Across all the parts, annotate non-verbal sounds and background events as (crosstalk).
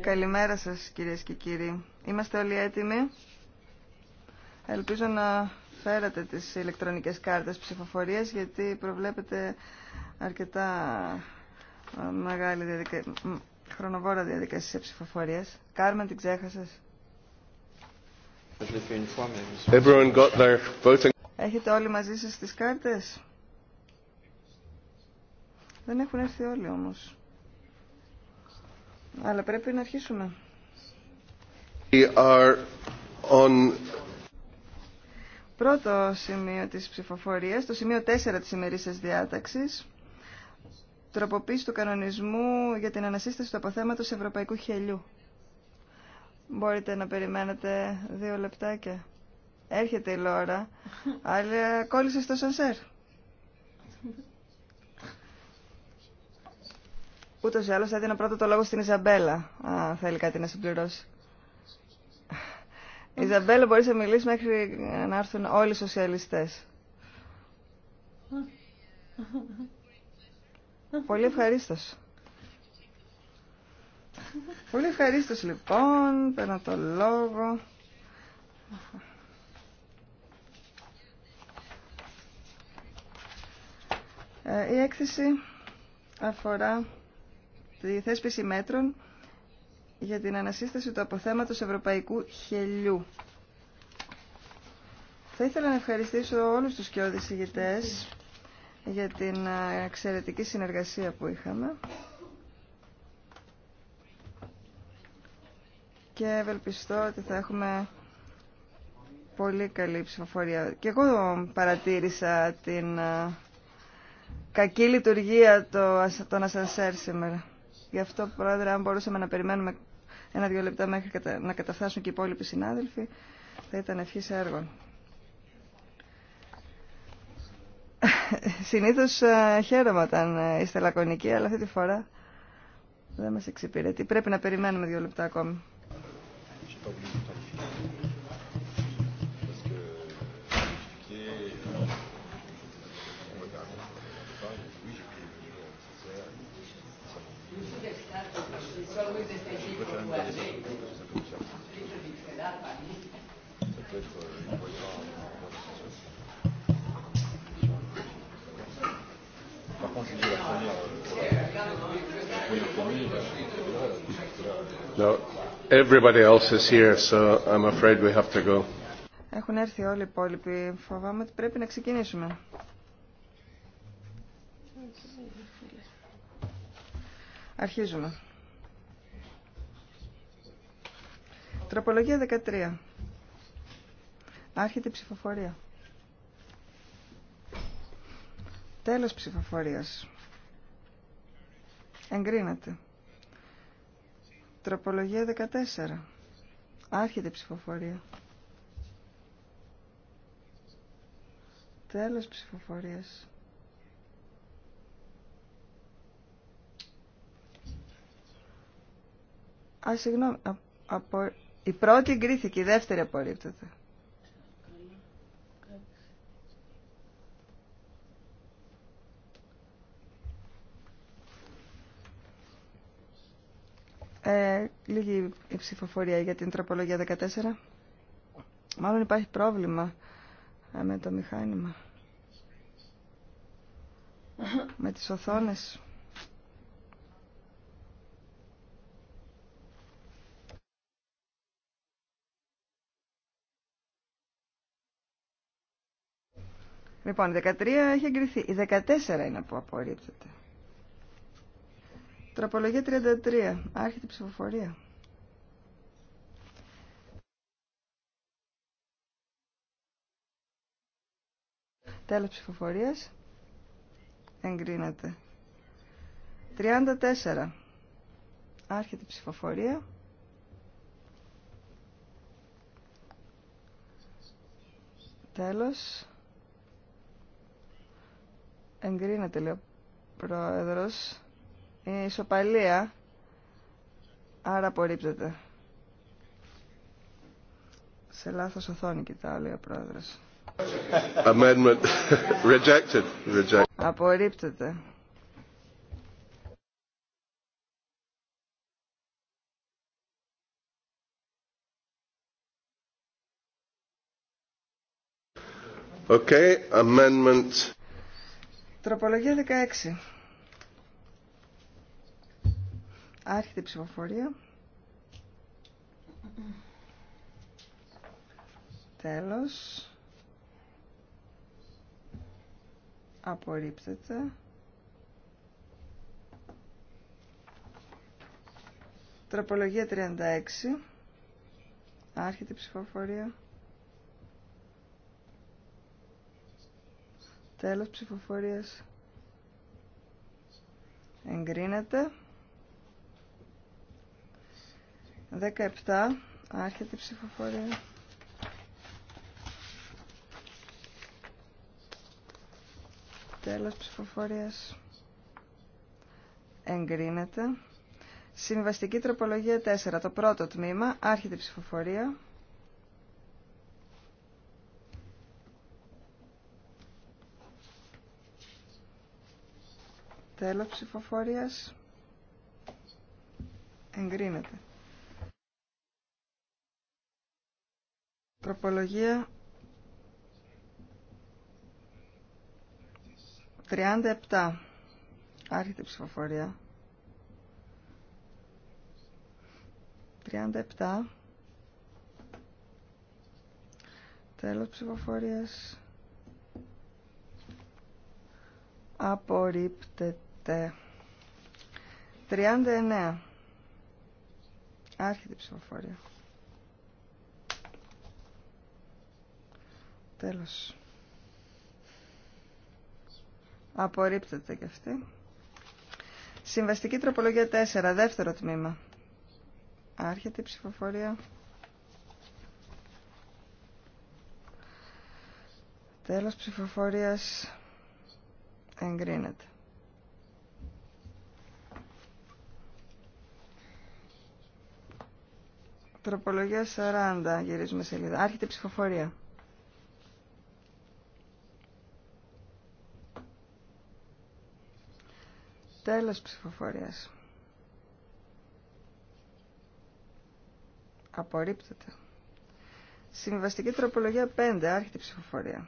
Καλημέρα σας κυρίες και κύριοι. Είμαστε όλοι έτοιμοι. Ελπίζω να φέρατε τις ηλεκτρονικές κάρτες ψηφοφορίας γιατί προβλέπετε αρκετά ε, μεγάλη χρονοβόρα διαδικασία ψηφοφορίας. Κάρμεν την ξέχασες. Everyone Έχετε όλοι μαζί σας τις κάρτες. Δεν έχουν έρθει όλοι όμως αλλά πρέπει να αρχίσουμε. We are on... Πρώτο σημείο της ψηφοφορίας, το σημείο 4 της ημερήσιας διάταξης, τροποποίηση του κανονισμού για την ανασύσταση του αποθέματος ευρωπαϊκού χελιού. Μπορείτε να περιμένετε δύο λεπτάκια. Έρχεται η Λόρα, αλλά (laughs) κόλλησε στο σανσέρ. Ούτως ή άλλως θα δίνω πρώτα το λόγο στην Ιζαμπέλα, αν θέλει κάτι να συμπληρώσει. Ιζαμπέλα, μπορείς να μιλήσεις μέχρι να έρθουν όλοι οι σοσιαλιστές. Πολύ ευχαρίστω. Πολύ ευχαρίστω λοιπόν, παίρνω το λόγο. Ε, η αλλως θα δινω πρωτα το λογο στην ιζαμπελα αν θελει κατι να συμπληρωσει ιζαμπελα μπορεις να μιλήσει αφορά τη θέσπιση μέτρων για την ανασύσταση του αποθέματος ευρωπαϊκού χελιού. Θα ήθελα να ευχαριστήσω όλους τους κοιόδης ηγητές για την εξαιρετική συνεργασία που είχαμε και ευελπιστώ ότι θα έχουμε πολύ καλή ψηφοφορία. Και εγώ παρατήρησα την κακή λειτουργία των ασανσέρ σήμερα. Γι' αυτό, Πρόεδρε, αν μπορούσαμε να περιμένουμε ένα-δύο λεπτά μέχρι να καταφτάσουν και οι υπόλοιποι συνάδελφοι, θα ήταν ευχή έργων. (laughs) Συνήθως ε, χαίρομαι όταν ε, είστε λακωνικοί, αλλά αυτή τη φορά δεν μα εξυπηρετεί. Πρέπει να περιμένουμε δύο λεπτά ακόμη. Everybody else is here, so I'm afraid we have to go. Έχουν έρθει όλοι οι υπόλοιποι. Φοβάμαι ότι πρέπει να ξεκινήσουμε. Αρχίζουμε. Τροπολογία 13. Άρχεται η ψηφοφορία. Τέλος ψηφοφορίας. Εγκρίνεται. Τροπολογία 14. Άρχεται η ψηφοφορία. Τέλος ψηφοφορίας. Α, συγγνώμη, απο, η πρώτη εγκρίθηκε, η δεύτερη απορρίπτεται. Ε, λίγη η ψηφοφορία για την τροπολογία 14. Μάλλον υπάρχει πρόβλημα ε, με το μηχάνημα. Με τις οθόνες. Λοιπόν, η 13 έχει εγκριθεί. Η 14 είναι που απορρίπτεται. Τροπολογία 33. Άρχεται η ψηφοφορία. Τέλος ψηφοφορίας. Εγκρίνεται. 34. Άρχεται η ψηφοφορία. Τέλος. Εγκρίνεται, λέει ο Πρόεδρος. Η ισοπαλία, άρα απορρίπτεται. Σε λάθος οθόνη κοιτάω, λέει ο Πρόεδρος. Amendment rejected. rejected. Απορρίπτεται. Okay, amendment Τροπολογία 16. Άρχεται ψηφοφορία. Τέλος. Απορρίπτεται. Τροπολογία 36. Άρχεται η ψηφοφορία. Τέλος ψηφοφορίας. Εγκρίνεται. 17. Άρχεται η ψηφοφορία. Τέλος ψηφοφορίας. Εγκρίνεται. Συμβαστική τροπολογία 4. Το πρώτο τμήμα. Άρχεται η ψηφοφορία. Τέλος ψηφοφορίας. Εγκρίνεται. Τροπολογία 37. Άρχεται η ψηφοφορία. 37. Τέλος ψηφοφορίας. Απορρίπτεται. 39. Άρχεται η ψηφοφορία. Τέλος. Απορρίπτεται και αυτή. Συμβαστική τροπολογία 4, δεύτερο τμήμα. Άρχεται η ψηφοφορία. Τέλος ψηφοφορίας εγκρίνεται. Τροπολογία 40, γυρίζουμε σελίδα. Άρχεται η ψηφοφορία. Τέλος ψηφοφορίας. Απορρίπτεται. Συμβαστική τροπολογία 5, άρχεται η ψηφοφορία.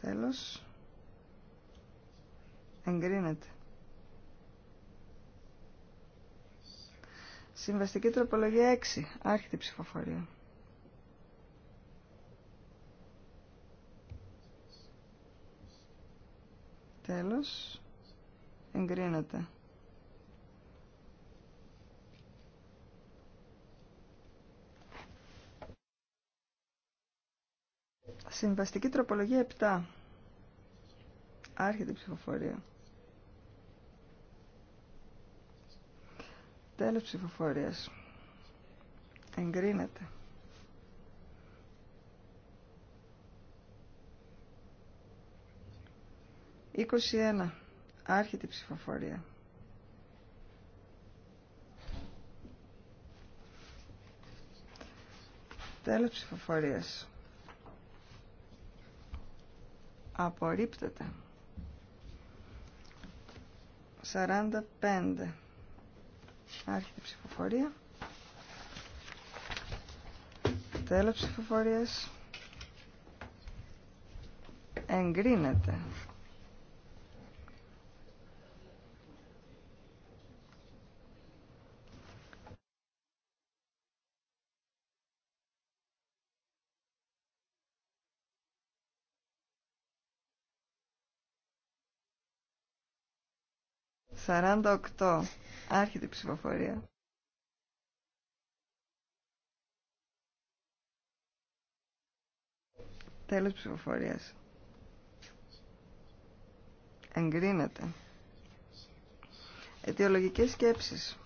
Τέλος. Εγκρίνεται. Συμβαστική τροπολογία 6. Άρχεται ψηφοφορία. Τέλος. Εγκρίνεται. Συμβαστική τροπολογία 7. Άρχεται ψηφοφορία. Τέλος ψηφοφορίας. Εγκρίνεται. Είκοσι ένα. Άρχεται η ψηφοφορία. Τέλος ψηφοφορίας. Απορρίπτεται. πέντε. Άρχεται η ψηφοφορία. Τέλος ψηφοφορίας. Εγκρίνεται. 48. Άρχεται η ψηφοφορία. Τέλος ψηφοφορίας. Εγκρίνεται. Αιτιολογικές σκέψεις.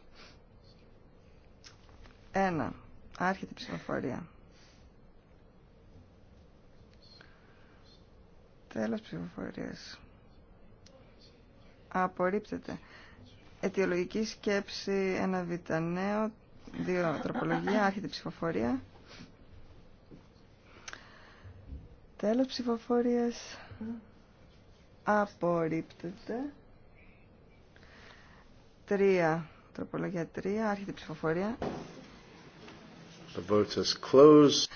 Ένα. Άρχεται η ψηφοφορία. Τέλος ψηφοφορίας απορρίπτεται. Αιτιολογική ένα 1β νέο, δύο τροπολογία, Άρχιτε ψηφοφορία. Τέλος ψηφοφορίας απορρίπτεται. Τρία τροπολογία τρία. άρχεται ψηφοφορία. The vote is closed.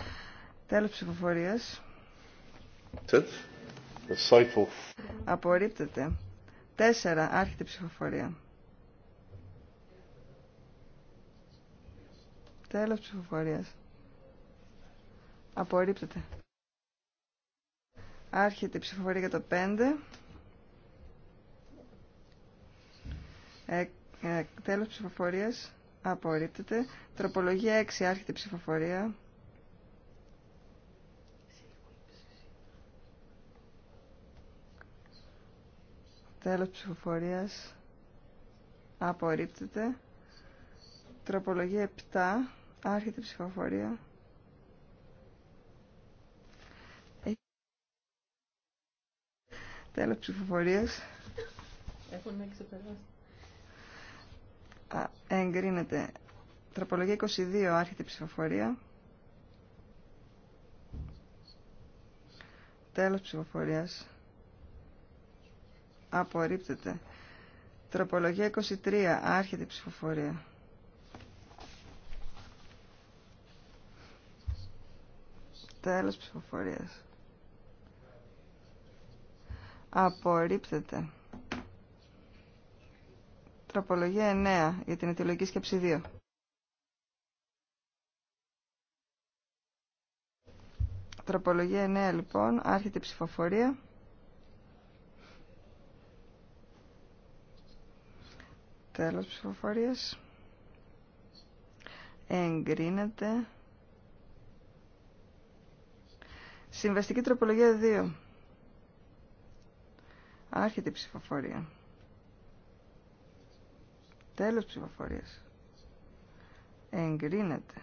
Τέλος ψηφοφορίας. Απορρίπτεται. 4. Άρχεται η ψηφοφορία. Τέλος ψηφοφορίας. Απορρίπτεται. Άρχεται η ψηφοφορία για το 5. Ε, ε, τέλος ψηφοφορίας. Απορρίπτεται. Τροπολογία 6. Άρχεται ψηφοφορία. Τέλος ψηφοφορίας. Απορρίπτεται. Τροπολογία 7. Άρχεται ψηφοφορία. Τέλος ψηφοφορίας. Έχουν ξεπεράσει. Α, εγκρίνεται. Τροπολογία 22. Άρχεται ψηφοφορία. Τέλος ψηφοφορίας απορρίπτεται. Τροπολογία 23, άρχεται η ψηφοφορία. Τέλος ψηφοφορίας. Απορρίπτεται. Τροπολογία 9 για την αιτιολογική σκέψη 2. Τροπολογία 9 λοιπόν, άρχεται η ψηφοφορία. Τέλος ψηφοφορίας. Εγκρίνεται. Συμβαστική τροπολογία 2. Άρχεται η ψηφοφορία. Τέλος ψηφοφορίας. Εγκρίνεται.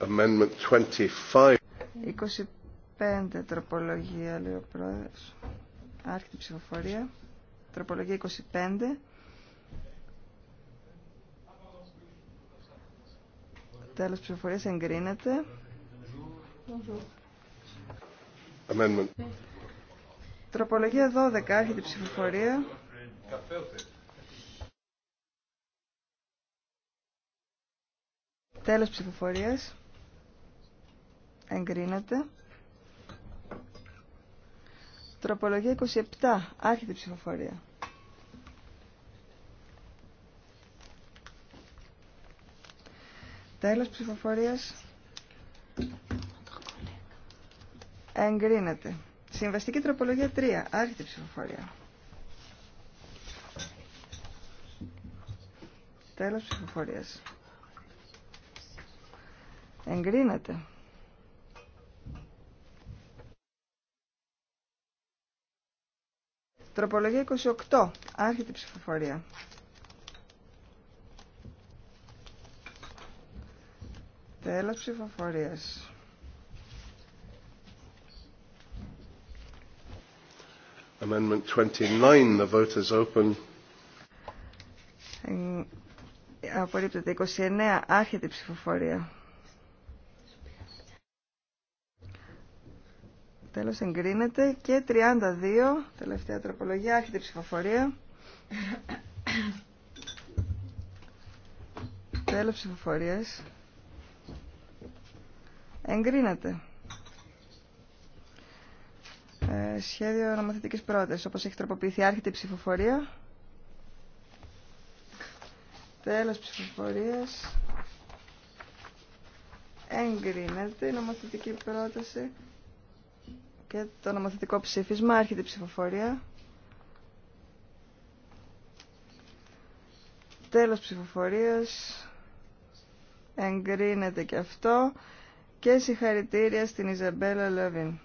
Amendment 25. 25 τροπολογία, λέει ο πρόεδρος. Άρχιτη ψηφοφορία. Τροπολογία 25. Τέλο ψηφοφορία εγκρίνεται. Amendment. Τροπολογία 12, άρχιτη ψηφοφορία. Τέλο ψηφοφορία εγκρίνεται. Τροπολογία 27, άρχεται η ψηφοφορία. Τέλος ψηφοφορίας. Εγκρίνεται. Συμβαστική τροπολογία 3. Άρχεται η ψηφοφορία. Τέλος ψηφοφορίας. Εγκρίνεται. Τροπολογία 28. Άρχεται η ψηφοφορία. Τέλος ψηφοφορίας. Amendment 29, the vote open. Ε, απορρίπτεται 29, άρχεται η ψηφοφορία. Τέλος εγκρίνεται και 32, τελευταία τροπολογία, άρχεται η ψηφοφορία. Τέλος ψηφοφορία. Εγκρίνεται. Ε, σχέδιο νομοθετικής πρόταση. όπως έχει τροποποιηθεί, άρχεται ψηφοφορία. Τέλος ψηφοφορία. Εγκρίνεται η νομοθετική πρόταση και το νομοθετικό ψήφισμα. Άρχεται η ψηφοφορία. Τέλος ψηφοφορίας. Εγκρίνεται και αυτό. Και συγχαρητήρια στην Ιζαμπέλα Λεβίν.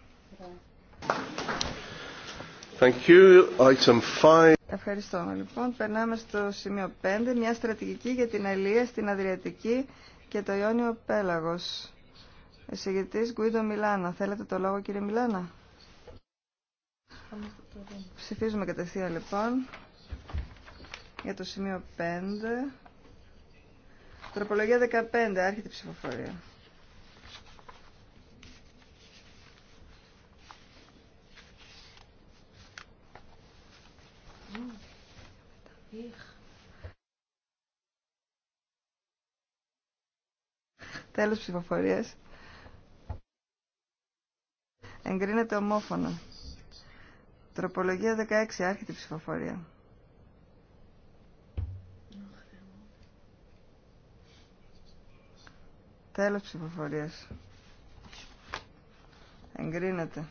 Ευχαριστώ. Λοιπόν, περνάμε στο σημείο 5, μια στρατηγική για την αλία στην Αδριατική και το Ιόνιο Πέλαγος. Εισηγητής Γκουίντο Μιλάνα. Θέλετε το λόγο κύριε Μιλάνα. Ψηφίζουμε κατευθείαν λοιπόν για το σημείο 5. Τροπολογία 15. Άρχεται η ψηφοφορία. Τέλος ψηφοφορίας. Εγκρίνεται ομόφωνα. Τροπολογία 16. Άρχεται ψηφοφορία. Τέλος ψηφοφορίας. Εγκρίνεται.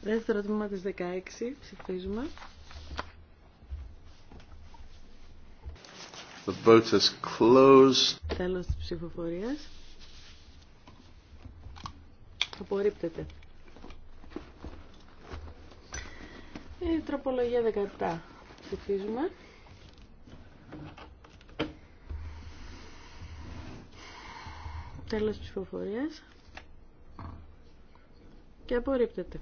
Δεύτερο τμήμα της 16. Ψηφίζουμε. The vote is closed. Τέλος της ψηφοφορίας. Απορρίπτεται. Η τροπολογία 17. Ψηφίζουμε. Τέλος ψηφοφορίας. Και απορρίπτεται.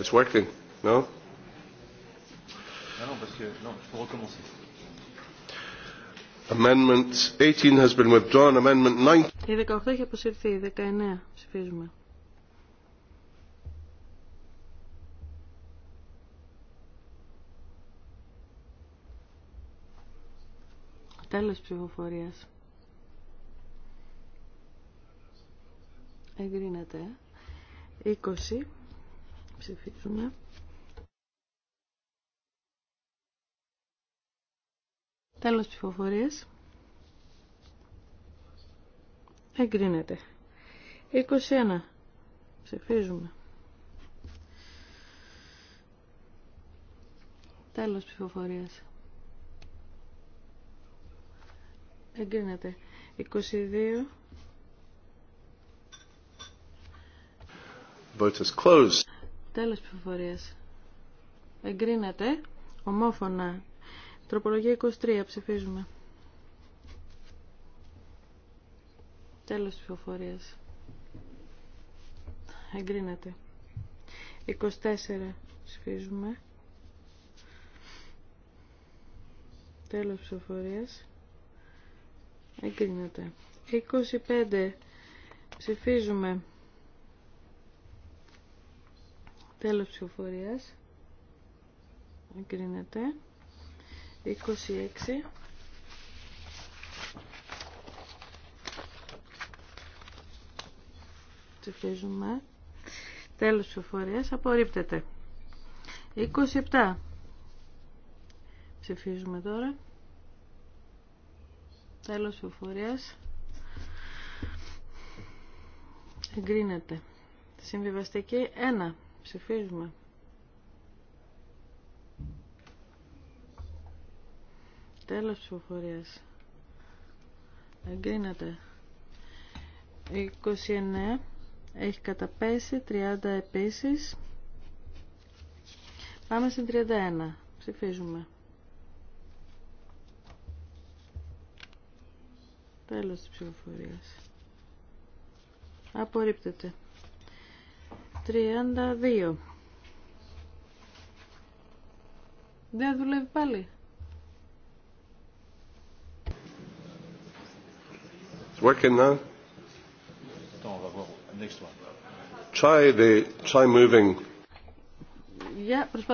It's working, no? Non, ah non, parce que non, recommencer. Amendment 18 19. Η 18 έχει ψηφίζουμε. Τέλος ψηφοφορίας. Εγκρίνεται. 20. Ψηφίζουμε. Τέλος ψηφοφορίας. Εγκρίνεται. 21. Ψηφίζουμε. Τέλος ψηφοφορίας. Εγκρίνεται. 22. Vote closed. Τέλος ψηφοφορίας. Εγκρίνεται ομόφωνα Τροπολογία 23. Ψηφίζουμε. Τέλος της ψηφοφορίας. Εγκρίνεται. 24. Ψηφίζουμε. Τέλος ψηφοφορίας. Εγκρίνεται. 25. Ψηφίζουμε. Τέλος ψηφοφορίας. Εγκρίνεται. 26 ψηφίζουμε τέλος ψηφοφορίας απορρίπτεται 27 ψηφίζουμε τώρα τέλος ψηφοφορίας εγκρίνεται συμβιβαστική 1 ψηφίζουμε Τέλος ψηφοφορίας. Εγκρίνεται. 29 έχει καταπέσει, 30 επίσης. Πάμε στην 31. Ψηφίζουμε. Τέλος της ψηφοφορίας. Απορρίπτεται. 32. Δεν δουλεύει πάλι. working now? Try the, try moving. yeah, Which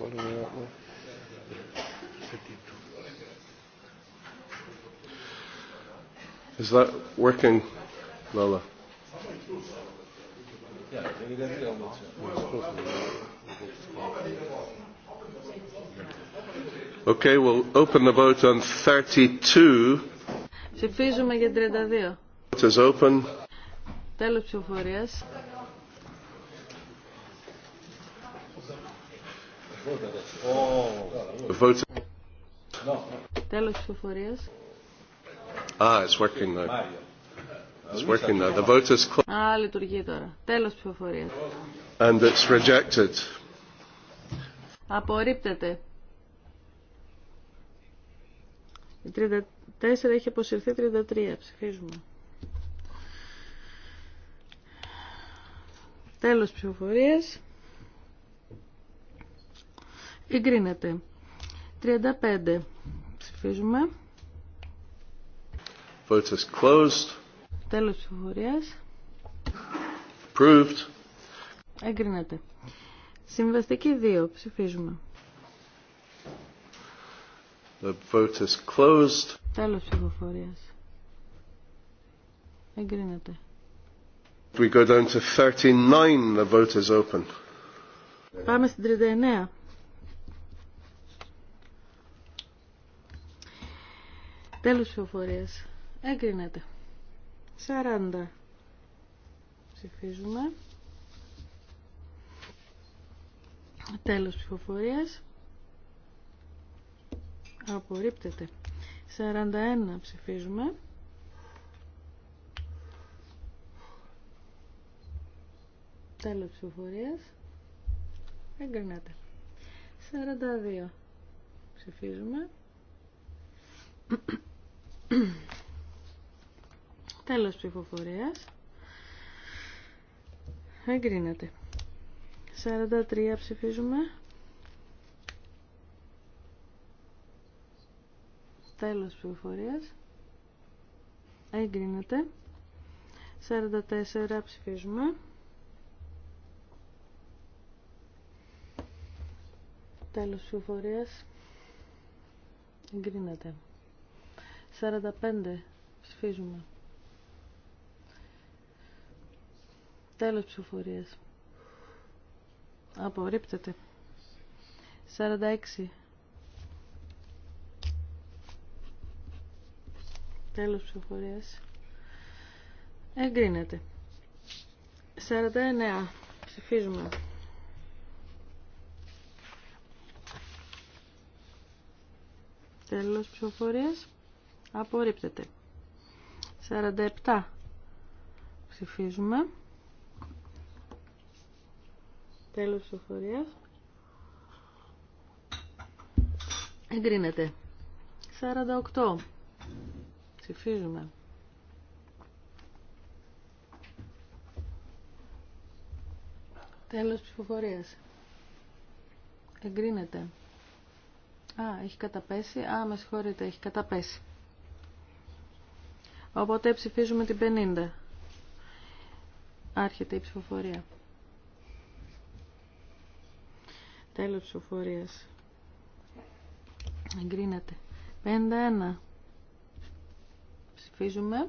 one Is that working, Lola? Okay, we'll open the vote on 32. Ψηφίζουμε για 32. It is open. Τέλος ψηφοφορίας. Vote. Τέλος ψηφοφορίας. Ah, it's working now. Α, λειτουργεί τώρα. Τέλος ψηφοφορίας. And it's rejected. Απορρίπτεται. Η 34 έχει αποσυρθεί 33. Ψηφίζουμε. Τέλος ψηφοφορίας. Εγκρίνεται. 35. Ψηφίζουμε. Vote closed. Τέλος ψηφοφορίας. Proved. Εγκρίνεται. Συμβαστική 2. Ψηφίζουμε. The vote is closed. Τέλος ψηφοφορίας. Εγκρίνεται. We go down to 39. The vote is open. Πάμε στην 39. Τέλος ψηφοφορίας. Εγκρίνεται. 40. Ψηφίζουμε. Τέλος ψηφοφορίας. Απορρίπτεται. 41 ψηφίζουμε. Τέλος ψηφοφορίας. Εγκρινάται. 42 ψηφίζουμε. Τέλος ψηφοφορίας. Εγκρίνεται. 43 ψηφίζουμε. Τέλος ψηφοφορίας. Εγκρίνεται. 44 ψηφίζουμε. Τέλος ψηφοφορίας. Εγκρίνεται. 45 ψηφίζουμε. Τέλος ψηφοφορίας. Απορρίπτεται. 46. Τέλος ψηφοφορίας. Εγκρίνεται. 49. Ψηφίζουμε. Τέλος ψηφοφορίας. Απορρίπτεται. 47. Ψηφίζουμε. Τέλος της Εγκρίνετε Εγκρίνεται. 48. Ψηφίζουμε. Τέλος ψηφοφορίας. Εγκρίνεται. Α, έχει καταπέσει. Α, με συγχωρείτε, έχει καταπέσει. Οπότε ψηφίζουμε την 50. Άρχεται η ψηφοφορία. Τέλος ψηφοφορίας. Εγκρίνεται. 51. Ψηφίζουμε.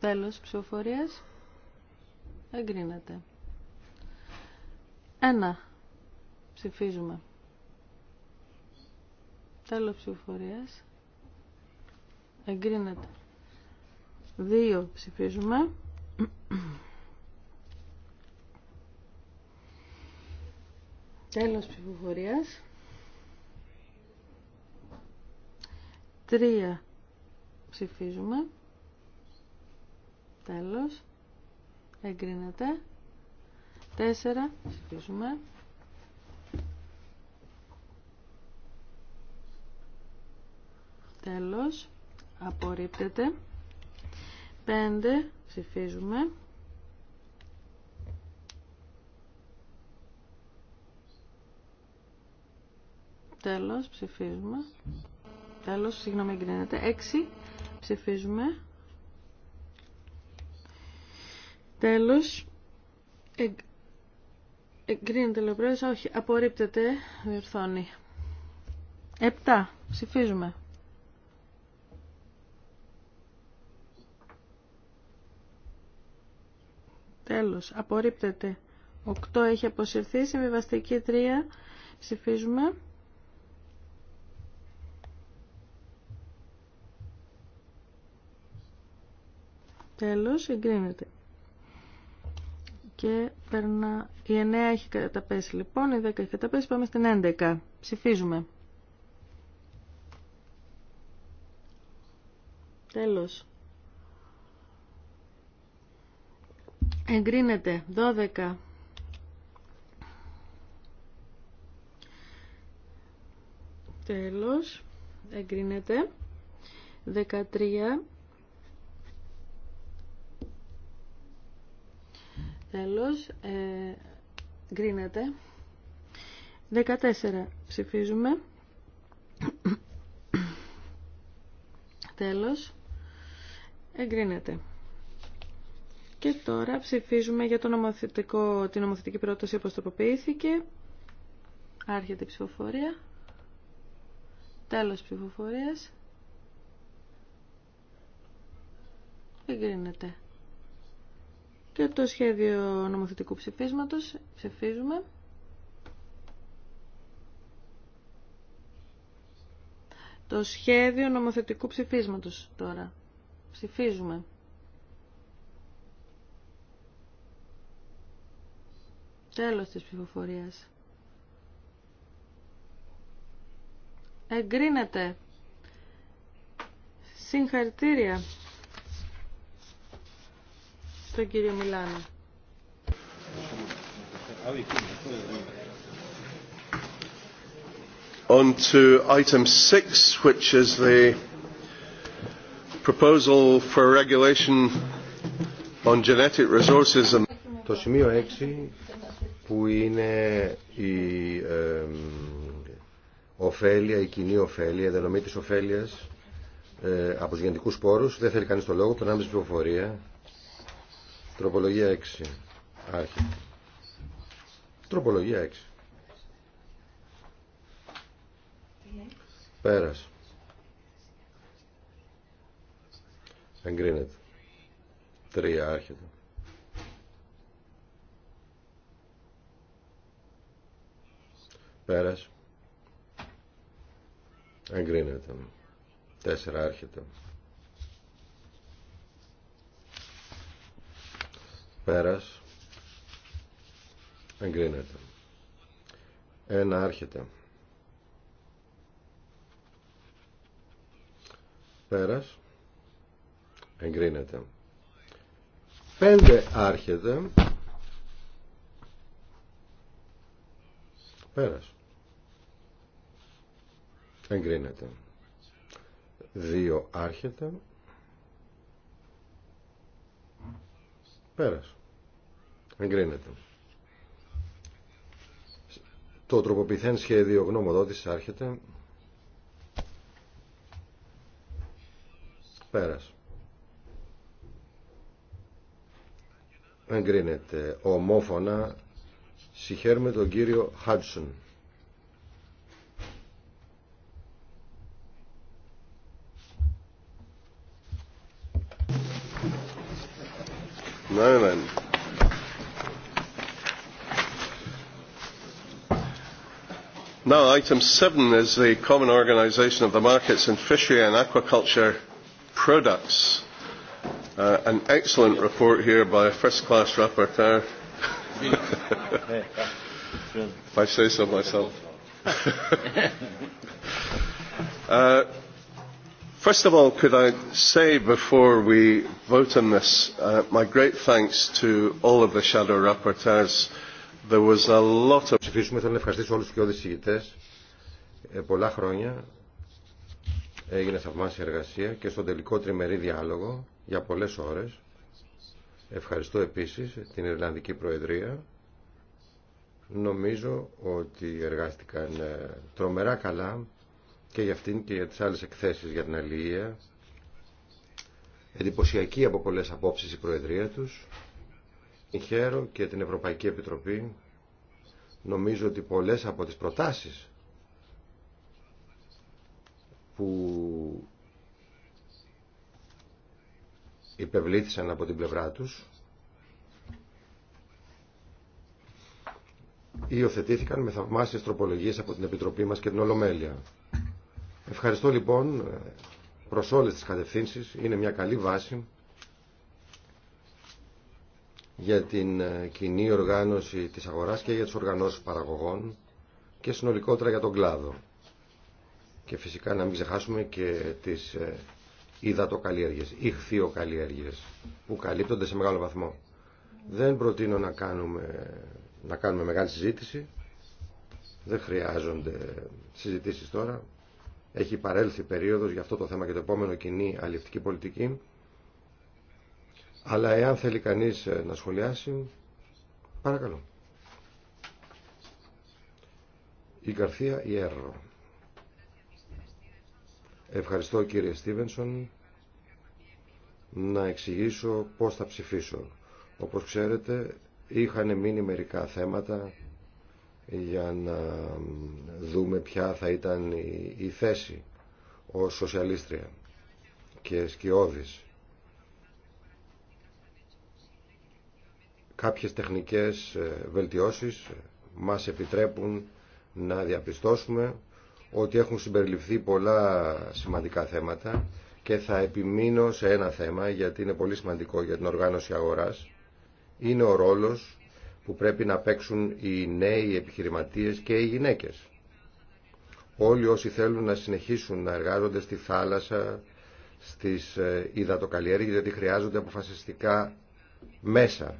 Τέλος ψηφοφορίας. Εγκρίνεται. 1. Ψηφίζουμε. Τέλος ψηφοφορίας. Εγκρίνεται. 2. Ψηφίζουμε. Τέλος ψηφοφορίας. Τρία ψηφίζουμε. Τέλος. Εγκρίνεται. Τέσσερα ψηφίζουμε. Τέλος. Απορρίπτεται. Πέντε ψηφίζουμε. Τέλος, ψηφίζουμε. Τέλος, συγγνώμη, εγκρίνεται. Έξι ψηφίζουμε. Τέλος, εγ... εγκρίνεται πρόεδρος. όχι, απορρίπτεται, διορθώνει. Έπτα ψηφίζουμε. Τέλος, απορρίπτεται. Οκτώ έχει αποσυρθεί, συμβιβαστική 3, ψηφίζουμε. Τέλος, εγκρίνεται. Και περνά... Η 9 έχει καταπέσει λοιπόν, η 10 έχει καταπέσει, πάμε στην 11. Ψηφίζουμε. Τέλος. Εγκρίνεται. 12. Τέλος. Εγκρίνεται. 13. Τέλος, ε, γκρίνεται. 14 ψηφίζουμε. Τέλος, εγκρίνεται. Και τώρα ψηφίζουμε για το νομοθετικό, την νομοθετική πρόταση όπως τοποποιήθηκε. Άρχεται η ψηφοφορία. Τέλος ψηφοφορίας. Εγκρίνεται. Και το σχέδιο νομοθετικού ψηφίσματος ψηφίζουμε. Το σχέδιο νομοθετικού ψηφίσματος τώρα. Ψηφίζουμε. Τέλος της ψηφοφορίας. Εγκρίνεται. Συγχαρητήρια τον κύριο Μιλάνο. On to item six, which is the proposal for regulation on genetic resources Το σημείο 6 που είναι η ε, ωφέλεια, η κοινή ωφέλεια, η δεδομή της ωφέλειας ε, από τους γενετικούς πόρους. Δεν θέλει κανείς το λόγο, τον άμεση πληροφορία. Τροπολογία 6. Άρχεται. Τροπολογία 6. Πέρας. Εγκρίνεται. Τρία άρχεται. Πέρας. Εγκρίνεται. Τέσσερα άρχεται. Πέρας. Εγκρίνεται. Ένα άρχεται. Πέρας. Εγκρίνεται. Πέντε άρχεται. Πέρας. Εγκρίνεται. Δύο άρχεται. Πέρας. Εγκρίνεται. Το τροποποιηθέν σχέδιο γνωμοδότησης άρχεται. Πέρας. Εγκρίνεται. Ομόφωνα συγχαίρουμε τον κύριο Χάτσον. ναι, nein. Ναι. Now, item seven is the common organisation of the markets in fishery and aquaculture products. An excellent report here by a first-class rapporteur. If I say so myself. First of all, could I say before we vote on this, my great thanks to all of the shadow rapporteurs There Ψηφίσουμε, θέλω να ευχαριστήσω όλους τους και οδησυγητές. Ε, πολλά χρόνια έγινε θαυμάσια εργασία και στον τελικό τριμερή διάλογο για πολλές ώρες. Ευχαριστώ επίσης την Ιρλανδική Προεδρία. Νομίζω ότι εργάστηκαν ε, τρομερά καλά και για αυτήν και για τις άλλες εκθέσεις για την αλληλεία. Εντυπωσιακή από πολλές απόψεις η Προεδρία τους. Χαίρο και την Ευρωπαϊκή Επιτροπή. Νομίζω ότι πολλές από τις προτάσεις που υπευλήθησαν από την πλευρά τους υιοθετήθηκαν με θαυμάσιες τροπολογίες από την Επιτροπή μας και την Ολομέλεια. Ευχαριστώ λοιπόν προς όλες τις κατευθύνσεις. Είναι μια καλή βάση για την ε, κοινή οργάνωση της αγοράς και για τις οργανώσεις παραγωγών και συνολικότερα για τον κλάδο. Και φυσικά να μην ξεχάσουμε και τις ε, υδατοκαλλιέργειες, ηχθειοκαλλιέργειες που καλύπτονται σε μεγάλο βαθμό. Δεν προτείνω να κάνουμε, να κάνουμε μεγάλη συζήτηση. Δεν χρειάζονται συζητήσεις τώρα. Έχει παρέλθει περίοδος για αυτό το θέμα και το επόμενο κοινή αλληλευτική πολιτική. Αλλά εάν θέλει κανείς ε, να σχολιάσει, παρακαλώ. Η Καρθία Ιέρο. Ευχαριστώ κύριε Στίβενσον να εξηγήσω πώς θα ψηφίσω. Όπως ξέρετε είχαν μείνει μερικά θέματα για να δούμε ποια θα ήταν η θέση ως σοσιαλίστρια και σκιώδης. Κάποιες τεχνικές ε, βελτιώσεις ε, μας επιτρέπουν να διαπιστώσουμε ότι έχουν συμπεριληφθεί πολλά σημαντικά θέματα και θα επιμείνω σε ένα θέμα γιατί είναι πολύ σημαντικό για την οργάνωση αγοράς. Είναι ο ρόλος που πρέπει να παίξουν οι νέοι επιχειρηματίες και οι γυναίκες. Όλοι όσοι θέλουν να συνεχίσουν να εργάζονται στη θάλασσα, στις ε, υδατοκαλλιέργειες, γιατί χρειάζονται αποφασιστικά μέσα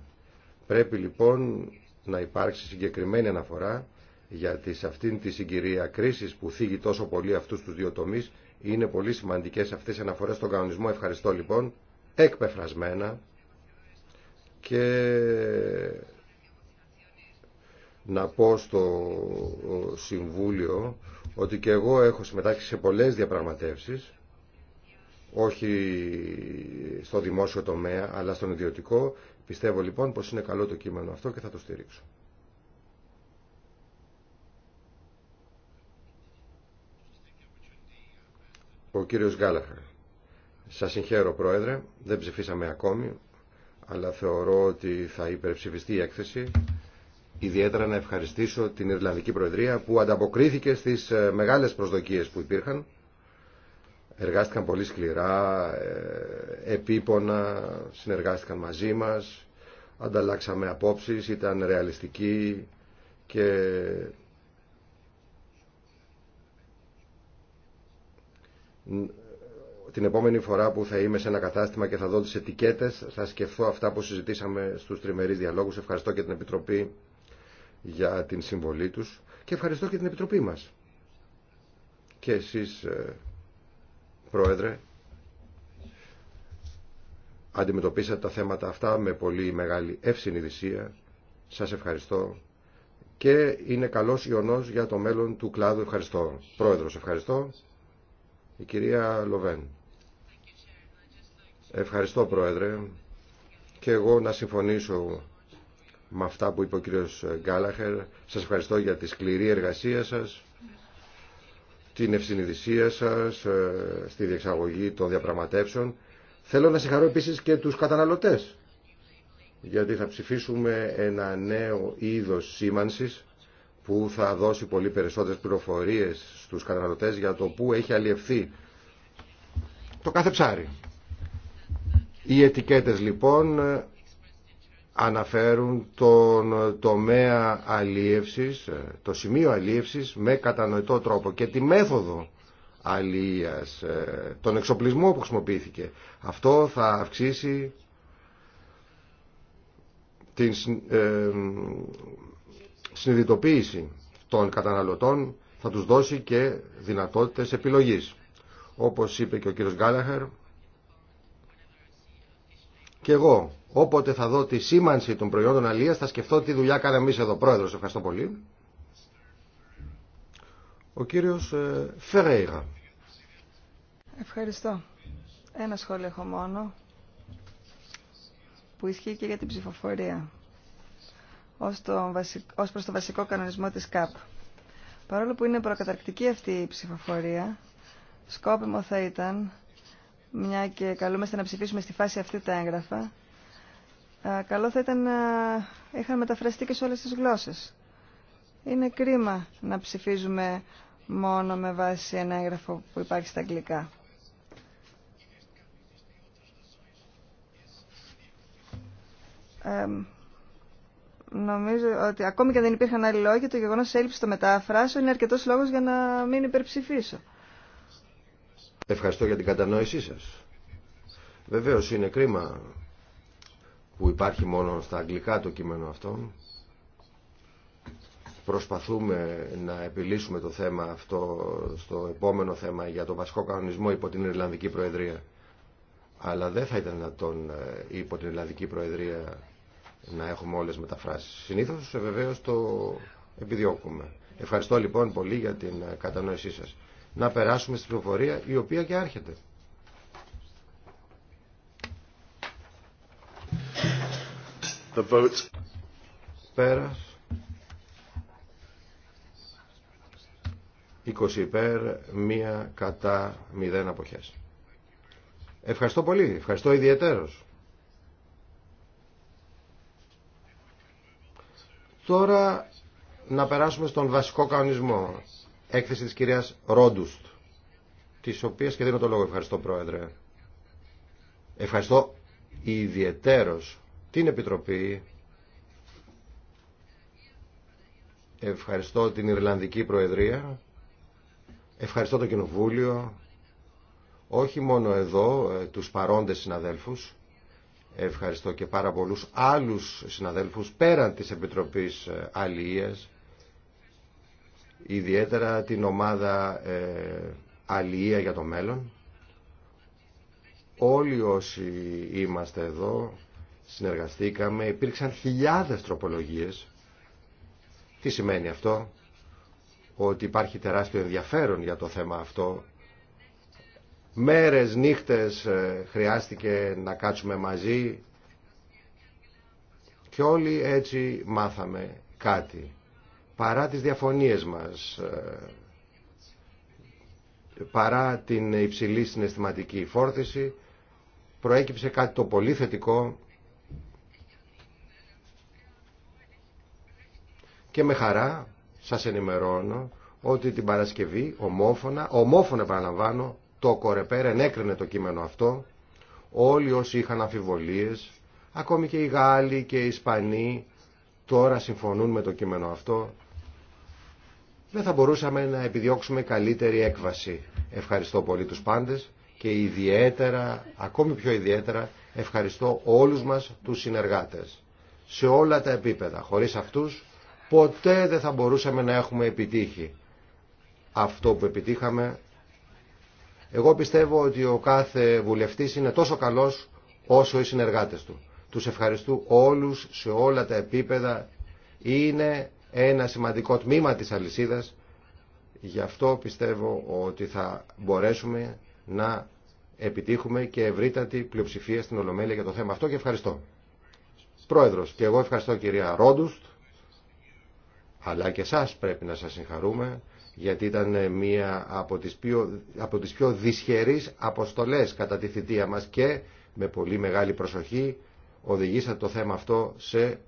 Πρέπει λοιπόν να υπάρξει συγκεκριμένη αναφορά γιατί σε αυτήν τη συγκυρία κρίση που θίγει τόσο πολύ αυτούς τους δύο τομείς είναι πολύ σημαντικές αυτές οι αναφορές στον κανονισμό. Ευχαριστώ λοιπόν εκπεφρασμένα και να πω στο Συμβούλιο ότι και εγώ έχω συμμετάξει σε πολλές διαπραγματεύσεις όχι στο δημόσιο τομέα αλλά στον ιδιωτικό Πιστεύω λοιπόν πως είναι καλό το κείμενο αυτό και θα το στηρίξω. Ο κύριος Γκάλαχα. Σας συγχαίρω πρόεδρε, δεν ψηφίσαμε ακόμη, αλλά θεωρώ ότι θα υπερψηφιστεί η έκθεση. Ιδιαίτερα να ευχαριστήσω την Ιρλανδική Προεδρία που ανταποκρίθηκε στις ε, μεγάλες προσδοκίες που υπήρχαν εργάστηκαν πολύ σκληρά, ε, επίπονα, συνεργάστηκαν μαζί μας, ανταλλάξαμε απόψεις, ήταν ρεαλιστικοί και την επόμενη φορά που θα είμαι σε ένα κατάστημα και θα δω τις ετικέτες θα σκεφτώ αυτά που συζητήσαμε στους τριμερείς διαλόγους. Ευχαριστώ και την Επιτροπή για την συμβολή τους και ευχαριστώ και την Επιτροπή μας. Και εσείς ε, Πρόεδρε, αντιμετωπίσατε τα θέματα αυτά με πολύ μεγάλη δυσία. Σας ευχαριστώ και είναι καλός ιονός για το μέλλον του κλάδου. Ευχαριστώ. Πρόεδρος, ευχαριστώ. Η κυρία Λοβέν. Ευχαριστώ, Πρόεδρε. Και εγώ να συμφωνήσω με αυτά που είπε ο κύριος Γκάλαχερ. Σας ευχαριστώ για τη σκληρή εργασία σας την ευσυνειδησία σας ε, στη διεξαγωγή των διαπραγματεύσεων. Θέλω να συγχαρώ επίσης και τους καταναλωτές, γιατί θα ψηφίσουμε ένα νέο είδος σήμανσης που θα δώσει πολύ περισσότερες πληροφορίες στους καταναλωτές για το πού έχει αλλιευθεί το κάθε ψάρι. Οι ετικέτες λοιπόν αναφέρουν τον τομέα αλίευσης, το σημείο αλίευσης με κατανοητό τρόπο και τη μέθοδο αλίας, ε, τον εξοπλισμό που χρησιμοποιήθηκε. Αυτό θα αυξήσει την ε, συνειδητοποίηση των καταναλωτών, θα τους δώσει και δυνατότητες επιλογής. Όπως είπε και ο κύριος Γκάλαχερ, και εγώ Όποτε θα δω τη σήμανση των προϊόντων αλίας θα σκεφτώ τι δουλειά κάναμε εμεί εδώ. Πρόεδρος, ευχαριστώ πολύ. Ο κύριος ε, Φερέιρα. Ευχαριστώ. Ένα σχόλιο έχω μόνο που ισχύει και για την ψηφοφορία ως, το ως προς το βασικό κανονισμό της ΚΑΠ. Παρόλο που είναι προκαταρκτική αυτή η ψηφοφορία, σκόπιμο θα ήταν, μια και καλούμαστε να ψηφίσουμε στη φάση αυτή τα έγγραφα, καλό θα ήταν να είχαν μεταφραστεί και σε όλες τις γλώσσες. Είναι κρίμα να ψηφίζουμε μόνο με βάση ένα έγγραφο που υπάρχει στα αγγλικά. νομίζω ότι ακόμη και αν δεν υπήρχαν άλλοι λόγοι, το γεγονό έλλειψη το μεταφράσεων είναι αρκετό λόγο για να μην υπερψηφίσω. Ευχαριστώ για την κατανόησή σα. Βεβαίω είναι κρίμα που υπάρχει μόνο στα αγγλικά το κείμενο αυτό. Προσπαθούμε να επιλύσουμε το θέμα αυτό στο επόμενο θέμα για το βασικό κανονισμό υπό την Ιρλανδική Προεδρία. Αλλά δεν θα ήταν τον ε, υπό την Ιρλανδική Προεδρία να έχουμε όλες μεταφράσεις. Συνήθως ε, βεβαίω το επιδιώκουμε. Ευχαριστώ λοιπόν πολύ για την ε, κατανόησή σας. Να περάσουμε στην πληροφορία η οποία και άρχεται. The vote. πέρα 20 υπέρ, 1 κατά, 0 αποχές. Ευχαριστώ πολύ. Ευχαριστώ ιδιαίτερος. Τώρα να περάσουμε στον βασικό κανονισμό. Έκθεση της κυρίας Ρόντουστ. Της οποίας και δίνω το λόγο. Ευχαριστώ πρόεδρε. Ευχαριστώ ιδιαίτερος την Επιτροπή. Ευχαριστώ την Ιρλανδική Προεδρία. Ευχαριστώ το Κοινοβούλιο. Όχι μόνο εδώ, ε, τους παρόντες συναδέλφους. Ευχαριστώ και πάρα πολλούς άλλους συναδέλφους πέραν της Επιτροπής ε, Αλίας. Ιδιαίτερα την ομάδα ε, Αλία για το μέλλον. Όλοι όσοι είμαστε εδώ συνεργαστήκαμε, υπήρξαν χιλιάδες τροπολογίες. Τι σημαίνει αυτό, ότι υπάρχει τεράστιο ενδιαφέρον για το θέμα αυτό. Μέρες, νύχτες ε, χρειάστηκε να κάτσουμε μαζί και όλοι έτσι μάθαμε κάτι. Παρά τις διαφωνίες μας, ε, παρά την υψηλή συναισθηματική φόρτιση, προέκυψε κάτι το πολύ θετικό Και με χαρά σας ενημερώνω ότι την Παρασκευή ομόφωνα, ομόφωνα επαναλαμβάνω, το Κορεπέρ ενέκρινε το κείμενο αυτό. Όλοι όσοι είχαν αμφιβολίες, ακόμη και οι Γάλλοι και οι Ισπανοί, τώρα συμφωνούν με το κείμενο αυτό. Δεν θα μπορούσαμε να επιδιώξουμε καλύτερη έκβαση. Ευχαριστώ πολύ τους πάντες και ιδιαίτερα, ακόμη πιο ιδιαίτερα, ευχαριστώ όλους μας τους συνεργάτες. Σε όλα τα επίπεδα. Χωρίς αυτούς ποτέ δεν θα μπορούσαμε να έχουμε επιτύχει αυτό που επιτύχαμε. Εγώ πιστεύω ότι ο κάθε βουλευτής είναι τόσο καλός όσο οι συνεργάτες του. Τους ευχαριστώ όλους σε όλα τα επίπεδα. Είναι ένα σημαντικό τμήμα της αλυσίδας. Γι' αυτό πιστεύω ότι θα μπορέσουμε να επιτύχουμε και ευρύτατη πλειοψηφία στην Ολομέλεια για το θέμα αυτό και ευχαριστώ. Πρόεδρος, και εγώ ευχαριστώ κυρία Ρόντουστ. Αλλά και εσάς πρέπει να σας συγχαρούμε γιατί ήταν μία από τις πιο, από τις πιο δυσχερείς αποστολές κατά τη θητεία μας και με πολύ μεγάλη προσοχή οδηγήσατε το θέμα αυτό σε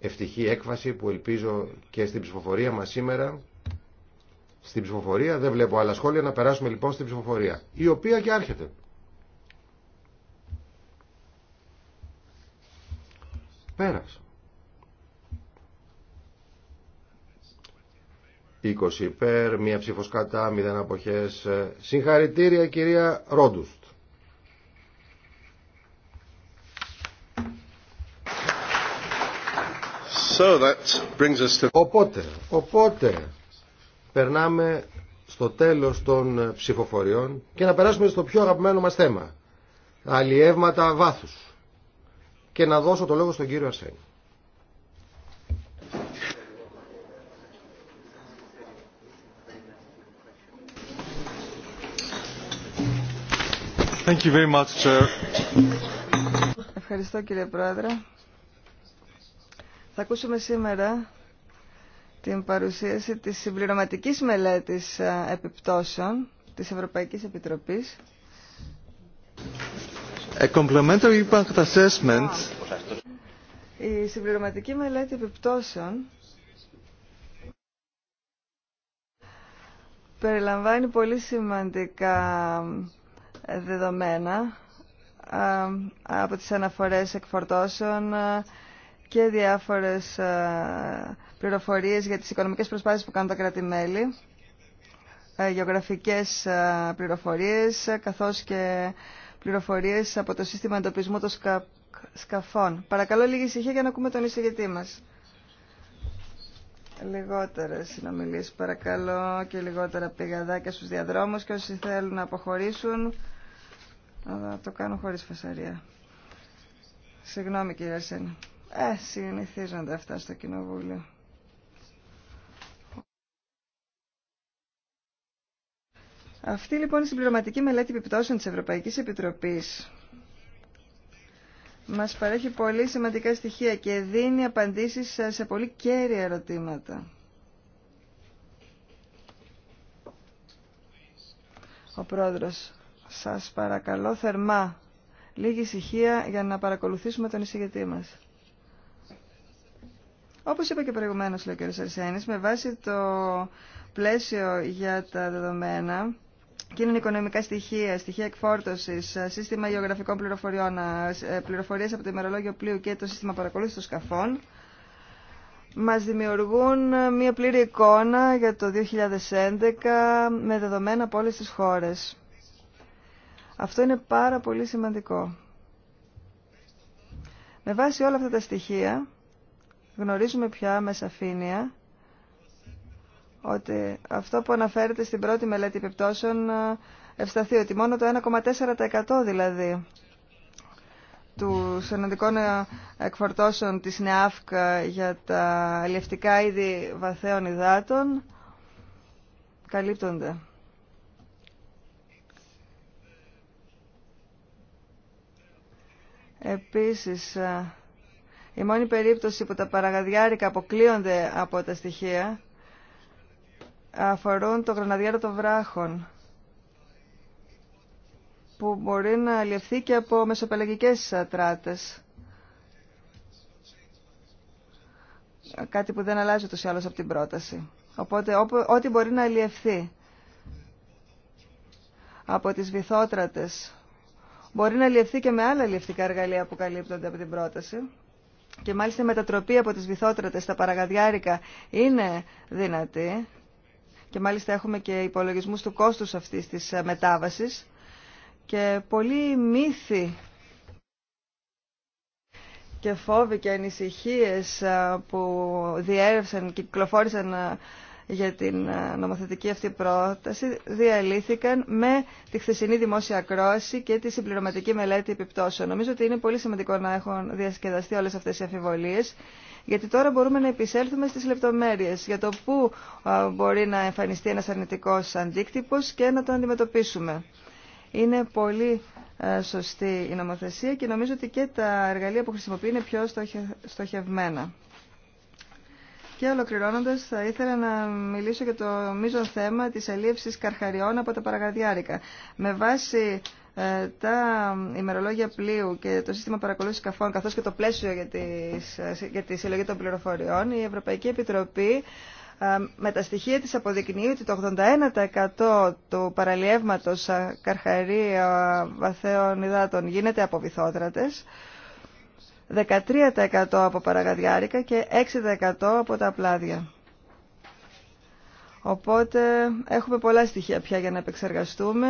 ευτυχή έκβαση που ελπίζω και στην ψηφοφορία μας σήμερα στην ψηφοφορία, δεν βλέπω άλλα σχόλια, να περάσουμε λοιπόν στην ψηφοφορία, η οποία και άρχεται. Πέρασε. 20 υπέρ, μία ψήφος κατά, 0 αποχές. Ε, συγχαρητήρια κυρία Ρόντουστ. Οπότε, οπότε, περνάμε στο τέλος των ψηφοφοριών και να περάσουμε στο πιο αγαπημένο μας θέμα. Αλλιεύματα βάθους. Και να δώσω το λόγο στον κύριο Αρσένη. Ευχαριστώ κύριε Πρόεδρε. Θα ακούσουμε σήμερα την παρουσίαση της συμπληρωματικής μελέτης ε, επιπτώσεων της Ευρωπαϊκής Επιτροπής. A complementary impact assessment. Η συμπληρωματική μελέτη επιπτώσεων περιλαμβάνει πολύ σημαντικά δεδομένα από τις αναφορές εκφορτώσεων και διάφορες πληροφορίες για τις οικονομικές προσπάθειες που κάνουν τα κράτη-μέλη, γεωγραφικές πληροφορίες, καθώς και πληροφορίες από το σύστημα εντοπισμού των σκαφών. Παρακαλώ λίγη ησυχία για να ακούμε τον εισηγητή μας. Λιγότερε συνομιλίε, παρακαλώ και λιγότερα πηγαδάκια στου διαδρόμου και όσοι θέλουν να αποχωρήσουν αλλά το κάνω χωρίς φασαρία. Συγγνώμη κύριε Αρσένη. Ε, συνηθίζονται αυτά στο κοινοβούλιο. Αυτή λοιπόν η συμπληρωματική μελέτη επιπτώσεων της Ευρωπαϊκής Επιτροπής μας παρέχει πολύ σημαντικά στοιχεία και δίνει απαντήσεις σε πολύ κέρια ερωτήματα. Ο πρόεδρος, σας παρακαλώ θερμά λίγη ησυχία για να παρακολουθήσουμε τον εισηγητή μας. Όπως είπα και προηγουμένως, λέει ο κ. με βάση το πλαίσιο για τα δεδομένα, και οικονομικά στοιχεία, στοιχεία εκφόρτωση, σύστημα γεωγραφικών πληροφοριών, πληροφορίε από το ημερολόγιο πλοίου και το σύστημα παρακολούθηση των σκαφών, μα δημιουργούν μία πλήρη εικόνα για το 2011 με δεδομένα από όλε τι χώρε. Αυτό είναι πάρα πολύ σημαντικό. Με βάση όλα αυτά τα στοιχεία γνωρίζουμε πια με σαφήνεια ότι αυτό που αναφέρεται στην πρώτη μελέτη επιπτώσεων ε, ευσταθεί ότι μόνο το 1,4% δηλαδή του συναντικών ε, εκφορτώσεων της ΝΕΑΦΚ ε, για τα αλλιευτικά είδη βαθαίων υδάτων καλύπτονται. Επίσης, ε, η μόνη περίπτωση που τα παραγαδιάρικα αποκλείονται από τα στοιχεία αφορούν το γραναδιάρο των βράχων που μπορεί να αλλιευθεί και από μεσοπελαγικές τράτες. Κάτι που δεν αλλάζει ούτως ή άλλως από την πρόταση. Οπότε ό,τι μπορεί να αλλιευθεί από τις βυθότρατες μπορεί να λιευθεί και με άλλα λιευτικά εργαλεία που καλύπτονται από την πρόταση. Και μάλιστα η μετατροπή από τις βυθότρατες στα παραγαδιάρικα είναι δυνατή. Και μάλιστα έχουμε και υπολογισμούς του κόστους αυτής της ε, μετάβασης. Και πολλοί μύθοι και φόβοι και ανησυχίες ε, που διέρευσαν και κυκλοφόρησαν ε, για την ε, νομοθετική αυτή πρόταση διαλύθηκαν με τη χθεσινή δημόσια κρόαση και τη συμπληρωματική μελέτη επιπτώσεων. Νομίζω ότι είναι πολύ σημαντικό να έχουν διασκεδαστεί όλες αυτές οι αφιβολίες γιατί τώρα μπορούμε να επισέλθουμε στις λεπτομέρειες για το πού ε, μπορεί να εμφανιστεί ένας αρνητικός αντίκτυπος και να τον αντιμετωπίσουμε. Είναι πολύ ε, σωστή η νομοθεσία και νομίζω ότι και τα εργαλεία που χρησιμοποιεί είναι πιο στοχευμένα. Και ολοκληρώνοντα, θα ήθελα να μιλήσω για το μείζον θέμα τη αλίευση καρχαριών από τα παραγαδιάρικα. Με βάση ε, τα ημερολόγια πλοίου και το σύστημα παρακολούθηση καφών καθώ και το πλαίσιο για, τις, ε, για τη συλλογή των πληροφοριών η Ευρωπαϊκή Επιτροπή ε, με τα στοιχεία της αποδεικνύει ότι το 81% του παραλιεύματος καρχαρία βαθέων υδάτων γίνεται από βυθότρατες 13% από παραγαδιάρικα και 6% από τα πλάδια. Οπότε έχουμε πολλά στοιχεία πια για να επεξεργαστούμε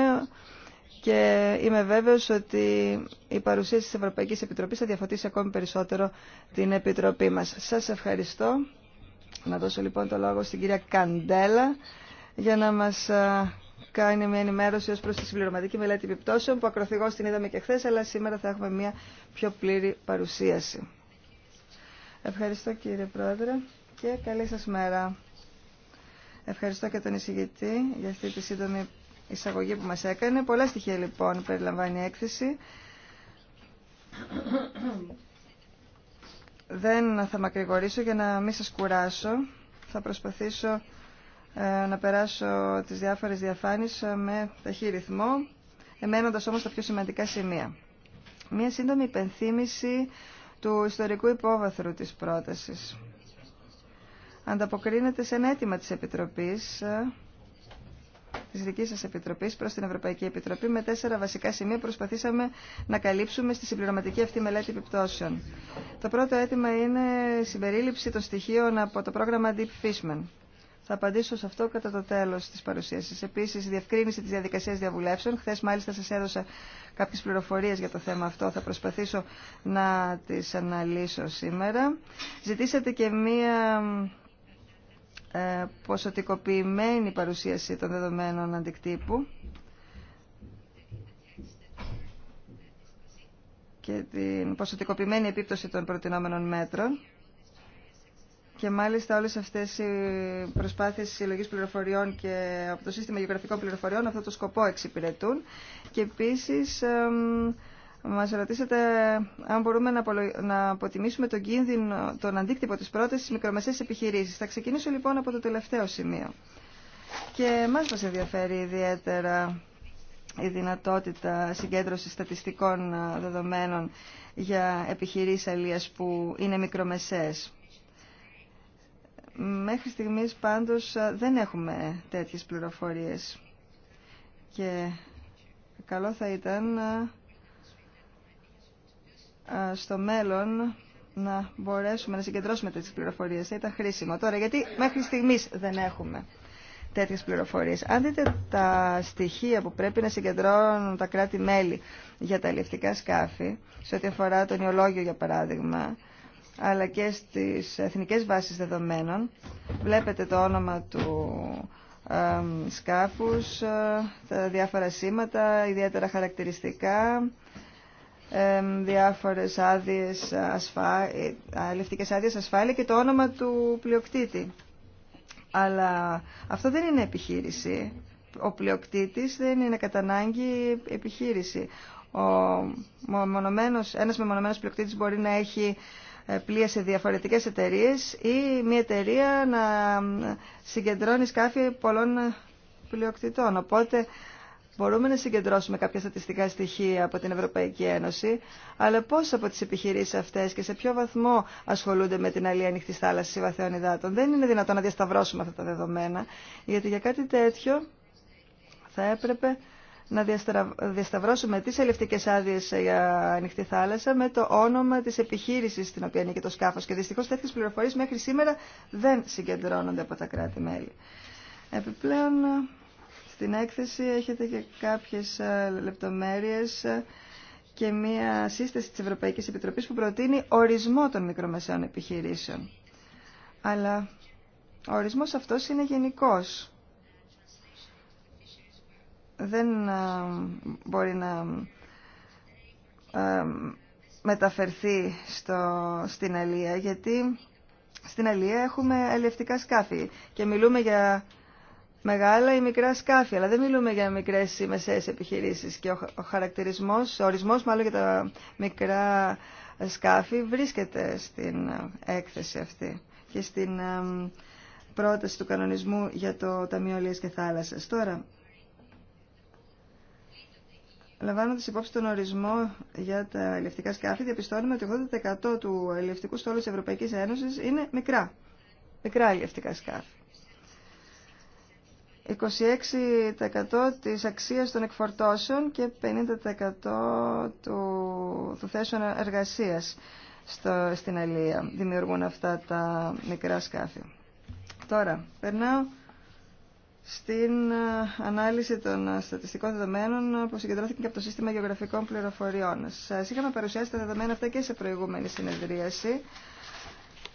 και είμαι βέβαιος ότι η παρουσία της Ευρωπαϊκής Επιτροπής θα διαφωτίσει ακόμη περισσότερο την Επιτροπή μας. Σας ευχαριστώ. Να δώσω λοιπόν το λόγο στην κυρία Καντέλα για να μας κάνει μια ενημέρωση ω προς τη συμπληρωματική μελέτη επιπτώσεων που ακροθυγώ την είδαμε και χθε, αλλά σήμερα θα έχουμε μια πιο πλήρη παρουσίαση. Ευχαριστώ κύριε Πρόεδρε και καλή σας μέρα. Ευχαριστώ και τον εισηγητή για αυτή τη σύντομη εισαγωγή που μας έκανε. Πολλά στοιχεία λοιπόν περιλαμβάνει η έκθεση. Δεν θα μακρηγορήσω για να μην σας κουράσω. Θα προσπαθήσω ε, να περάσω τις διάφορες διαφάνειες ε, με ταχύ ρυθμό, εμένοντας όμως τα πιο σημαντικά σημεία. Μία σύντομη υπενθύμηση του ιστορικού υπόβαθρου της πρότασης. Ανταποκρίνεται σε ένα αίτημα της Επιτροπής, ε, της δικής σας Επιτροπής προς την Ευρωπαϊκή Επιτροπή με τέσσερα βασικά σημεία προσπαθήσαμε να καλύψουμε στη συμπληρωματική αυτή μελέτη επιπτώσεων. Το πρώτο αίτημα είναι η συμπερίληψη των στοιχείων από το πρόγραμμα Deep Fishman θα απαντήσω σε αυτό κατά το τέλο τη παρουσίαση. Επίση, η διευκρίνηση τη διαδικασία διαβουλεύσεων. Χθε, μάλιστα, σα έδωσα κάποιε πληροφορίε για το θέμα αυτό. Θα προσπαθήσω να τι αναλύσω σήμερα. Ζητήσατε και μία ε, ποσοτικοποιημένη παρουσίαση των δεδομένων αντικτύπου και την ποσοτικοποιημένη επίπτωση των προτινόμενων μέτρων. Και μάλιστα όλες αυτές οι προσπάθειες συλλογής πληροφοριών και από το σύστημα γεωγραφικών πληροφοριών αυτό το σκοπό εξυπηρετούν. Και επίσης μας ρωτήσατε αν μπορούμε να αποτιμήσουμε τον κίνδυνο, τον αντίκτυπο της πρώτης στις μικρομεσαίες επιχειρήσεις. Θα ξεκινήσω λοιπόν από το τελευταίο σημείο. Και μας μας ενδιαφέρει ιδιαίτερα η δυνατότητα συγκέντρωσης στατιστικών ε, δεδομένων για επιχειρήσεις αλίας που είναι μικρομεσαίες. Μέχρι στιγμής πάντως δεν έχουμε τέτοιες πληροφορίες και καλό θα ήταν στο μέλλον να μπορέσουμε να συγκεντρώσουμε τέτοιες πληροφορίες. Θα ήταν χρήσιμο τώρα, γιατί μέχρι στιγμής δεν έχουμε τέτοιες πληροφορίες. Αν δείτε τα στοιχεία που πρέπει να συγκεντρώνουν τα κράτη-μέλη για τα ελευτικά σκάφη, σε ό,τι αφορά τον ιολόγιο για παράδειγμα, αλλά και στις εθνικές βάσεις δεδομένων. Βλέπετε το όνομα του σκάφους, ε, τα διάφορα σήματα, ιδιαίτερα χαρακτηριστικά, διάφορες άδειες ασφα... Ε, αλευτικές άδειες ασφάλεια και το όνομα του πλειοκτήτη. Αλλά αυτό δεν είναι επιχείρηση. Ο πλειοκτήτης δεν είναι κατά ανάγκη επιχείρηση. Ο μονομένος, ένας μεμονωμένος πλειοκτήτης μπορεί να έχει πλοία σε διαφορετικές εταιρείες ή μια εταιρεία να συγκεντρώνει σκάφη πολλών πλειοκτητών. Οπότε μπορούμε να συγκεντρώσουμε κάποια στατιστικά στοιχεία από την Ευρωπαϊκή Ένωση, αλλά πώς από τις επιχειρήσεις αυτές και σε ποιο βαθμό ασχολούνται με την αλληλή ανοιχτή θάλασσα ή βαθέων υδάτων. Δεν είναι δυνατόν να διασταυρώσουμε αυτά τα δεδομένα, γιατί για κάτι τέτοιο θα έπρεπε να διασταυρώσουμε τις ελευτικές άδειες για ανοιχτή θάλασσα με το όνομα της επιχείρησης στην οποία ανήκει το σκάφος. Και δυστυχώς τέτοιες πληροφορίες μέχρι σήμερα δεν συγκεντρώνονται από τα κράτη-μέλη. Επιπλέον, στην έκθεση έχετε και κάποιες ε, λεπτομέρειες και μία σύσταση της Ευρωπαϊκής Επιτροπής που προτείνει ορισμό των μικρομεσαίων επιχειρήσεων. Αλλά ο ορισμός αυτός είναι γενικός δεν μπορεί να μεταφερθεί στο, στην Αλία γιατί στην Αλία έχουμε αλλιευτικά σκάφη και μιλούμε για μεγάλα ή μικρά σκάφη, αλλά δεν μιλούμε για μικρές ή μεσαίες επιχειρήσεις και ο χαρακτηρισμός, ο ορισμός μάλλον για τα μικρά σκάφη βρίσκεται στην έκθεση αυτή και στην πρόταση του κανονισμού για το Ταμείο Αλίας και Θάλασσας. Τώρα, Λαμβάνοντα υπόψη τον ορισμό για τα ελευτικά σκάφη, διαπιστώνουμε ότι 80% του ελευτικού στόλου τη Ευρωπαϊκή Ένωση είναι μικρά. Μικρά ελευτικά σκάφη. 26% της αξίας των εκφορτώσεων και 50% του, του θέσεων εργασίας στην Αλία δημιουργούν αυτά τα μικρά σκάφη. Τώρα, περνάω στην ε, ανάλυση των ε, στατιστικών δεδομένων ε, που συγκεντρώθηκαν και από το σύστημα γεωγραφικών πληροφοριών. Σα είχαμε παρουσιάσει τα δεδομένα αυτά και σε προηγούμενη συνεδρίαση.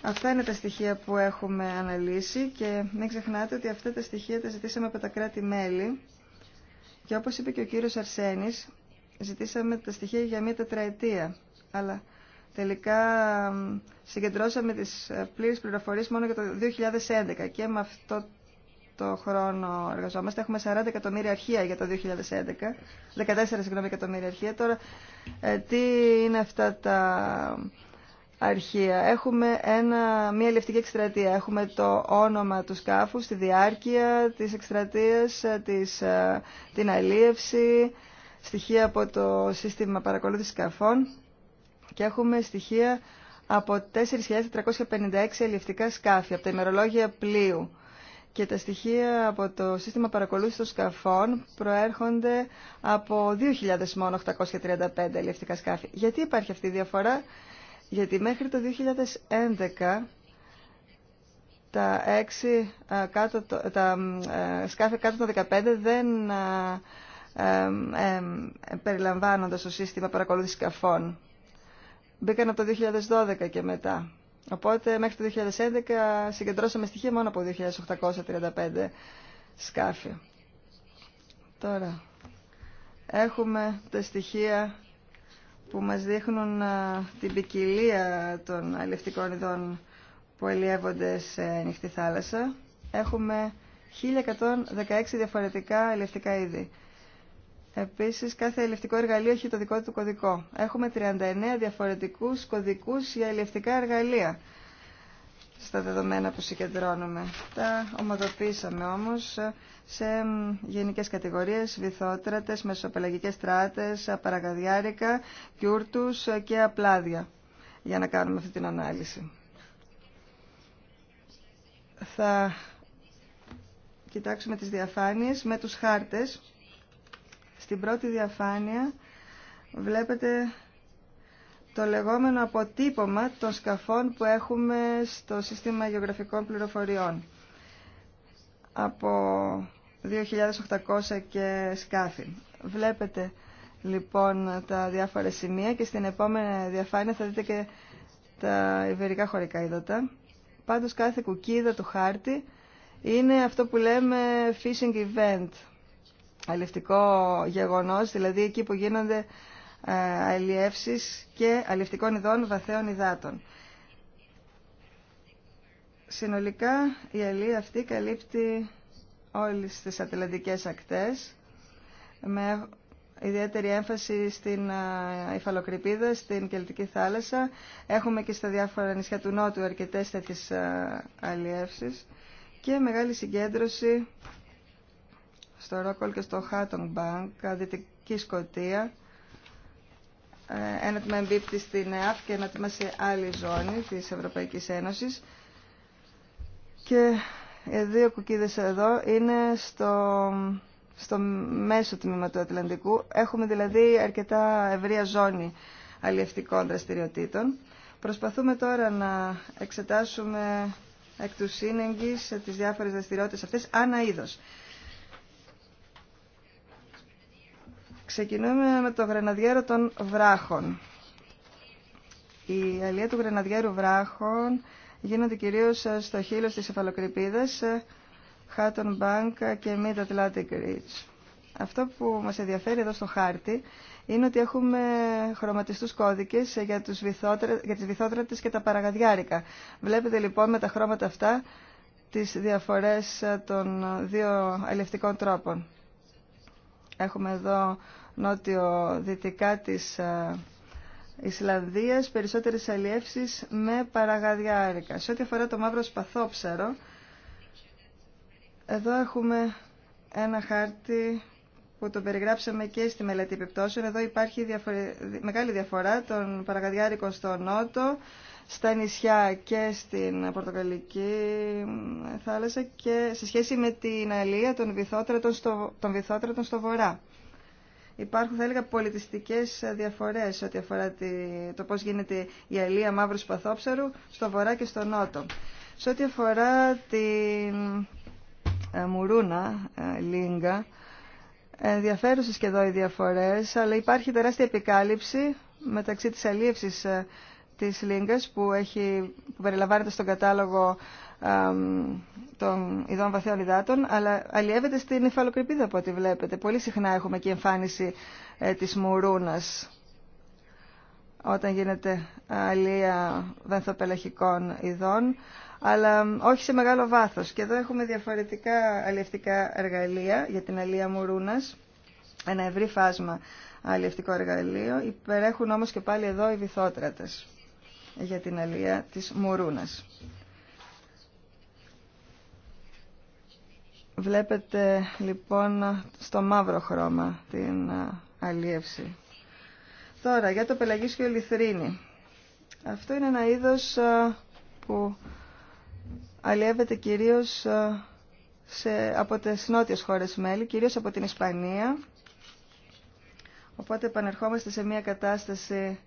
Αυτά είναι τα στοιχεία που έχουμε αναλύσει και μην ξεχνάτε ότι αυτά τα στοιχεία τα ζητήσαμε από τα κράτη-μέλη και όπως είπε και ο κύριος Αρσένης, ζητήσαμε τα στοιχεία για μία τετραετία. Αλλά τελικά συγκεντρώσαμε τις πλήρες πληροφορίες μόνο για το 2011 και με αυτό το χρόνο εργαζόμαστε. Έχουμε 40 εκατομμύρια αρχεία για το 2011. 14 εκατομμύρια αρχεία. Τώρα, ε, τι είναι αυτά τα αρχεία. Έχουμε ένα, μια ελευτική εκστρατεία. Έχουμε το όνομα του σκάφου, τη διάρκεια της εκστρατείας, ε, ε, την αλίευση, στοιχεία από το σύστημα παρακολούθησης σκαφών και έχουμε στοιχεία από 4.456 ελευτικά σκάφη, από τα ημερολόγια πλοίου και τα στοιχεία από το σύστημα παρακολούθησης των σκαφών προέρχονται από 2.835 μόνο σκάφη. Γιατί υπάρχει αυτή η διαφορά? Γιατί μέχρι το 2011 τα, 6, ε, κάτω, τα ε, σκάφη κάτω των 15 δεν ε, ε, ε, περιλαμβάνονται στο σύστημα παρακολούθησης σκαφών. Μπήκαν από το 2012 και μετά. Οπότε μέχρι το 2011 συγκεντρώσαμε στοιχεία μόνο από 2.835 σκάφη. Τώρα, έχουμε τα στοιχεία που μας δείχνουν την ποικιλία των αλληλευτικών ειδών που ελιεύονται σε ανοιχτή θάλασσα. Έχουμε 1.116 διαφορετικά αλληλευτικά είδη. Επίσης, κάθε ελευτικό εργαλείο έχει το δικό του κωδικό. Έχουμε 39 διαφορετικούς κωδικούς για ελευτικά εργαλεία στα δεδομένα που συγκεντρώνουμε. Τα ομοδοποίησαμε όμως σε γενικές κατηγορίες, βυθότρατες, μεσοπελαγικές στράτες, παραγαδιάρικα, κιούρτους και απλάδια για να κάνουμε αυτή την ανάλυση. Θα κοιτάξουμε τις διαφάνειες με τους χάρτες στην πρώτη διαφάνεια βλέπετε το λεγόμενο αποτύπωμα των σκαφών που έχουμε στο σύστημα γεωγραφικών πληροφοριών από 2.800 και σκάφη. Βλέπετε λοιπόν τα διάφορα σημεία και στην επόμενη διαφάνεια θα δείτε και τα ιβερικά χωρικά είδωτα. Πάντως κάθε κουκίδα του χάρτη είναι αυτό που λέμε fishing event, Αλληλευτικό γεγονός, δηλαδή εκεί που γίνονται ε, αλλιεύσεις και αλληλευτικών ειδών βαθαίων υδάτων. Συνολικά η Αλή αυτή καλύπτει όλες τις ατλαντικές ακτές με ιδιαίτερη έμφαση στην ε, υφαλοκρηπίδα, στην Κελτική θάλασσα. Έχουμε και στα διάφορα νησιά του Νότου αρκετές τέτοιες ε, αλλιεύσεις και μεγάλη συγκέντρωση στο Ρόκολ και στο Χάτονγκ Μπάνκ, Δυτική Σκοτία, ε, ένα τμήμα εμπίπτει στην ΕΑΦ και ένα τμήμα σε άλλη ζώνη της Ευρωπαϊκής Ένωσης. Και οι δύο κουκίδες εδώ είναι στο, στο μέσο τμήμα του Ατλαντικού. Έχουμε δηλαδή αρκετά ευρεία ζώνη αλλιευτικών δραστηριοτήτων. Προσπαθούμε τώρα να εξετάσουμε εκ του σύνεγγυς τις διάφορες δραστηριότητες αυτές ανά είδος. Ξεκινούμε με το γρεναδιέρο των βράχων. Η αλία του γρεναδιέρου βράχων γίνονται κυρίως στο χείλος της εφαλοκρηπίδας, Χάτον Μπάνκ και Mid Atlantic Ridge. Αυτό που μας ενδιαφέρει εδώ στο χάρτη είναι ότι έχουμε χρωματιστούς κώδικες για, τους για τις βυθότρατες και τα παραγαδιάρικα. Βλέπετε λοιπόν με τα χρώματα αυτά τις διαφορές των δύο αλληλευτικών τρόπων. Έχουμε εδώ νότιο-δυτικά της ε, Ισλανδίας περισσότερες αλλιεύσεις με παραγαδιάρικα. Σε ό,τι αφορά το μαύρο σπαθόψαρο, εδώ έχουμε ένα χάρτη που το περιγράψαμε και στη μελέτη επιπτώσεων. Εδώ υπάρχει μεγάλη διαφορά των παραγαδιάρικων στο νότο, στα νησιά και στην Πορτοκαλική θάλασσα και σε σχέση με την αλία των βυθότρατων στο, των στο βορρά υπάρχουν θα έλεγα πολιτιστικές διαφορές ό,τι αφορά το πώς γίνεται η αλία μαύρου σπαθόψαρου στο βορρά και στο νότο. Σε ό,τι αφορά την ε, μουρούνα, ε, λίγκα, ενδιαφέρουσες και εδώ οι διαφορές, αλλά υπάρχει τεράστια επικάλυψη μεταξύ της αλίευσης ε, της λίγκας που, έχει, που περιλαμβάνεται στον κατάλογο των ειδών βαθέων υδάτων, αλλά αλλιεύεται στην υφαλοκρηπίδα από ό,τι βλέπετε. Πολύ συχνά έχουμε και εμφάνιση ε, της μουρούνας όταν γίνεται αλλία βενθοπελαχικών ειδών, αλλά όχι σε μεγάλο βάθος. Και εδώ έχουμε διαφορετικά αλλιευτικά εργαλεία για την αλλία μουρούνας, ένα ευρύ φάσμα αλλιευτικό εργαλείο, υπερέχουν όμως και πάλι εδώ οι βυθότρατες για την αλλία της μουρούνας. Βλέπετε λοιπόν στο μαύρο χρώμα την αλίευση. Τώρα για το πελαγίσιο λιθρίνη. Αυτό είναι ένα είδος που αλλιεύεται κυρίως σε, από τις νότιες χώρες μέλη, κυρίως από την Ισπανία. Οπότε επανερχόμαστε σε μια κατάσταση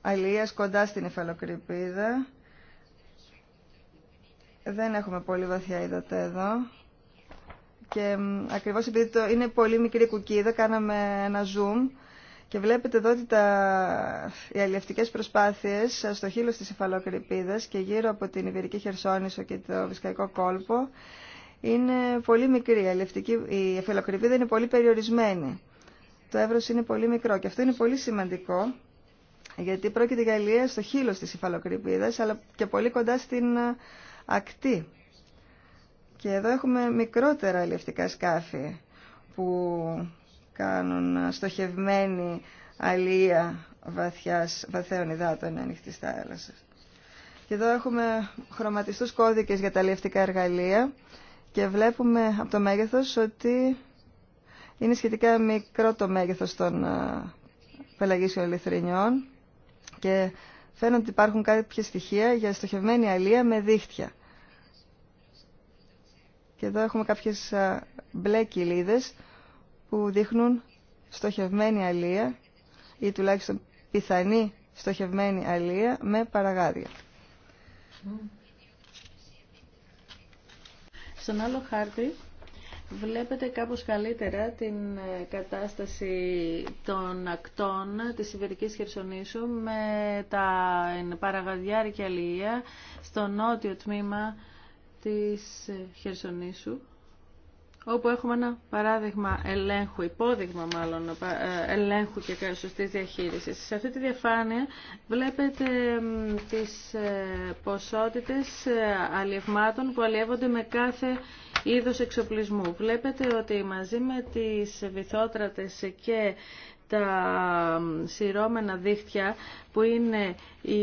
αλίας κοντά στην υφαλοκρηπίδα δεν έχουμε πολύ βαθιά είδατε εδώ. Και ακριβώς επειδή το είναι πολύ μικρή κουκίδα, κάναμε ένα zoom και βλέπετε εδώ ότι τα, οι αλληλευτικές προσπάθειες στο χείλος της υφαλοκρηπίδας και γύρω από την Ιβηρική Χερσόνησο και το Βυσκαϊκό Κόλπο είναι πολύ μικρή. Η υφαλοκρηπίδα είναι πολύ περιορισμένη. Το εύρος είναι πολύ μικρό και αυτό είναι πολύ σημαντικό γιατί πρόκειται για αλληλεία στο χείλος της υφαλοκρηπίδας αλλά και πολύ κοντά στην ακτή. Και εδώ έχουμε μικρότερα αλλιευτικά σκάφη που κάνουν στοχευμένη αλία βαθιάς, βαθαίων υδάτων ανοιχτής θάλασσας. Και εδώ έχουμε χρωματιστούς κώδικες για τα αλλιευτικά εργαλεία και βλέπουμε από το μέγεθος ότι είναι σχετικά μικρό το μέγεθος των πελαγίσεων λιθρινιών και φαίνονται ότι υπάρχουν κάποια στοιχεία για στοχευμένη αλία με δίχτυα. Και εδώ έχουμε κάποιες μπλε κοιλίδες που δείχνουν στοχευμένη αλία ή τουλάχιστον πιθανή στοχευμένη αλία με παραγάδια. Στον άλλο χάρτη βλέπετε κάπως καλύτερα την ε, κατάσταση των ακτών της Ιβερικής Χερσονήσου με τα παραγαδιάρικη αλία στο νότιο τμήμα της Χερσονήσου όπου έχουμε ένα παράδειγμα ελέγχου, υπόδειγμα μάλλον ε, ελέγχου και σωστή διαχείριση. Σε αυτή τη διαφάνεια βλέπετε τις ε, ποσότητες ε, αλλιευμάτων που αλλιεύονται με κάθε είδος εξοπλισμού. Βλέπετε ότι μαζί με τις βυθότρατες και τα σειρώμενα δίχτυα που είναι οι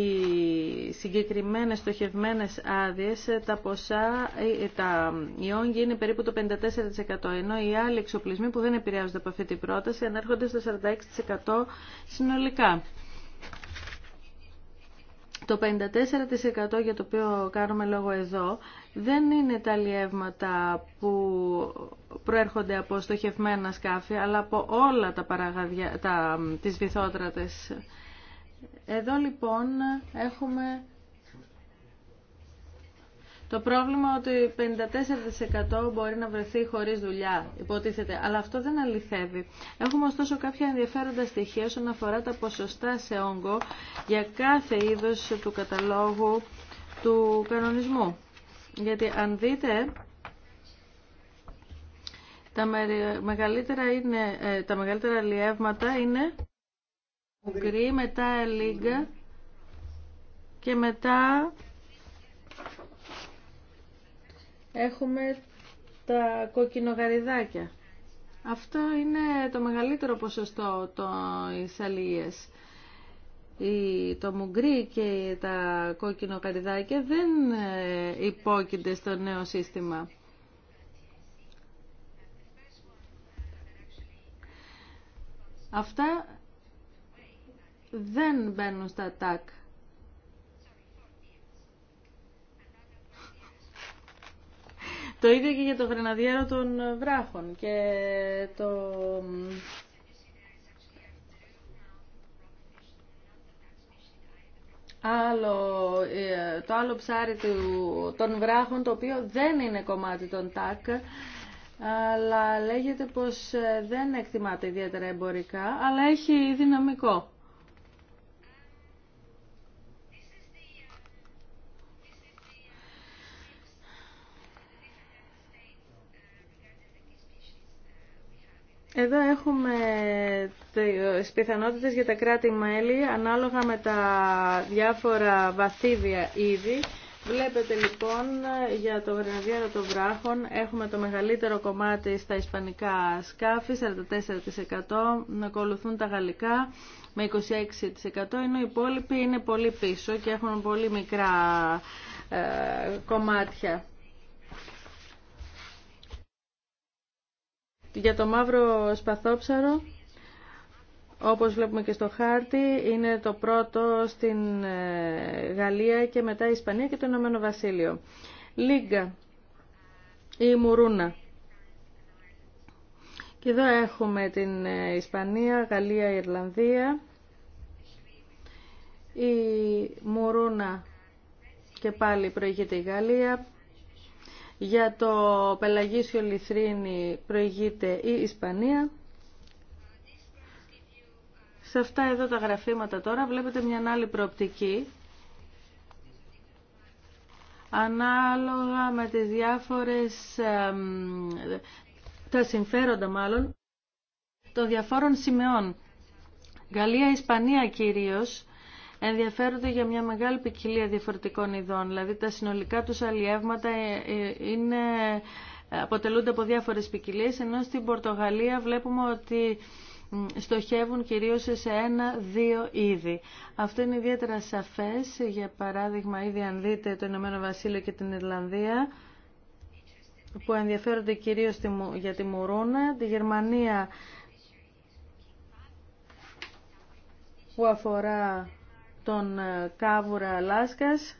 συγκεκριμένες στοχευμένες άδειες, τα ποσά, ε, τα, οι όγκοι είναι περίπου το 54%, ενώ οι άλλοι εξοπλισμοί που δεν επηρεάζονται από αυτή την πρόταση ανέρχονται στο 46% συνολικά. Το 54% για το οποίο κάνουμε λόγο εδώ δεν είναι τα λιεύματα που προέρχονται από στοχευμένα σκάφη, αλλά από όλα τα παραγαδιά, τα, τις βυθότρατες. Εδώ λοιπόν έχουμε το πρόβλημα ότι 54% μπορεί να βρεθεί χωρίς δουλειά, υποτίθεται, αλλά αυτό δεν αληθεύει. Έχουμε ωστόσο κάποια ενδιαφέροντα στοιχεία όσον αφορά τα ποσοστά σε όγκο για κάθε είδος του καταλόγου του κανονισμού. Γιατί αν δείτε, τα μεγαλύτερα, είναι, ε, τα μεγαλύτερα αλλιεύματα είναι γκρι μετά ελίγκα και μετά έχουμε τα κοκκινογαριδάκια. Αυτό είναι το μεγαλύτερο ποσοστό των εισαλίες το μουγκρί και τα κόκκινο καριδάκια δεν ε, υπόκεινται στο νέο σύστημα. Αυτά δεν μπαίνουν στα τάκ. Το ίδιο και για το γρεναδιέρο των βράχων και το άλλο, ε, το άλλο ψάρι του, των βράχων, το οποίο δεν είναι κομμάτι των ΤΑΚ, αλλά λέγεται πως ε, δεν εκτιμάται ιδιαίτερα εμπορικά, αλλά έχει δυναμικό. Εδώ έχουμε τις πιθανότητες για τα κράτη-μέλη ανάλογα με τα διάφορα βαθύβια είδη. Βλέπετε λοιπόν για το Γρεναδιέρο των Βράχων έχουμε το μεγαλύτερο κομμάτι στα ισπανικά σκάφη, 44%, να ακολουθούν τα γαλλικά με 26%, ενώ οι υπόλοιποι είναι πολύ πίσω και έχουν πολύ μικρά ε, κομμάτια. Για το μαύρο σπαθόψαρο, όπως βλέπουμε και στο χάρτη, είναι το πρώτο στην ε, Γαλλία και μετά η Ισπανία και το Ηνωμένο Βασίλειο. Λίγκα ή Μουρούνα. Και εδώ έχουμε την ε, Ισπανία, Γαλλία, Ιρλανδία. Η Μουρούνα και πάλι προηγείται η Γαλλία. Για το πελαγίσιο λιθρίνη προηγείται η Ισπανία. Σε αυτά εδώ τα γραφήματα τώρα βλέπετε μια άλλη προοπτική ανάλογα με τις διάφορες τα συμφέροντα μάλλον των διαφόρων σημεών. Γαλλία-Ισπανία κυρίως ενδιαφέρονται για μια μεγάλη ποικιλία διαφορετικών ειδών. Δηλαδή τα συνολικά τους αλλιεύματα ε, ε, είναι, αποτελούνται από διάφορες ποικιλίε, ενώ στην Πορτογαλία βλέπουμε ότι στοχεύουν κυρίως σε ένα-δύο είδη. Αυτό είναι ιδιαίτερα σαφές, για παράδειγμα ήδη αν δείτε το Ηνωμένο Βασίλειο και την Ιρλανδία, που ενδιαφέρονται κυρίως για τη Μουρούνα, τη Γερμανία που αφορά τον ε, Κάβουρα Λάσκας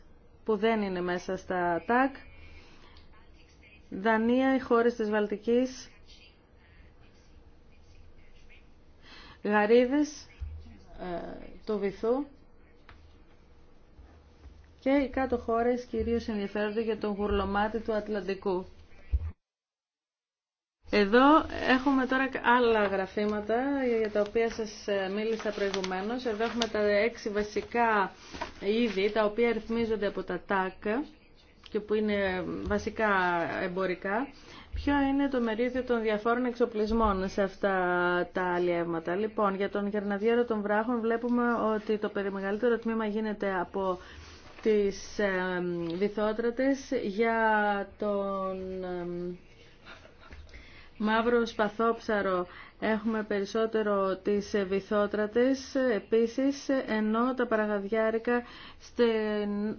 που δεν είναι μέσα στα ΤΑΚ, Δανία, οι χώρες της Βαλτικής, Γαρίδες, ε, το Βυθού και οι κάτω χώρες κυρίως ενδιαφέρονται για τον γουρλωμάτι του Ατλαντικού. Εδώ έχουμε τώρα άλλα γραφήματα για τα οποία σας μίλησα προηγουμένως. Εδώ έχουμε τα έξι βασικά είδη τα οποία ρυθμίζονται από τα ΤΑΚ και που είναι βασικά εμπορικά. Ποιο είναι το μερίδιο των διαφόρων εξοπλισμών σε αυτά τα αλλιεύματα. Λοιπόν, για τον γερναδιέρο των βράχων βλέπουμε ότι το περιμεγαλύτερο τμήμα γίνεται από τις ε, βυθότρατες για τον ε, Μαύρο σπαθόψαρο έχουμε περισσότερο τις βυθότρατες επίσης, ενώ τα παραγαδιάρικα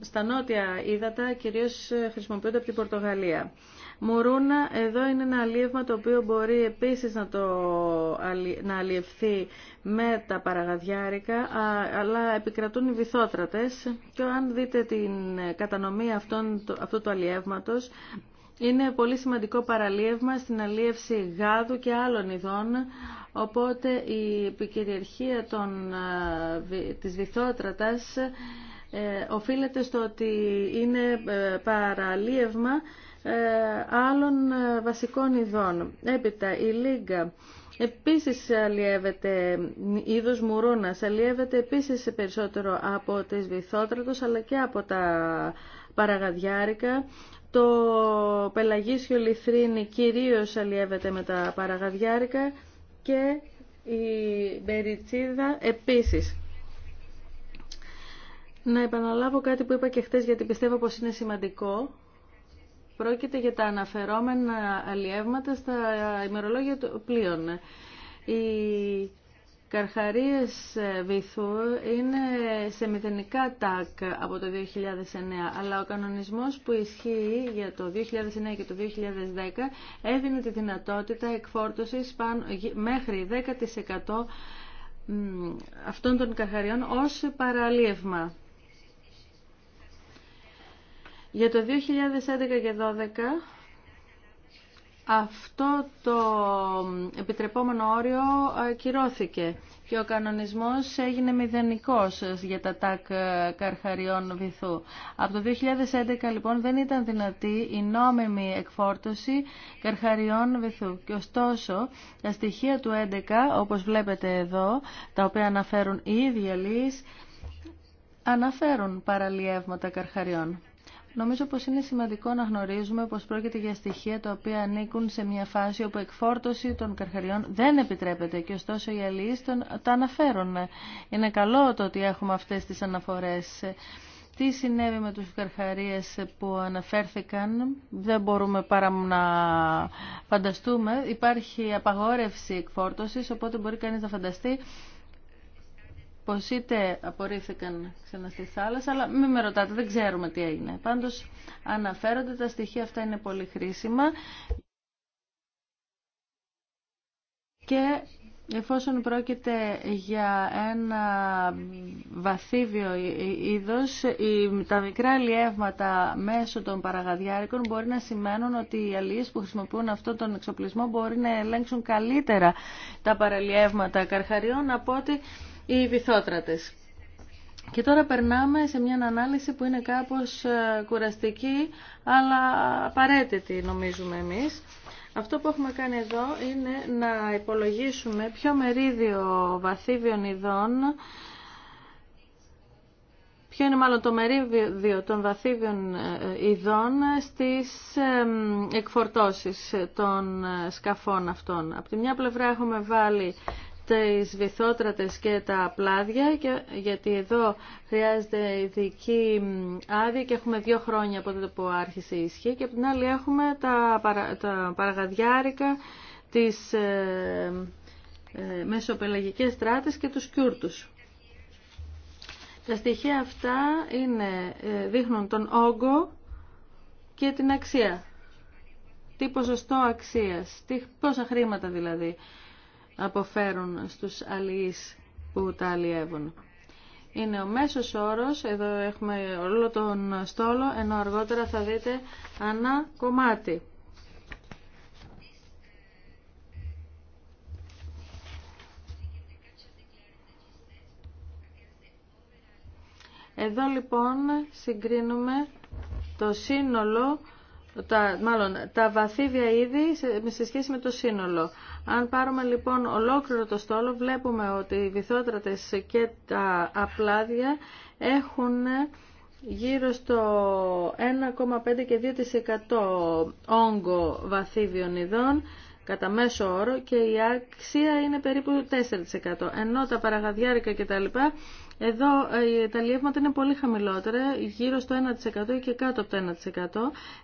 στα νότια ύδατα κυρίως χρησιμοποιούνται από την Πορτογαλία. Μουρούνα, εδώ είναι ένα αλίευμα το οποίο μπορεί επίσης να, το, να αλιευθεί με τα παραγαδιάρικα, αλλά επικρατούν οι βυθότρατες και αν δείτε την κατανομή αυτών, αυτού του αλιεύματος είναι πολύ σημαντικό παραλίευμα στην αλίευση γάδου και άλλων ειδών, οπότε η επικυριαρχία των, της βυθότρατας ε, οφείλεται στο ότι είναι ε, παραλίευμα ε, άλλων βασικών ειδών. Έπειτα η λίγκα. Επίσης αλλιεύεται είδος μουρούνας, αλλιεύεται επίσης περισσότερο από τις βυθότρατος αλλά και από τα παραγαδιάρικα το πελαγίσιο λιθρίνι κυρίως αλλιεύεται με τα παραγαδιάρικα και η μπεριτσίδα επίσης. Να επαναλάβω κάτι που είπα και χθες γιατί πιστεύω πως είναι σημαντικό. Πρόκειται για τα αναφερόμενα αλλιεύματα στα ημερολόγια των πλοίων. Καρχαρίες ε, βυθού είναι σε μηδενικά τάκ από το 2009, αλλά ο κανονισμός που ισχύει για το 2009 και το 2010 έδινε τη δυνατότητα εκφόρτωσης μέχρι 10% αυτών των καρχαριών ως παραλίευμα. Για το 2011 και 2012 αυτό το επιτρεπόμενο όριο κυρώθηκε και ο κανονισμός έγινε μηδενικός για τα τάκ καρχαριών βυθού. Από το 2011 λοιπόν δεν ήταν δυνατή η νόμιμη εκφόρτωση καρχαριών βυθού. Και ωστόσο τα στοιχεία του 2011 όπως βλέπετε εδώ τα οποία αναφέρουν οι ίδιοι αναφέρουν παραλιεύματα καρχαριών. Νομίζω πως είναι σημαντικό να γνωρίζουμε πως πρόκειται για στοιχεία τα οποία ανήκουν σε μια φάση όπου εκφόρτωση των καρχαριών δεν επιτρέπεται και ωστόσο οι αλληλείς τα αναφέρουν. Είναι καλό το ότι έχουμε αυτές τις αναφορές. Τι συνέβη με τους καρχαρίες που αναφέρθηκαν, δεν μπορούμε παρά να φανταστούμε. Υπάρχει απαγόρευση εκφόρτωσης, οπότε μπορεί κανείς να φανταστεί πως είτε απορρίφθηκαν ξανά στη θάλασσα, αλλά μην με ρωτάτε, δεν ξέρουμε τι έγινε. Πάντως αναφέρονται, τα στοιχεία αυτά είναι πολύ χρήσιμα. Και Εφόσον πρόκειται για ένα βαθύβιο είδος, τα μικρά λιεύματα μέσω των παραγαδιάρικων μπορεί να σημαίνουν ότι οι αλληλείς που χρησιμοποιούν αυτόν τον εξοπλισμό μπορεί να ελέγξουν καλύτερα τα παραλιεύματα καρχαριών από ότι οι βυθότρατες. Και τώρα περνάμε σε μια ανάλυση που είναι κάπως ε, κουραστική, αλλά απαραίτητη νομίζουμε εμείς. Αυτό που έχουμε κάνει εδώ είναι να υπολογίσουμε ποιο μερίδιο βαθύβιων ειδών, ποιο είναι μάλλον το μερίδιο των βαθύβιων ε, ειδών στις εκφορτώσεις των ε, σκαφών αυτών. Από τη μια πλευρά έχουμε βάλει τις βυθότρατες και τα πλάδια, γιατί εδώ χρειάζεται ειδική άδεια και έχουμε δύο χρόνια από τότε που άρχισε η ισχύ και από την άλλη έχουμε τα, παρα, τα παραγαδιάρικα, τις ε, ε, μεσοπελαγικές στράτες και τους κιούρτους. Τα στοιχεία αυτά είναι, ε, δείχνουν τον όγκο και την αξία. Τι ποσοστό αξίας, τι, πόσα χρήματα δηλαδή αποφέρουν στους αλληλείς που τα αλλιεύουν. Είναι ο μέσος όρος, εδώ έχουμε όλο τον στόλο, ενώ αργότερα θα δείτε ανά κομμάτι. Εδώ λοιπόν συγκρίνουμε το σύνολο, τα, μάλλον τα βαθύβια είδη σε, σε σχέση με το σύνολο. Αν πάρουμε λοιπόν ολόκληρο το στόλο, βλέπουμε ότι οι βυθότρατες και τα απλάδια έχουν γύρω στο 1,5 και 2% όγκο βαθύβιων ειδών κατά μέσο όρο και η αξία είναι περίπου 4%. Ενώ τα παραγαδιάρικα κτλ. Εδώ ε, τα λιεύματα είναι πολύ χαμηλότερα, γύρω στο 1% και κάτω από το 1%,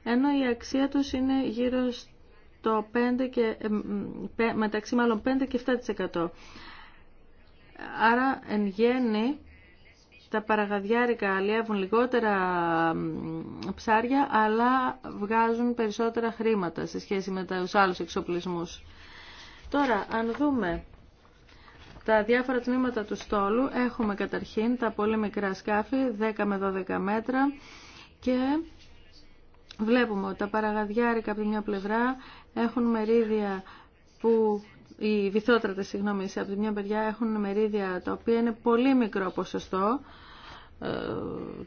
ενώ η αξία τους είναι γύρω στο το 5 και, ε, μεταξύ μάλλον 5 και 7%. Άρα εν γέννη τα παραγαδιάρικα αλλιεύουν λιγότερα ψάρια αλλά βγάζουν περισσότερα χρήματα σε σχέση με τους άλλους εξοπλισμούς. Τώρα αν δούμε τα διάφορα τμήματα του στόλου έχουμε καταρχήν τα πολύ μικρά σκάφη 10 με 12 μέτρα και βλέπουμε ότι τα παραγαδιάρικα από τη μια πλευρά έχουν μερίδια που οι βυθότρατες, συγγνώμη, από τη μια παιδιά έχουν μερίδια τα οποία είναι πολύ μικρό ποσοστό ε,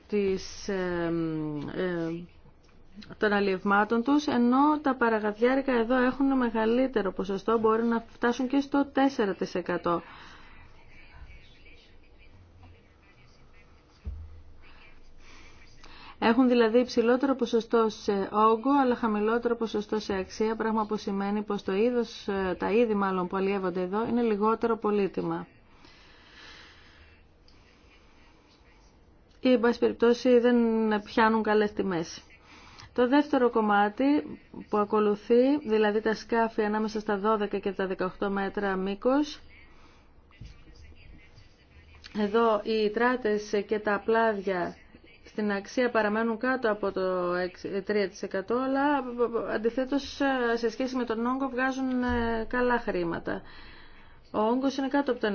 της, ε, ε, των αλλιευμάτων τους, ενώ τα παραγαδιάρικα εδώ έχουν μεγαλύτερο ποσοστό, μπορεί να φτάσουν και στο 4%. Έχουν δηλαδή υψηλότερο ποσοστό σε όγκο αλλά χαμηλότερο ποσοστό σε αξία, πράγμα που σημαίνει πως το είδος, τα είδη μάλλον που αλλιεύονται εδώ είναι λιγότερο πολύτιμα. Ή, εν πάση περιπτώσει, δεν πιάνουν καλές τιμές. Το δεύτερο κομμάτι που ακολουθεί, δηλαδή τα σκάφη ανάμεσα στα 12 και τα 18 μέτρα μήκος, εδώ οι τράτες και τα πλάδια στην αξία παραμένουν κάτω από το 3% ε, αλλά ε, ε, αντιθέτως σε σχέση με τον όγκο βγάζουν καλά χρήματα. Ο όγκος είναι κάτω από το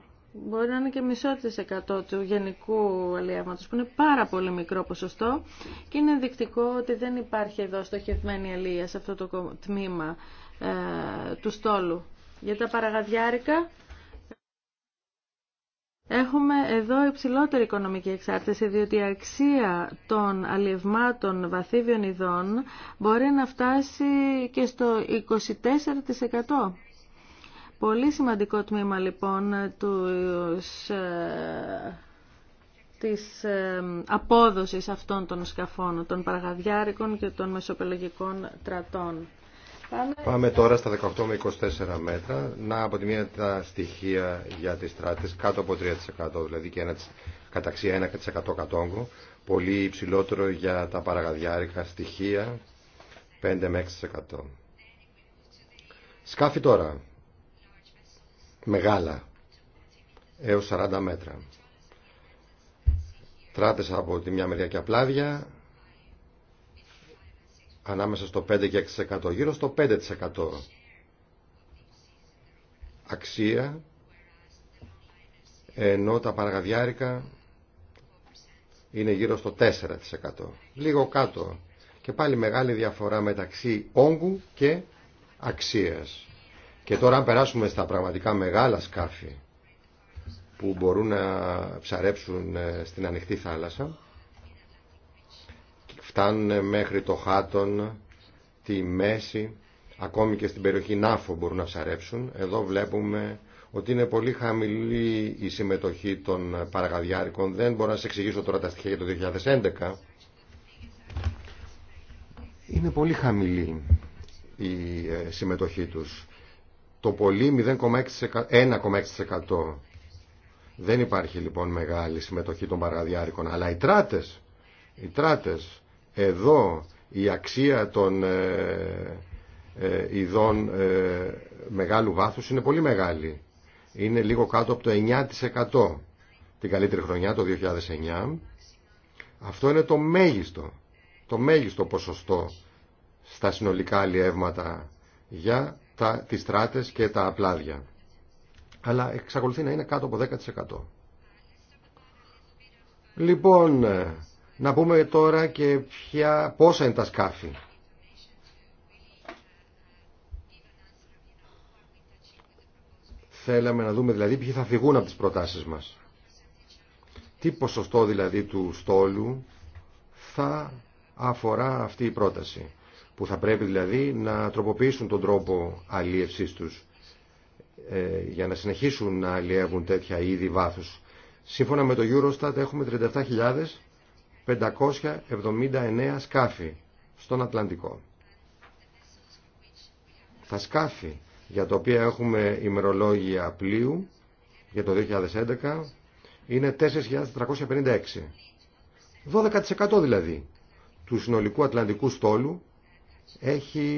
1%. Μπορεί να είναι και μισό της του γενικού αλλιεύματος που είναι πάρα πολύ μικρό ποσοστό και είναι ενδεικτικό ότι δεν υπάρχει εδώ στοχευμένη αλλία σε αυτό το τμήμα του στόλου. Για τα παραγαδιάρικα Έχουμε εδώ υψηλότερη οικονομική εξάρτηση, διότι η αξία των αλλιευμάτων βαθύβιων ειδών μπορεί να φτάσει και στο 24%. Πολύ σημαντικό τμήμα λοιπόν τους, ε, της ε, απόδοσης αυτών των σκαφών, των παραγαδιάρικων και των μεσοπελογικών τρατών. Πάμε... τώρα στα 18 με 24 μέτρα. Να από τη μία τα στοιχεία για τις στράτες κάτω από 3% δηλαδή και ένα, καταξία 1% κατόγκου, Πολύ υψηλότερο για τα παραγαδιάρικα στοιχεία 5 με 6%. Σκάφη τώρα. Μεγάλα. Έως 40 μέτρα. Τράτες από τη μια μεριά και απλάδια ανάμεσα στο 5 και 6%, γύρω στο 5% αξία, ενώ τα παραγαδιάρικα είναι γύρω στο 4%. Λίγο κάτω. Και πάλι μεγάλη διαφορά μεταξύ όγκου και αξίας. Και τώρα αν περάσουμε στα πραγματικά μεγάλα σκάφη που μπορούν να ψαρέψουν ε, στην ανοιχτή θάλασσα, φτάνουν μέχρι το Χάτον, τη Μέση, ακόμη και στην περιοχή Νάφο μπορούν να ψαρέψουν. Εδώ βλέπουμε ότι είναι πολύ χαμηλή η συμμετοχή των παραγαδιάρικων. Δεν μπορώ να σας εξηγήσω τώρα τα στοιχεία για το 2011. Είναι πολύ χαμηλή η ε, συμμετοχή τους. Το πολύ 1,6%. Δεν υπάρχει λοιπόν μεγάλη συμμετοχή των παραγαδιάρικων. Αλλά οι τράτες, οι τράτες εδώ η αξία των ε, ε, ειδών ε, μεγάλου βάθους είναι πολύ μεγάλη. Είναι λίγο κάτω από το 9% την καλύτερη χρονιά, το 2009. Αυτό είναι το μέγιστο, το μέγιστο ποσοστό στα συνολικά αλλιεύματα για τα, τις στράτες και τα απλάδια. Αλλά εξακολουθεί να είναι κάτω από 10%. Λοιπόν, να πούμε τώρα και ποια, πόσα είναι τα σκάφη. Θέλαμε να δούμε δηλαδή ποιοι θα φυγούν από τις προτάσεις μας. Τι ποσοστό δηλαδή του στόλου θα αφορά αυτή η πρόταση. Που θα πρέπει δηλαδή να τροποποιήσουν τον τρόπο αλίευσής τους ε, για να συνεχίσουν να αλλιεύουν τέτοια είδη βάθους. Σύμφωνα με το Eurostat έχουμε 37.000 579 σκάφη στον Ατλαντικό. Τα σκάφη για τα οποία έχουμε ημερολόγια πλοίου για το 2011 είναι 4.356. 12% δηλαδή του συνολικού Ατλαντικού στόλου έχει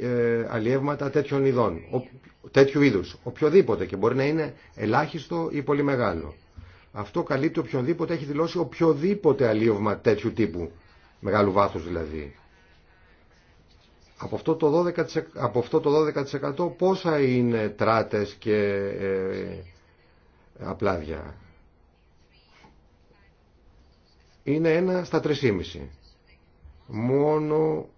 ε, αλλιεύματα τέτοιων ειδών, ο, τέτοιου είδους, οποιοδήποτε και μπορεί να είναι ελάχιστο ή πολύ μεγάλο. Αυτό καλύπτει οποιονδήποτε έχει δηλώσει οποιοδήποτε αλλίωμα τέτοιου τύπου, μεγάλου βάθους δηλαδή. Από αυτό το 12%, από αυτό το 12 πόσα είναι τράτες και ε, απλάδια. Είναι ένα στα 3,5. Μόνο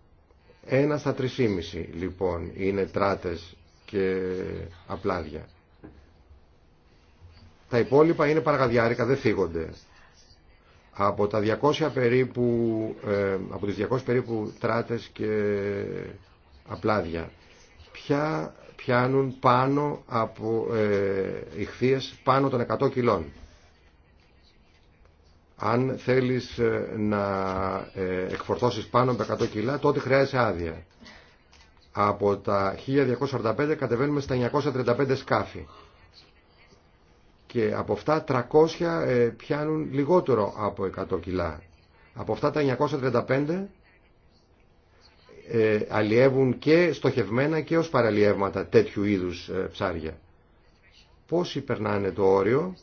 ένα στα 3,5 λοιπόν είναι τράτες και απλάδια. Τα υπόλοιπα είναι παραγαδιάρικα, δεν φύγονται. Από, τα 200 περίπου, ε, από τις 200 περίπου τράτες και απλάδια, πια πιάνουν πάνω από ε, ηχθείες πάνω των 100 κιλών. Αν θέλεις ε, να ε, εκφορτώσεις πάνω από 100 κιλά, τότε χρειάζεσαι άδεια. Από τα 1245 κατεβαίνουμε στα 935 σκάφη και από αυτά 300 ε, πιάνουν λιγότερο από 100 κιλά. Από αυτά τα 935 ε, αλλιεύουν και στοχευμένα και ως παραλιεύματα τέτοιου είδους ε, ψάρια. Πόσοι περνάνε το όριο,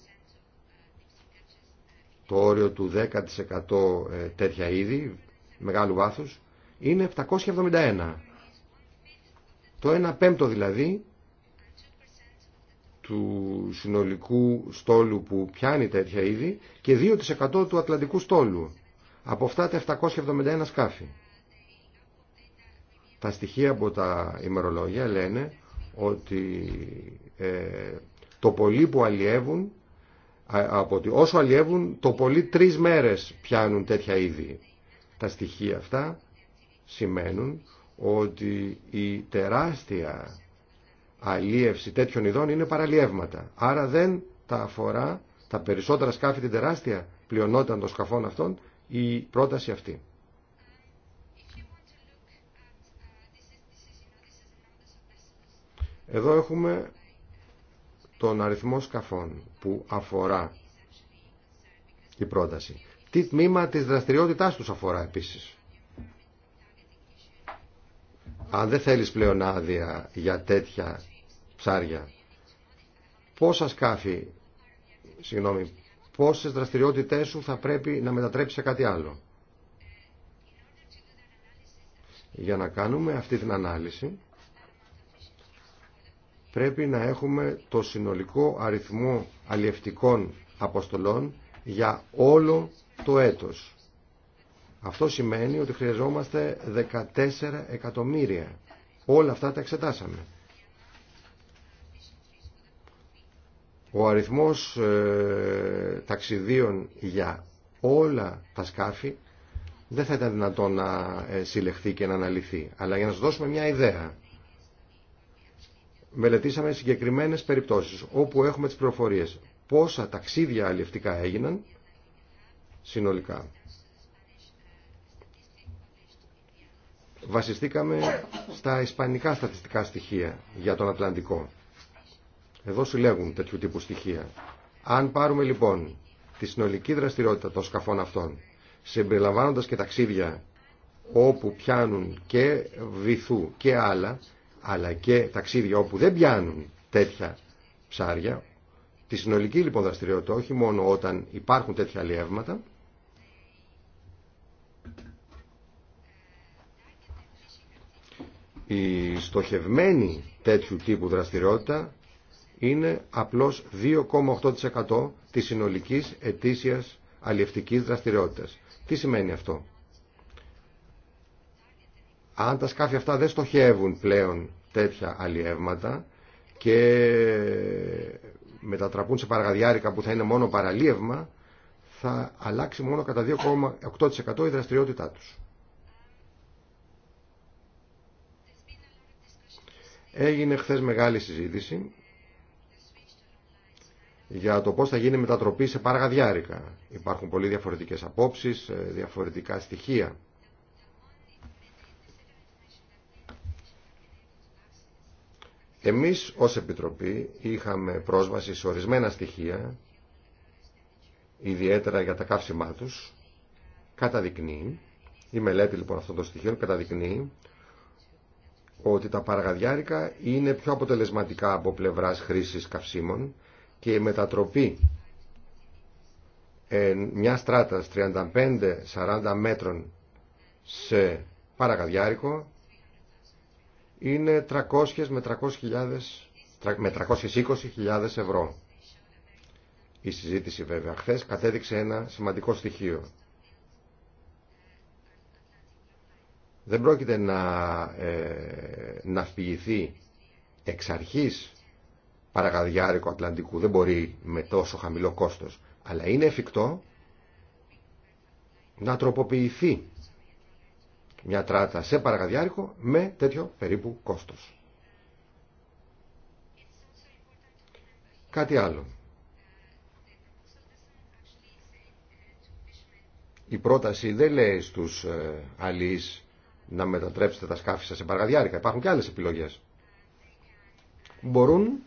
το όριο του 10% ε, τέτοια είδη, μεγάλου βάθους, είναι 771. Το 1 πέμπτο δηλαδή του συνολικού στόλου που πιάνει τέτοια είδη και 2% του ατλαντικού στόλου από αυτά τα 771 σκάφη. Τα στοιχεία από τα ημερολόγια λένε ότι ε, το πολύ που αλλιεύουν, από ότι όσο αλλιεύουν, το πολύ τρει μέρες πιάνουν τέτοια είδη. Τα στοιχεία αυτά σημαίνουν ότι η τεράστια αλίευση τέτοιων ειδών είναι παραλιεύματα. Άρα δεν τα αφορά τα περισσότερα σκάφη την τεράστια πλειονότητα των σκαφών αυτών η πρόταση αυτή. Εδώ έχουμε τον αριθμό σκαφών που αφορά η πρόταση. Τι τμήμα της δραστηριότητάς τους αφορά επίσης. Αν δεν θέλεις πλέον άδεια για τέτοια ψάρια. Πόσα σκάφη, συγγνώμη, πόσες δραστηριότητές σου θα πρέπει να μετατρέψει σε κάτι άλλο. Για να κάνουμε αυτή την ανάλυση πρέπει να έχουμε το συνολικό αριθμό αλλιευτικών αποστολών για όλο το έτος. Αυτό σημαίνει ότι χρειαζόμαστε 14 εκατομμύρια. Όλα αυτά τα εξετάσαμε. Ο αριθμός ε, ταξιδίων για όλα τα σκάφη δεν θα ήταν δυνατόν να ε, συλλεχθεί και να αναλυθεί. Αλλά για να σας δώσουμε μια ιδέα, μελετήσαμε συγκεκριμένες περιπτώσεις όπου έχουμε τις προφορίες. πόσα ταξίδια αλληλευτικά έγιναν συνολικά. Βασιστήκαμε στα ισπανικά στατιστικά στοιχεία για τον Ατλαντικό. Εδώ συλλέγουν τέτοιου τύπου στοιχεία. Αν πάρουμε λοιπόν τη συνολική δραστηριότητα των σκαφών αυτών, συμπεριλαμβάνοντα και ταξίδια όπου πιάνουν και βυθού και άλλα, αλλά και ταξίδια όπου δεν πιάνουν τέτοια ψάρια, τη συνολική λοιπόν δραστηριότητα, όχι μόνο όταν υπάρχουν τέτοια αλλιεύματα, η στοχευμένη τέτοιου τύπου δραστηριότητα είναι απλώς 2,8% της συνολικής ετήσιας αλλιευτικής δραστηριότητας. Τι σημαίνει αυτό. Αν τα σκάφη αυτά δεν στοχεύουν πλέον τέτοια αλλιεύματα και μετατραπούν σε παραγαδιάρικα που θα είναι μόνο παραλίευμα, θα αλλάξει μόνο κατά 2,8% η δραστηριότητά τους. Έγινε χθες μεγάλη συζήτηση για το πώς θα γίνει μετατροπή σε παραγαδιάρικα. Υπάρχουν πολύ διαφορετικές απόψεις, ε, διαφορετικά στοιχεία. Εμείς ως Επιτροπή είχαμε πρόσβαση σε ορισμένα στοιχεία, ιδιαίτερα για τα καύσιμά τους, καταδεικνύει, η μελέτη λοιπόν αυτών των στοιχείων καταδεικνύει ότι τα παραγαδιάρικα είναι πιο αποτελεσματικά από πλευράς χρήσης καυσίμων και η μετατροπή ε, μια στρατα 35 35-40 μέτρων σε παρακαδιάρικο είναι 300 με 300 με 320.000 ευρώ. Η συζήτηση βέβαια χθε κατέδειξε ένα σημαντικό στοιχείο. Δεν πρόκειται να ε, ναυπηγηθεί εξ αρχής παραγαδιάρικο Ατλαντικού. Δεν μπορεί με τόσο χαμηλό κόστος. Αλλά είναι εφικτό να τροποποιηθεί μια τράτα σε παραγαδιάρικο με τέτοιο περίπου κόστος. Κάτι άλλο. Η πρόταση δεν λέει στους ε, αλείς να μετατρέψετε τα σκάφη σας σε παραγαδιάρικα. Υπάρχουν και άλλες επιλογές. Μπορούν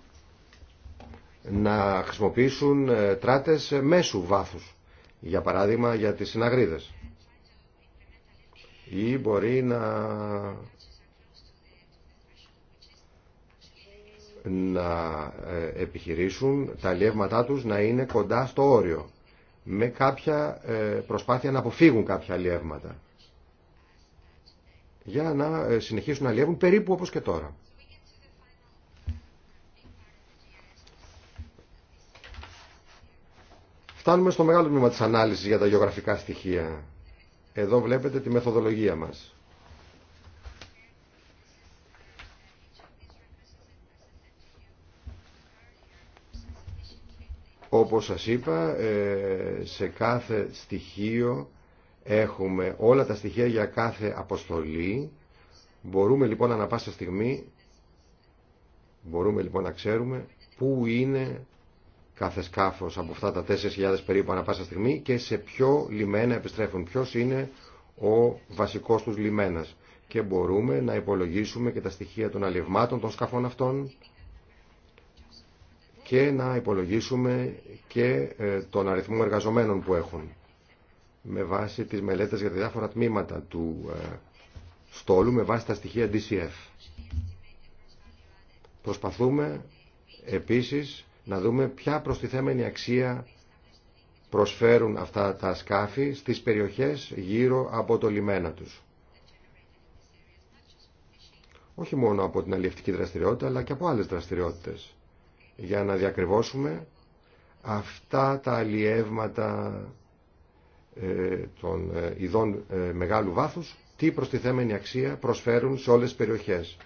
να χρησιμοποιήσουν ε, τράτες μέσου βάθους, για παράδειγμα για τις συναγρίδες. Ή μπορεί να ε, επιχειρήσουν τα αλλιεύματά τους να είναι κοντά στο όριο με κάποια ε, προσπάθεια να αποφύγουν κάποια αλλιεύματα για να συνεχίσουν να αλλιεύουν περίπου όπως και τώρα. Φτάνουμε στο μεγάλο τμήμα της ανάλυσης για τα γεωγραφικά στοιχεία. Εδώ βλέπετε τη μεθοδολογία μας. Όπως σας είπα, ε, σε κάθε στοιχείο έχουμε όλα τα στοιχεία για κάθε αποστολή. Μπορούμε λοιπόν να πάσα στιγμή, μπορούμε λοιπόν να ξέρουμε πού είναι κάθε σκάφο από αυτά τα 4.000 περίπου ανά πάσα στιγμή και σε ποιο λιμένα επιστρέφουν, ποιο είναι ο βασικός τους λιμένας. Και μπορούμε να υπολογίσουμε και τα στοιχεία των αλευμάτων των σκαφών αυτών και να υπολογίσουμε και ε, τον αριθμό εργαζομένων που έχουν με βάση τις μελέτες για τα διάφορα τμήματα του ε, στόλου με βάση τα στοιχεία DCF. Προσπαθούμε επίσης να δούμε ποια προστιθέμενη αξία προσφέρουν αυτά τα σκάφη στις περιοχές γύρω από το λιμένα τους. Όχι μόνο από την αλλιευτική δραστηριότητα, αλλά και από άλλες δραστηριότητες. Για να διακριβώσουμε αυτά τα αλλιεύματα ε, των ε, ειδών ε, μεγάλου βάθους, τι προστιθέμενη αξία προσφέρουν σε όλες τις περιοχές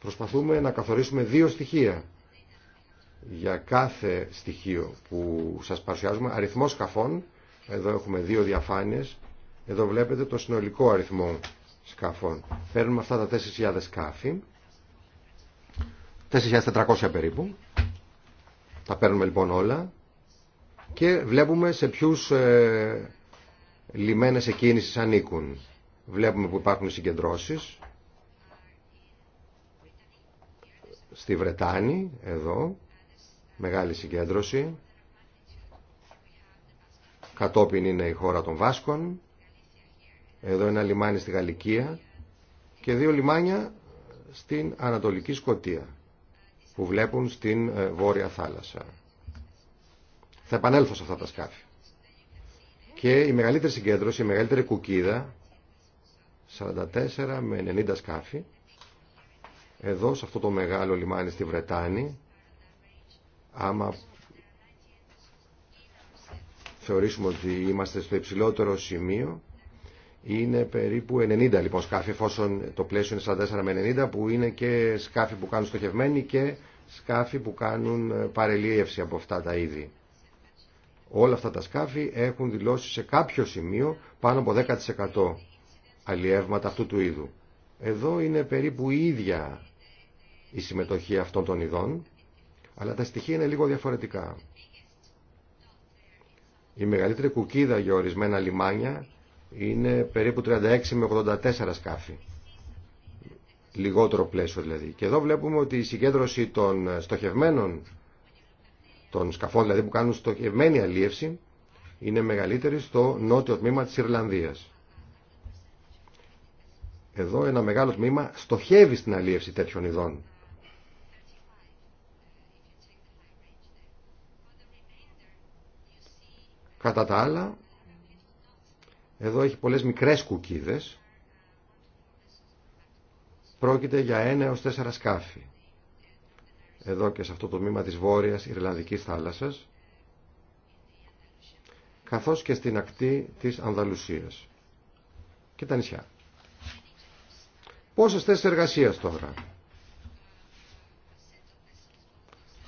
προσπαθούμε να καθορίσουμε δύο στοιχεία για κάθε στοιχείο που σας παρουσιάζουμε. Αριθμό σκαφών, εδώ έχουμε δύο διαφάνειες, εδώ βλέπετε το συνολικό αριθμό σκαφών. Παίρνουμε αυτά τα 4.000 σκάφη, 4.400 περίπου, τα παίρνουμε λοιπόν όλα και βλέπουμε σε ποιους ε, λιμένες εκκίνησης ανήκουν. Βλέπουμε που υπάρχουν συγκεντρώσεις, στη Βρετάνη, εδώ, μεγάλη συγκέντρωση. Κατόπιν είναι η χώρα των Βάσκων. Εδώ ένα λιμάνι στη Γαλλικία και δύο λιμάνια στην Ανατολική Σκοτία που βλέπουν στην ε, Βόρεια Θάλασσα. Θα επανέλθω σε αυτά τα σκάφη. Και η μεγαλύτερη συγκέντρωση, η μεγαλύτερη κουκίδα, 44 με 90 σκάφη, εδώ, σε αυτό το μεγάλο λιμάνι στη Βρετάνη, άμα θεωρήσουμε ότι είμαστε στο υψηλότερο σημείο, είναι περίπου 90 λοιπόν σκάφη, εφόσον το πλαίσιο είναι 44 με 90, που είναι και σκάφη που κάνουν στοχευμένοι και σκάφη που κάνουν ε, παρελίευση από αυτά τα είδη. Όλα αυτά τα σκάφη έχουν δηλώσει σε κάποιο σημείο πάνω από 10% αλλιεύματα αυτού του είδου. Εδώ είναι περίπου η ίδια η συμμετοχή αυτών των ειδών, αλλά τα στοιχεία είναι λίγο διαφορετικά. Η μεγαλύτερη κουκίδα για ορισμένα λιμάνια είναι περίπου 36 με 84 σκάφη. Λιγότερο πλαίσιο δηλαδή. Και εδώ βλέπουμε ότι η συγκέντρωση των στοχευμένων, των σκαφών δηλαδή που κάνουν στοχευμένη αλίευση, είναι μεγαλύτερη στο νότιο τμήμα της Ιρλανδίας. Εδώ ένα μεγάλο τμήμα στοχεύει στην αλίευση τέτοιων ειδών. Κατά τα άλλα, εδώ έχει πολλές μικρές κουκίδες. Πρόκειται για ένα έως τέσσερα σκάφη. Εδώ και σε αυτό το τμήμα της βόρειας Ιρλανδικής θάλασσας, καθώς και στην ακτή της Ανδαλουσίας και τα νησιά. Πόσες θέσεις εργασίας τώρα.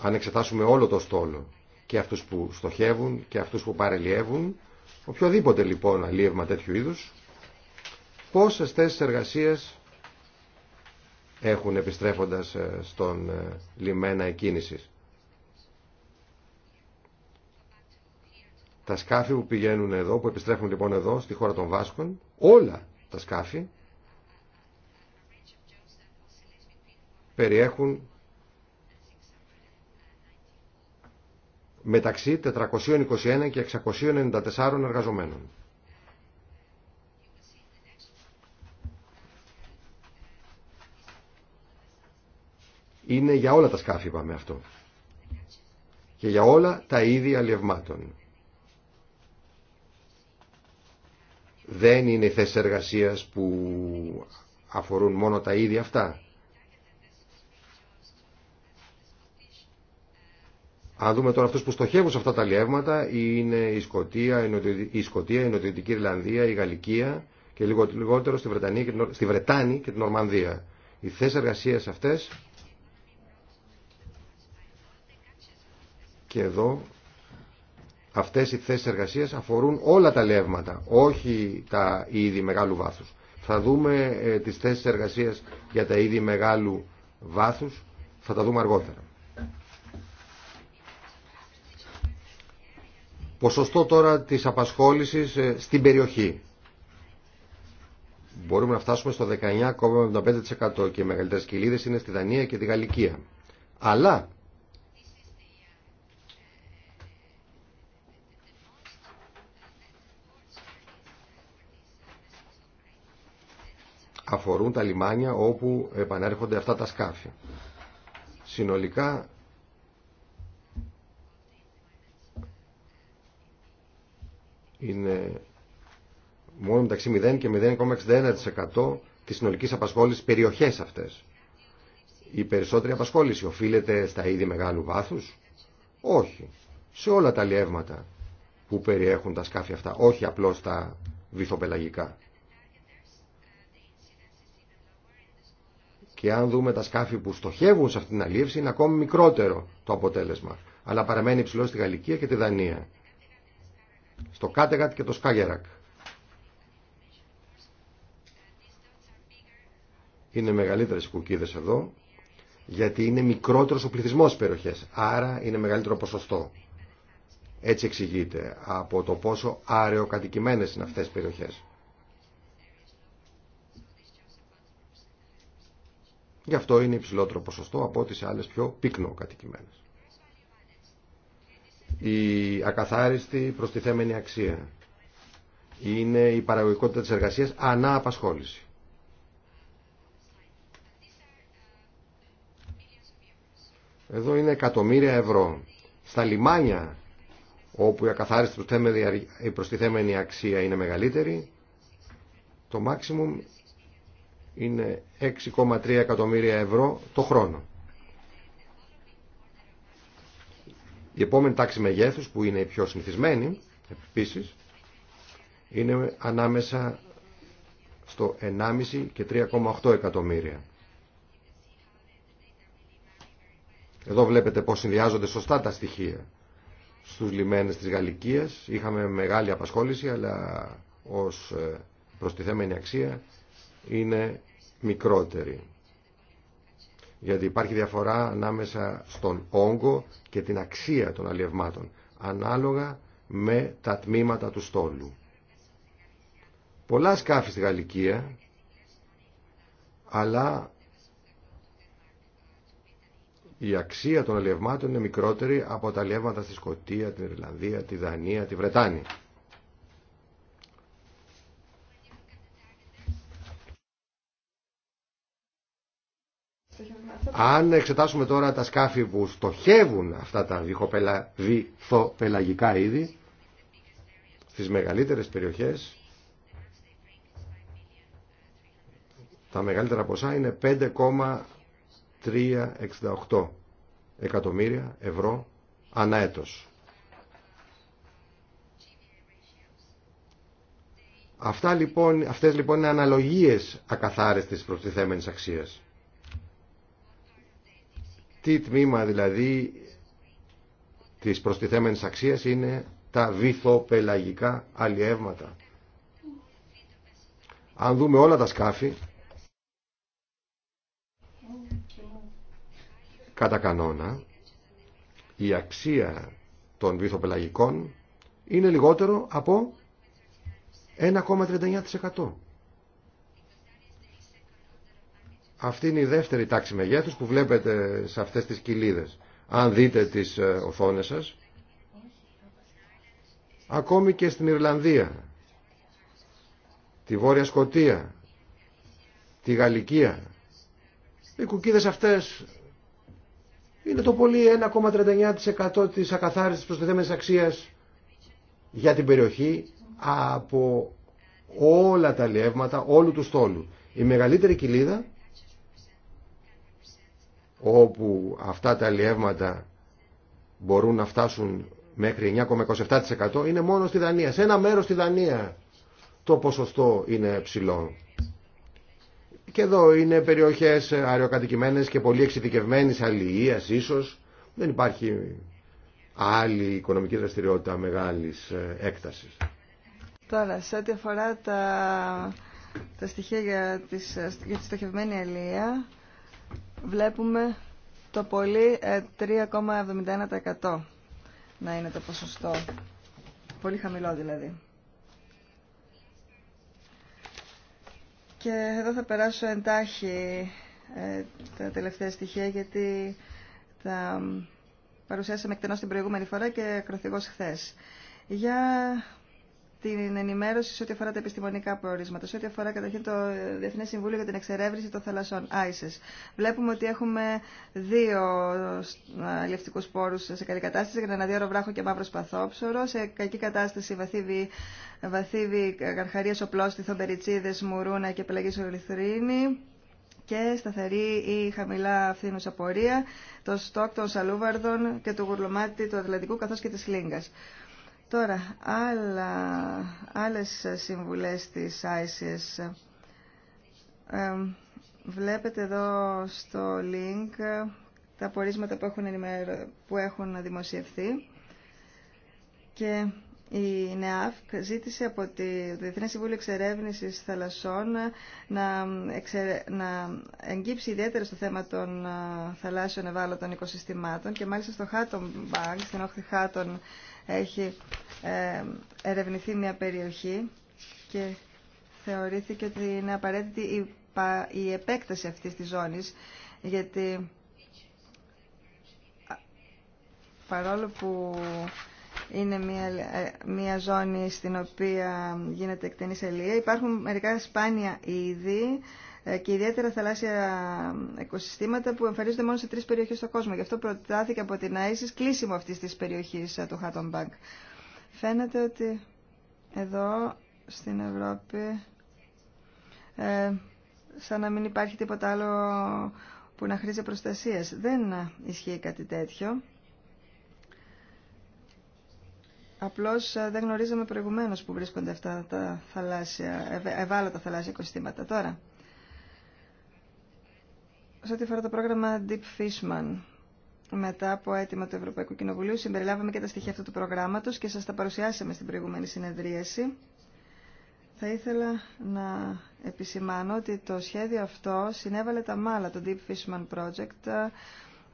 Αν εξετάσουμε όλο το στόλο και αυτούς που στοχεύουν και αυτούς που παρελιεύουν, οποιοδήποτε λοιπόν αλίευμα τέτοιου είδους, πόσες θέσεις εργασίας έχουν επιστρέφοντας ε, στον ε, λιμένα εκκίνησης. Τα σκάφη που πηγαίνουν εδώ, που επιστρέφουν λοιπόν εδώ, στη χώρα των Βάσκων, όλα τα σκάφη περιέχουν μεταξύ 421 και 694 εργαζομένων. Είναι για όλα τα σκάφη είπαμε αυτό και για όλα τα ίδια αλλιευμάτων. Δεν είναι οι θέσεις εργασίας που αφορούν μόνο τα ίδια αυτά. Αν δούμε τώρα αυτούς που στοχεύουν σε αυτά τα λεύματα είναι η Σκοτία, η, Σκοτία, η Νοτιωτική Ιρλανδία, η Γαλλικία και λιγότερο στη, Βρετανία στη Βρετάνη και την Ορμανδία. Οι θέσει εργασία αυτές και εδώ αυτές οι θέσει εργασία αφορούν όλα τα λεύματα, όχι τα είδη μεγάλου βάθους. Θα δούμε ε, τις θέσεις εργασίας για τα είδη μεγάλου βάθους, θα τα δούμε αργότερα. Ποσοστό τώρα της απασχόλησης ε, στην περιοχή. Μπορούμε να φτάσουμε στο 19,75% και οι μεγαλύτερες κοιλίδες είναι στη Δανία και τη Γαλλικία. Αλλά αφορούν τα λιμάνια όπου επανέρχονται αυτά τα σκάφη. Συνολικά είναι μόνο μεταξύ 0 και 0,61% της συνολικής απασχόλησης περιοχές αυτές. Η περισσότερη απασχόληση οφείλεται στα είδη μεγάλου βάθους. Όχι. Σε όλα τα λιεύματα που περιέχουν τα σκάφη αυτά. Όχι απλώς τα βυθοπελαγικά. Και αν δούμε τα σκάφη που στοχεύουν σε αυτήν την αλίευση είναι ακόμη μικρότερο το αποτέλεσμα. Αλλά παραμένει υψηλό στη Γαλλικία και τη Δανία στο Κάτεγατ και το Σκάγερακ. Είναι μεγαλύτερες οι κουκίδες εδώ, γιατί είναι μικρότερος ο πληθυσμός στις περιοχές, άρα είναι μεγαλύτερο ποσοστό. Έτσι εξηγείται από το πόσο αραιοκατοικημένες είναι αυτές οι περιοχές. Γι' αυτό είναι υψηλότερο ποσοστό από ό,τι σε άλλες πιο πυκνοκατοικημένες η ακαθάριστη προστιθέμενη αξία. Είναι η παραγωγικότητα της εργασίας ανά απασχόληση. Εδώ είναι εκατομμύρια ευρώ. Στα λιμάνια όπου η ακαθάριστη η προστιθέμενη αξία είναι μεγαλύτερη, το maximum είναι 6,3 εκατομμύρια ευρώ το χρόνο. Η επόμενη τάξη μεγέθους που είναι η πιο συνηθισμένη επίσης είναι ανάμεσα στο 1,5 και 3,8 εκατομμύρια. Εδώ βλέπετε πώς συνδυάζονται σωστά τα στοιχεία. Στους λιμένες της Γαλλικίας είχαμε μεγάλη απασχόληση, αλλά ως ε, προστιθέμενη αξία είναι μικρότερη. Γιατί υπάρχει διαφορά ανάμεσα στον όγκο και την αξία των αλλιευμάτων, ανάλογα με τα τμήματα του στόλου. Πολλά σκάφη στη Γαλλικία, αλλά η αξία των αλλιευμάτων είναι μικρότερη από τα αλλιεύματα στη Σκοτία, την Ιρλανδία, τη Δανία, τη Βρετάνη. Αν εξετάσουμε τώρα τα σκάφη που στοχεύουν αυτά τα διχοπελαγικά είδη στις μεγαλύτερες περιοχές τα μεγαλύτερα ποσά είναι 5,368 εκατομμύρια ευρώ ανά έτος. Αυτά λοιπόν, αυτές λοιπόν είναι αναλογίες ακαθάριστης προστιθέμενης αξίας. Τι τμήμα δηλαδή της προστιθέμενης αξίας είναι τα βυθοπελαγικά αλλιεύματα. Αν δούμε όλα τα σκάφη, κατά κανόνα, η αξία των βυθοπελαγικών είναι λιγότερο από 1,39%. Αυτή είναι η δεύτερη τάξη μεγέθους που βλέπετε σε αυτές τις κοιλίδες. Αν δείτε τις ε, οθόνες σας, ακόμη και στην Ιρλανδία, τη Βόρεια Σκοτία, τη Γαλλικία, οι κουκίδες αυτές είναι το πολύ 1,39% της ακαθάριστης προσθεθέμενης αξίας για την περιοχή από όλα τα λιεύματα, όλου του στόλου. Η μεγαλύτερη κοιλίδα όπου αυτά τα αλλιεύματα μπορούν να φτάσουν μέχρι 9,27% είναι μόνο στη Δανία. Σε ένα μέρος στη Δανία το ποσοστό είναι ψηλό. Και εδώ είναι περιοχές αεροκατοικημένες και πολύ εξειδικευμένης αλληλείας ίσως. Δεν υπάρχει άλλη οικονομική δραστηριότητα μεγάλης ε, έκτασης. Τώρα, σε ό,τι αφορά τα, τα στοιχεία για, τις, ε, για τη στοχευμένη αλληλεία, βλέπουμε το πολύ 3,71% ε, να είναι το ποσοστό. Πολύ χαμηλό δηλαδή. Και εδώ θα περάσω εντάχει ε, τα τελευταία στοιχεία γιατί τα παρουσιάσαμε εκτενώς την προηγούμενη φορά και ακροθυγώς χθες. Για την ενημέρωση σε ό,τι αφορά τα επιστημονικά προορίσματα, σε ό,τι αφορά καταρχήν το Διεθνές Συμβούλιο για την Εξερεύνηση των Θαλασσών, ISIS. Βλέπουμε ότι έχουμε δύο αλληλευτικούς πόρους σε καλή κατάσταση, δύο βράχο και μαύρο σπαθόψωρο, σε κακή κατάσταση βαθύβη, βαθύβη οπλώστη, θομπεριτσίδες, μουρούνα και πελαγή λιθρίνι και σταθερή ή χαμηλά φθήνουσα πορεία, το στόκ των σαλούβαρδων και του γουρλωμάτι του Ατλαντικού καθώς και της Λίγκας. Τώρα, άλλα, άλλες συμβουλές της ISIS. βλέπετε εδώ στο link τα πορίσματα που έχουν, που έχουν δημοσιευθεί και η ΝΕΑΦΚ ζήτησε από τη Διεθνέ Συμβούλιο Εξερεύνηση Θαλασσών να, εξερε... να ιδιαίτερα στο θέμα των ε, θαλάσσιων ευάλωτων οικοσυστημάτων και μάλιστα στο Χάτον Bank, στην όχθη Χάτον έχει ε, ερευνηθεί μια περιοχή και θεωρήθηκε ότι είναι απαραίτητη η επέκταση αυτής της ζώνης γιατί παρόλο που είναι μια, ε, μια ζώνη στην οποία γίνεται εκτενής ελεία υπάρχουν μερικά σπάνια είδη ε, και ιδιαίτερα θαλάσσια ε, οικοσυστήματα που εμφανίζονται μόνο σε τρει περιοχέ στον κόσμο. Γι' αυτό προτάθηκε από την ΑΕΣΙΣ κλείσιμο αυτή τη περιοχή ε, του Μπάνκ. Φαίνεται ότι εδώ στην Ευρώπη ε, σαν να μην υπάρχει τίποτα άλλο που να χρήζει προστασίας. Δεν ισχύει κάτι τέτοιο. Απλώς δεν γνωρίζαμε προηγουμένως που βρίσκονται αυτά τα θαλάσσια, ευάλωτα θαλάσσια οικοσυστήματα. Τώρα, σε ό,τι αφορά το πρόγραμμα Deep Fishman, μετά από αίτημα του Ευρωπαϊκού Κοινοβουλίου, συμπεριλάβαμε και τα στοιχεία αυτού του προγράμματος και σας τα παρουσιάσαμε στην προηγούμενη συνεδρίαση. Θα ήθελα να επισημάνω ότι το σχέδιο αυτό συνέβαλε τα μάλα, το Deep Fishman Project,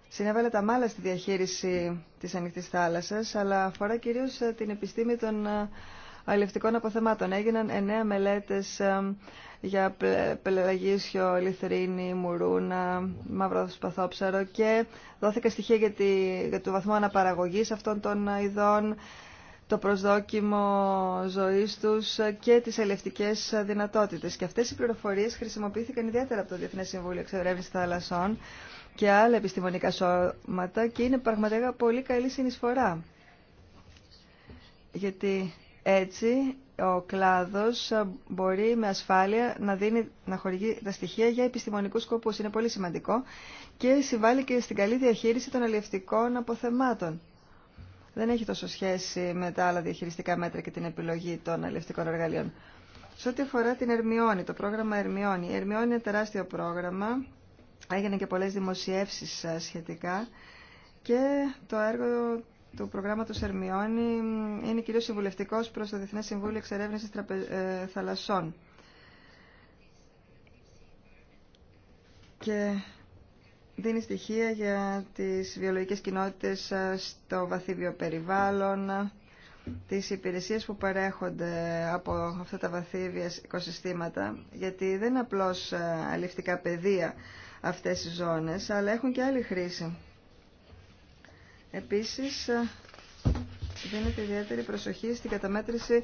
συνέβαλε τα μάλα στη διαχείριση της ανοιχτής θάλασσας, αλλά αφορά κυρίως ε, την επιστήμη των ε, αλληλευτικών αποθεμάτων. Έγιναν εννέα μελέτες ε, για πελαγίσιο, λιθρίνη, μουρούνα, μαύρο σπαθόψαρο και δόθηκα στοιχεία για, το βαθμό αναπαραγωγής αυτών των ειδών, το προσδόκιμο ζωής τους και τις ελευτικές δυνατότητες. Και αυτές οι πληροφορίες χρησιμοποιήθηκαν ιδιαίτερα από το Διεθνές Συμβούλιο Εξερεύνησης Θάλασσών και άλλα επιστημονικά σώματα και είναι πραγματικά πολύ καλή συνεισφορά. Γιατί έτσι, ο κλάδος μπορεί με ασφάλεια να, δίνει, να χορηγεί τα στοιχεία για επιστημονικούς σκοπούς. Είναι πολύ σημαντικό και συμβάλλει και στην καλή διαχείριση των αλληλευτικών αποθεμάτων. Δεν έχει τόσο σχέση με τα άλλα διαχειριστικά μέτρα και την επιλογή των αλληλευτικών εργαλείων. Σε ό,τι αφορά την Ερμιόνη, το πρόγραμμα Ερμιόνη. Η Ερμιόνη είναι τεράστιο πρόγραμμα. Έγιναν και πολλές δημοσιεύσεις ε, σχετικά και το έργο του προγράμματο Ερμιώνη είναι κυρίως συμβουλευτικό προς το Διεθνέ Συμβούλιο Εξερεύνησης ε, Θαλασσών. Και δίνει στοιχεία για τις βιολογικές κοινότητε ε, στο βαθύ βιοπεριβάλλον, τις υπηρεσίες που παρέχονται από αυτά τα βαθύβια οικοσυστήματα, γιατί δεν είναι απλώς ε, αληφτικά πεδία αυτές οι ζώνες, αλλά έχουν και άλλη χρήση. Επίσης, δίνεται ιδιαίτερη προσοχή στην καταμέτρηση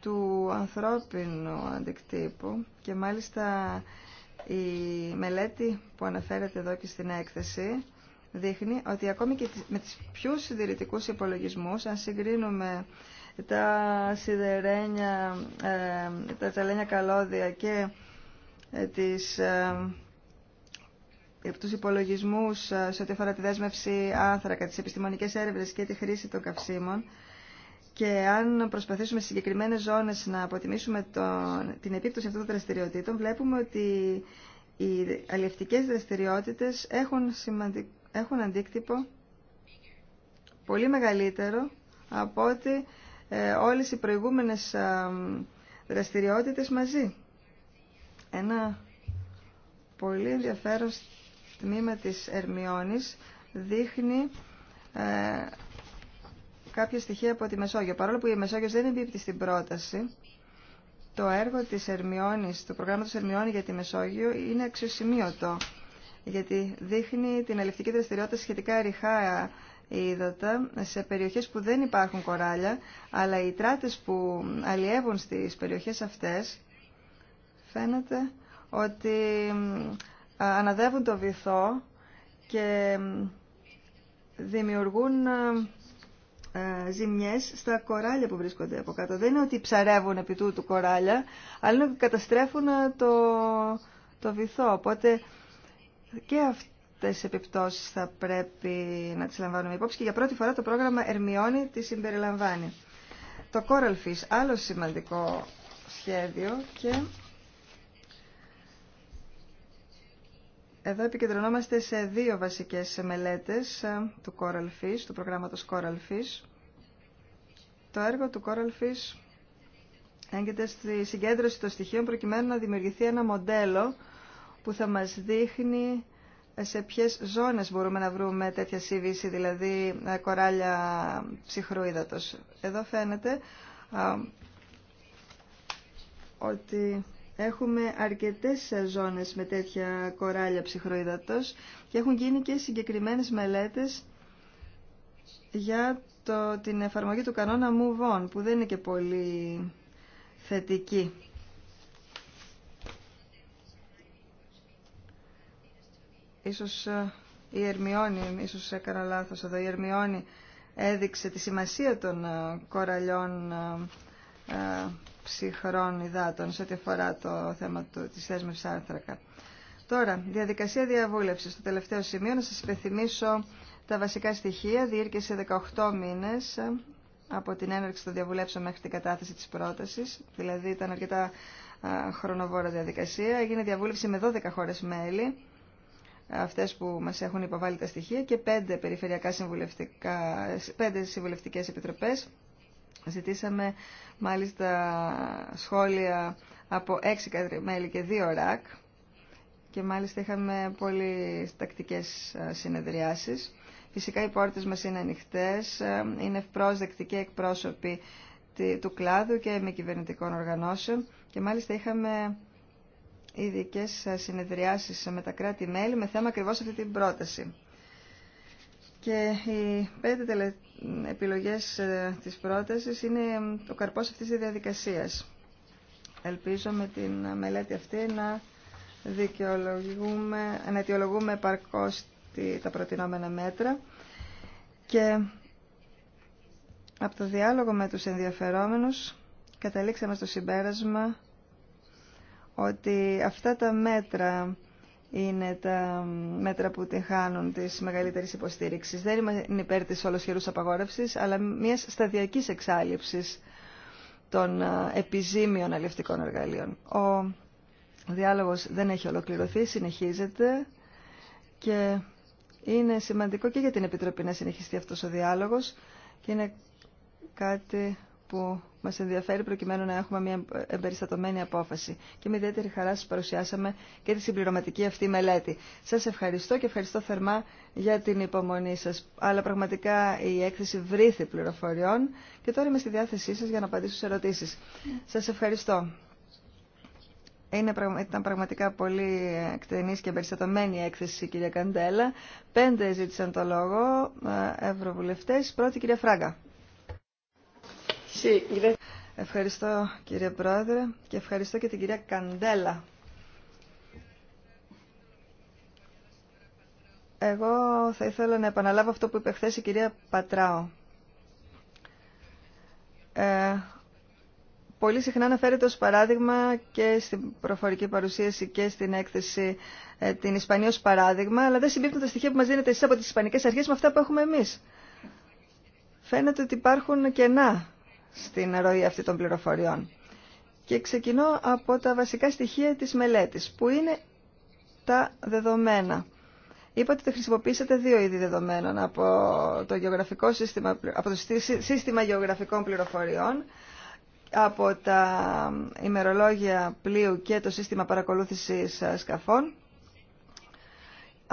του ανθρώπινου αντικτύπου και μάλιστα η μελέτη που αναφέρεται εδώ και στην έκθεση δείχνει ότι ακόμη και με τις πιο συντηρητικούς υπολογισμούς, αν συγκρίνουμε τα σιδερένια, ε, τα τσαλένια καλώδια και ε, τις ε, ε, τους υπολογισμούς ε, σε ό,τι αφορά τη δέσμευση άνθρακα, τις επιστημονικές έρευνες και τη χρήση των καυσίμων και αν προσπαθήσουμε σε συγκεκριμένες ζώνες να αποτιμήσουμε τον, την επίπτωση αυτών των δραστηριοτήτων, βλέπουμε ότι οι αλληλευτικές δραστηριότητες έχουν, έχουν αντίκτυπο πολύ μεγαλύτερο από ότι ε, όλες οι προηγούμενες δραστηριότητε δραστηριότητες μαζί. Ένα πολύ ενδιαφέρον τμήμα της Ερμιώνης δείχνει ε, κάποια στοιχεία από τη Μεσόγειο. Παρόλο που η Μεσόγειος δεν εμπίπτει στην πρόταση, το έργο της Ερμιώνης, πρόγραμμα της Ερμιώνη για τη Μεσόγειο είναι αξιοσημείωτο, γιατί δείχνει την αληφτική δραστηριότητα σχετικά ρηχά ε, ύδατα σε περιοχές που δεν υπάρχουν κοράλια, αλλά οι τράτες που αλλιεύουν στις περιοχές αυτές φαίνεται ότι ε, αναδεύουν το βυθό και δημιουργούν ε, ε, ζημιές στα κοράλια που βρίσκονται από κάτω. Δεν είναι ότι ψαρεύουν επί τούτου κοράλια, αλλά είναι ότι καταστρέφουν το, το βυθό. Οπότε και αυτές οι επιπτώσεις θα πρέπει να τις λαμβάνουμε υπόψη και για πρώτη φορά το πρόγραμμα Ερμιώνη τη συμπεριλαμβάνει. Το Coral Fish, άλλο σημαντικό σχέδιο και Εδώ επικεντρωνόμαστε σε δύο βασικές μελέτες ε, του Coral του προγράμματος Coral Fish. Το έργο του Coral Fish έγκυται στη συγκέντρωση των στοιχείων προκειμένου να δημιουργηθεί ένα μοντέλο που θα μας δείχνει ε, σε ποιες ζώνες μπορούμε να βρούμε τέτοια σύβηση, δηλαδή ε, κοράλια ψυχρού ύδατος. Εδώ φαίνεται ότι Έχουμε αρκετές ζώνες με τέτοια κοράλια ψυχροϊδατός και έχουν γίνει και συγκεκριμένες μελέτες για το, την εφαρμογή του κανόνα move on, που δεν είναι και πολύ θετική. Ίσως ε, η Ερμιόνη, ίσως έκανα λάθος εδώ, η Ερμιόνη έδειξε τη σημασία των ε, κοραλιών ε, ψυχρών υδάτων σε ό,τι αφορά το θέμα του, της θέσμευσης άνθρακα. Τώρα, διαδικασία διαβούλευσης. Στο τελευταίο σημείο να σας υπενθυμίσω τα βασικά στοιχεία. Διήρκεσε 18 μήνες ε, από την έναρξη των διαβουλεύσεων μέχρι την κατάθεση της πρότασης, δηλαδή ήταν αρκετά χρονοβόρα διαδικασία. Έγινε διαβούλευση με 12 χώρες μέλη, ε, αυτέ που μα έχουν υποβάλει τα στοιχεία και 5 περιφερειακά συμβουλευτικά, 5 συμβουλευτικές Ζητήσαμε μάλιστα σχόλια από έξι μέλη και δύο ΡΑΚ και μάλιστα είχαμε πολύ τακτικές ε, συνεδριάσεις. Φυσικά οι πόρτες μας είναι ανοιχτές, ε, είναι ευπρόσδεκτοι και εκπρόσωποι του κλάδου και με κυβερνητικών οργανώσεων και μάλιστα είχαμε ειδικέ ε, συνεδριάσεις με τα κράτη-μέλη με θέμα ακριβώς αυτή την πρόταση. Και οι πέντε τελε... επιλογές ε, της πρότασης είναι το καρπός αυτής της διαδικασίας. Ελπίζω με την μελέτη αυτή να δικαιολογούμε, να αιτιολογούμε επαρκώς τα προτινόμενα μέτρα και από το διάλογο με τους ενδιαφερόμενους καταλήξαμε στο συμπέρασμα ότι αυτά τα μέτρα είναι τα μέτρα που την χάνουν τη μεγαλύτερη υποστήριξη. Δεν είμαι υπέρ τη ολοσχερού απαγόρευση, αλλά μια σταδιακή εξάλληψη των επιζήμιων αλληλευτικών εργαλείων. Ο διάλογος δεν έχει ολοκληρωθεί, συνεχίζεται και είναι σημαντικό και για την Επιτροπή να συνεχιστεί αυτός ο διάλογος και είναι κάτι που μας ενδιαφέρει προκειμένου να έχουμε μια εμπεριστατωμένη απόφαση. Και με ιδιαίτερη χαρά σας παρουσιάσαμε και τη συμπληρωματική αυτή μελέτη. Σας ευχαριστώ και ευχαριστώ θερμά για την υπομονή σας. Αλλά πραγματικά η έκθεση βρήθη πληροφοριών και τώρα είμαι στη διάθεσή σας για να απαντήσω σε ερωτήσεις. Σας ευχαριστώ. ήταν πραγματικά πολύ εκτενή και εμπεριστατωμένη η έκθεση, κυρία Καντέλα. Πέντε ζήτησαν το λόγο ε, ευρωβουλευτέ. Πρώτη, κυρία Φράγκα. Ευχαριστώ κύριε Πρόεδρε και ευχαριστώ και την κυρία Καντέλα. Εγώ θα ήθελα να επαναλάβω αυτό που είπε χθε η κυρία Πατράο. Ε, πολύ συχνά αναφέρεται ως παράδειγμα και στην προφορική παρουσίαση και στην έκθεση ε, την Ισπανία ως παράδειγμα, αλλά δεν συμπίπτουν τα στοιχεία που μας δίνετε εσείς από τις Ισπανικές αρχές με αυτά που έχουμε εμείς. Φαίνεται ότι υπάρχουν κενά στην ροή αυτή των πληροφοριών. Και ξεκινώ από τα βασικά στοιχεία της μελέτης, που είναι τα δεδομένα. Είπατε ότι χρησιμοποίησατε δύο είδη δεδομένων από το, γεωγραφικό σύστημα, από το σύστημα γεωγραφικών πληροφοριών, από τα ημερολόγια πλοίου και το σύστημα παρακολούθησης ε, σκαφών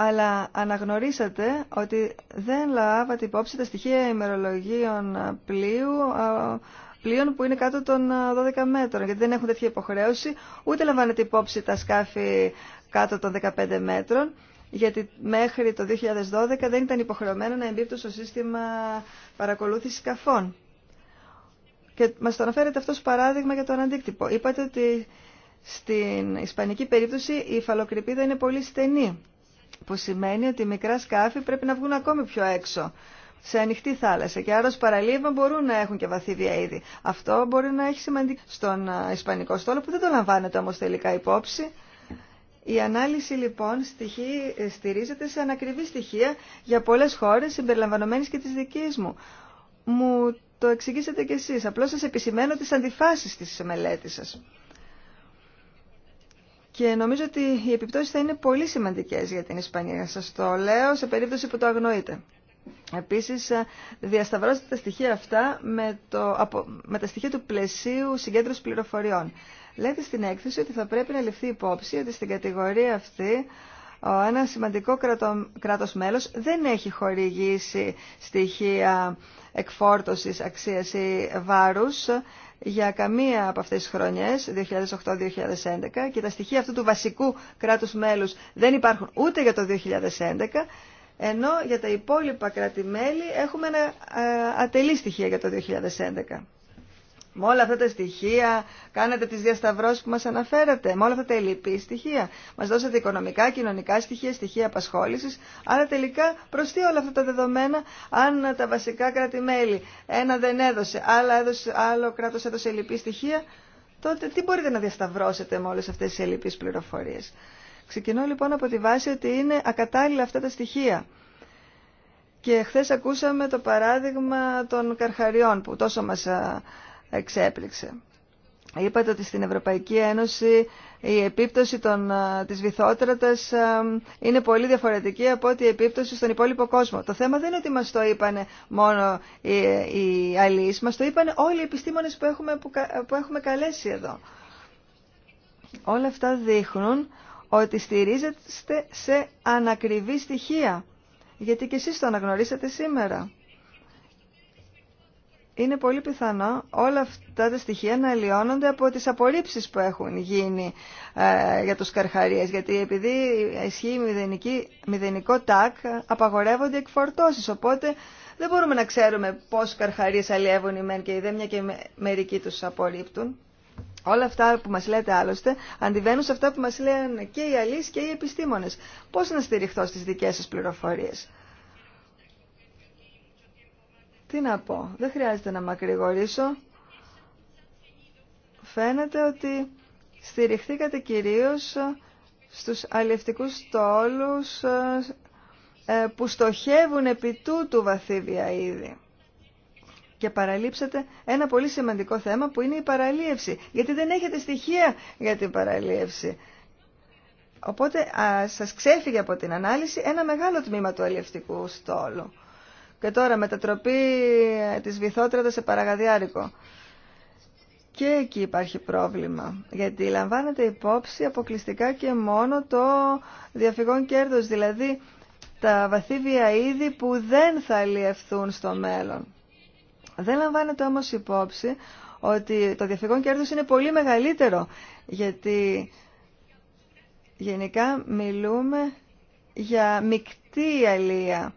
αλλά αναγνωρίσατε ότι δεν λάβατε υπόψη τα στοιχεία ημερολογίων πλοίου, πλοίων που είναι κάτω των 12 μέτρων, γιατί δεν έχουν τέτοια υποχρέωση, ούτε λαμβάνετε υπόψη τα σκάφη κάτω των 15 μέτρων, γιατί μέχρι το 2012 δεν ήταν υποχρεωμένο να εμπίπτουν στο σύστημα παρακολούθησης σκαφών. Και μας το αναφέρετε αυτό παράδειγμα για τον αντίκτυπο. Είπατε ότι στην ισπανική περίπτωση η υφαλοκρηπίδα είναι πολύ στενή που σημαίνει ότι οι μικρά σκάφη πρέπει να βγουν ακόμη πιο έξω, σε ανοιχτή θάλασσα. Και άρα ως παραλίευμα μπορούν να έχουν και βαθύ είδη. Αυτό μπορεί να έχει σημαντική στον Ισπανικό στόλο που δεν το λαμβάνεται όμως τελικά υπόψη. Η ανάλυση λοιπόν στοιχεί, ε, στηρίζεται σε ανακριβή στοιχεία για πολλές χώρες συμπεριλαμβανομένε και της δικής μου. Μου το εξηγήσατε κι εσείς. Απλώς σας επισημαίνω τις αντιφάσεις της μελέτης σας. Και νομίζω ότι οι επιπτώσεις θα είναι πολύ σημαντικές για την Ισπανία. Σας το λέω σε περίπτωση που το αγνοείτε. Επίσης, διασταυρώστε τα στοιχεία αυτά με, το, με τα στοιχεία του πλαισίου συγκέντρωση πληροφοριών. Λέτε στην έκθεση ότι θα πρέπει να ληφθεί υπόψη ότι στην κατηγορία αυτή ένα σημαντικό κράτο, κράτος μέλος δεν έχει χορηγήσει στοιχεία εκφόρτωσης αξίας ή βάρους για καμία από αυτές τις χρονιές, 2008-2011, και τα στοιχεία αυτού του βασικού κράτους μέλους δεν υπάρχουν ούτε για το 2011, ενώ για τα υπόλοιπα κράτη-μέλη έχουμε ένα ε, ατελή στοιχεία για το 2011. Με όλα αυτά τα στοιχεία κάνατε τις διασταυρώσεις που μας αναφέρατε, με όλα αυτά τα ελλειπή στοιχεία. Μας δώσατε οικονομικά, κοινωνικά στοιχεία, στοιχεία απασχόλησης, αλλά τελικά προς τι όλα αυτά τα δεδομένα, αν τα βασικά κράτη-μέλη ένα δεν έδωσε, άλλο, έδωσε, άλλο κράτος έδωσε ελλειπή στοιχεία, τότε τι μπορείτε να διασταυρώσετε με όλες αυτές τις ελληπείς πληροφορίες. Ξεκινώ λοιπόν από τη βάση ότι είναι ακατάλληλα αυτά τα στοιχεία. Και χθε ακούσαμε το παράδειγμα των καρχαριών που τόσο μας εξέπληξε. Είπατε ότι στην Ευρωπαϊκή Ένωση η επίπτωση των, ε, της βυθότρατας ε, είναι πολύ διαφορετική από ό,τι η επίπτωση στον υπόλοιπο κόσμο. Το θέμα δεν είναι ότι μας το είπαν μόνο οι, οι αλληλείς, μας το είπαν όλοι οι επιστήμονες που έχουμε, που, που έχουμε καλέσει εδώ. Όλα αυτά δείχνουν ότι στηρίζεστε σε ανακριβή στοιχεία, γιατί και εσείς το αναγνωρίσατε σήμερα είναι πολύ πιθανό όλα αυτά τα στοιχεία να αλλοιώνονται από τις απορρίψεις που έχουν γίνει ε, για τους καρχαρίες. Γιατί επειδή ισχύει μηδενική, μηδενικό τάκ, απαγορεύονται εκφορτώσεις. Οπότε δεν μπορούμε να ξέρουμε πώς καρχαρίες αλλιεύουν οι μεν και οι δε, μια και μερικοί τους απορρίπτουν. Όλα αυτά που μας λέτε άλλωστε αντιβαίνουν σε αυτά που μας λένε και οι αλείς και οι επιστήμονες. Πώς να στηριχθώ στις δικές σας πληροφορίες. Τι να πω, δεν χρειάζεται να μακρηγορήσω. Φαίνεται ότι στηριχθήκατε κυρίως στους αλληλευτικούς τόλους ε, που στοχεύουν επί τούτου βαθύβια ήδη. Και παραλείψατε ένα πολύ σημαντικό θέμα που είναι η παραλίευση. Γιατί δεν έχετε στοιχεία για την παραλίευση. Οπότε α, σας ξέφυγε από την ανάλυση ένα μεγάλο τμήμα του αλληλευτικού στόλου. Και τώρα μετατροπή ε, της βυθότρατας σε παραγαδιάρικο. Και εκεί υπάρχει πρόβλημα, γιατί λαμβάνεται υπόψη αποκλειστικά και μόνο το διαφυγόν κέρδος, δηλαδή τα βαθύβια είδη που δεν θα αλλιευθούν στο μέλλον. Δεν λαμβάνεται όμως υπόψη ότι το διαφυγόν κέρδος είναι πολύ μεγαλύτερο, γιατί γενικά μιλούμε για μεικτή αλία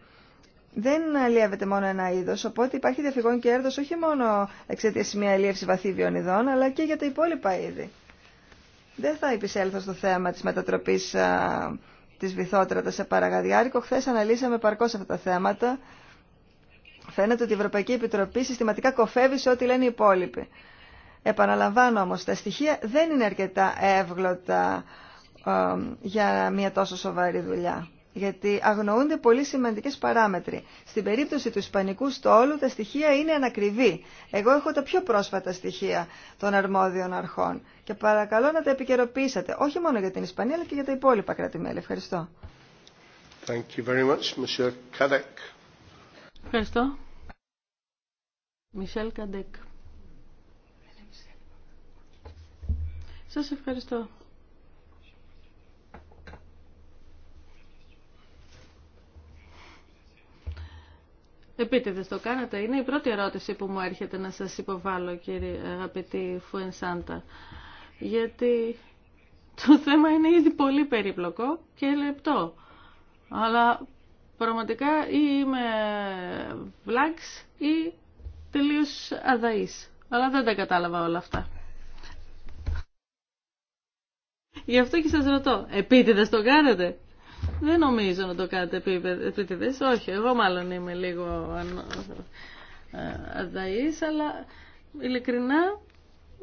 δεν αλλιεύεται μόνο ένα είδο, οπότε υπάρχει διαφυγόν κέρδο όχι μόνο εξαιτία μια αλλιεύση βαθύ βιονιδών, αλλά και για τα υπόλοιπα είδη. Δεν θα επισέλθω στο θέμα τη μετατροπή τη βυθότρατα σε παραγαδιάρικο. Χθε αναλύσαμε παρκώ αυτά τα θέματα. Φαίνεται ότι η Ευρωπαϊκή Επιτροπή συστηματικά κοφεύει σε ό,τι λένε οι υπόλοιποι. Επαναλαμβάνω όμω, τα στοιχεία δεν είναι αρκετά εύγλωτα για μια τόσο σοβαρή δουλειά γιατί αγνοούνται πολύ σημαντικές παράμετροι. Στην περίπτωση του Ισπανικού στόλου τα στοιχεία είναι ανακριβή. Εγώ έχω τα πιο πρόσφατα στοιχεία των αρμόδιων αρχών και παρακαλώ να τα επικαιροποιήσατε, όχι μόνο για την Ισπανία αλλά και για τα υπόλοιπα κράτη-μέλη. Ευχαριστώ. Thank you very much, Ευχαριστώ. Μισελ Καντέκ. Σας ευχαριστώ. Επίτηδες το κάνατε. Είναι η πρώτη ερώτηση που μου έρχεται να σας υποβάλω, κύριε αγαπητή Φουενσάντα. Γιατί το θέμα είναι ήδη πολύ περίπλοκο και λεπτό. Αλλά πραγματικά ή είμαι βλάξ ή τελείως αδαής. Αλλά δεν τα κατάλαβα όλα αυτά. Γι' αυτό και σας ρωτώ, επίτηδες το κάνετε. Δεν νομίζω να το κάνετε επίτηδες. Όχι, εγώ μάλλον είμαι λίγο αρδαής, ε, αλλά ειλικρινά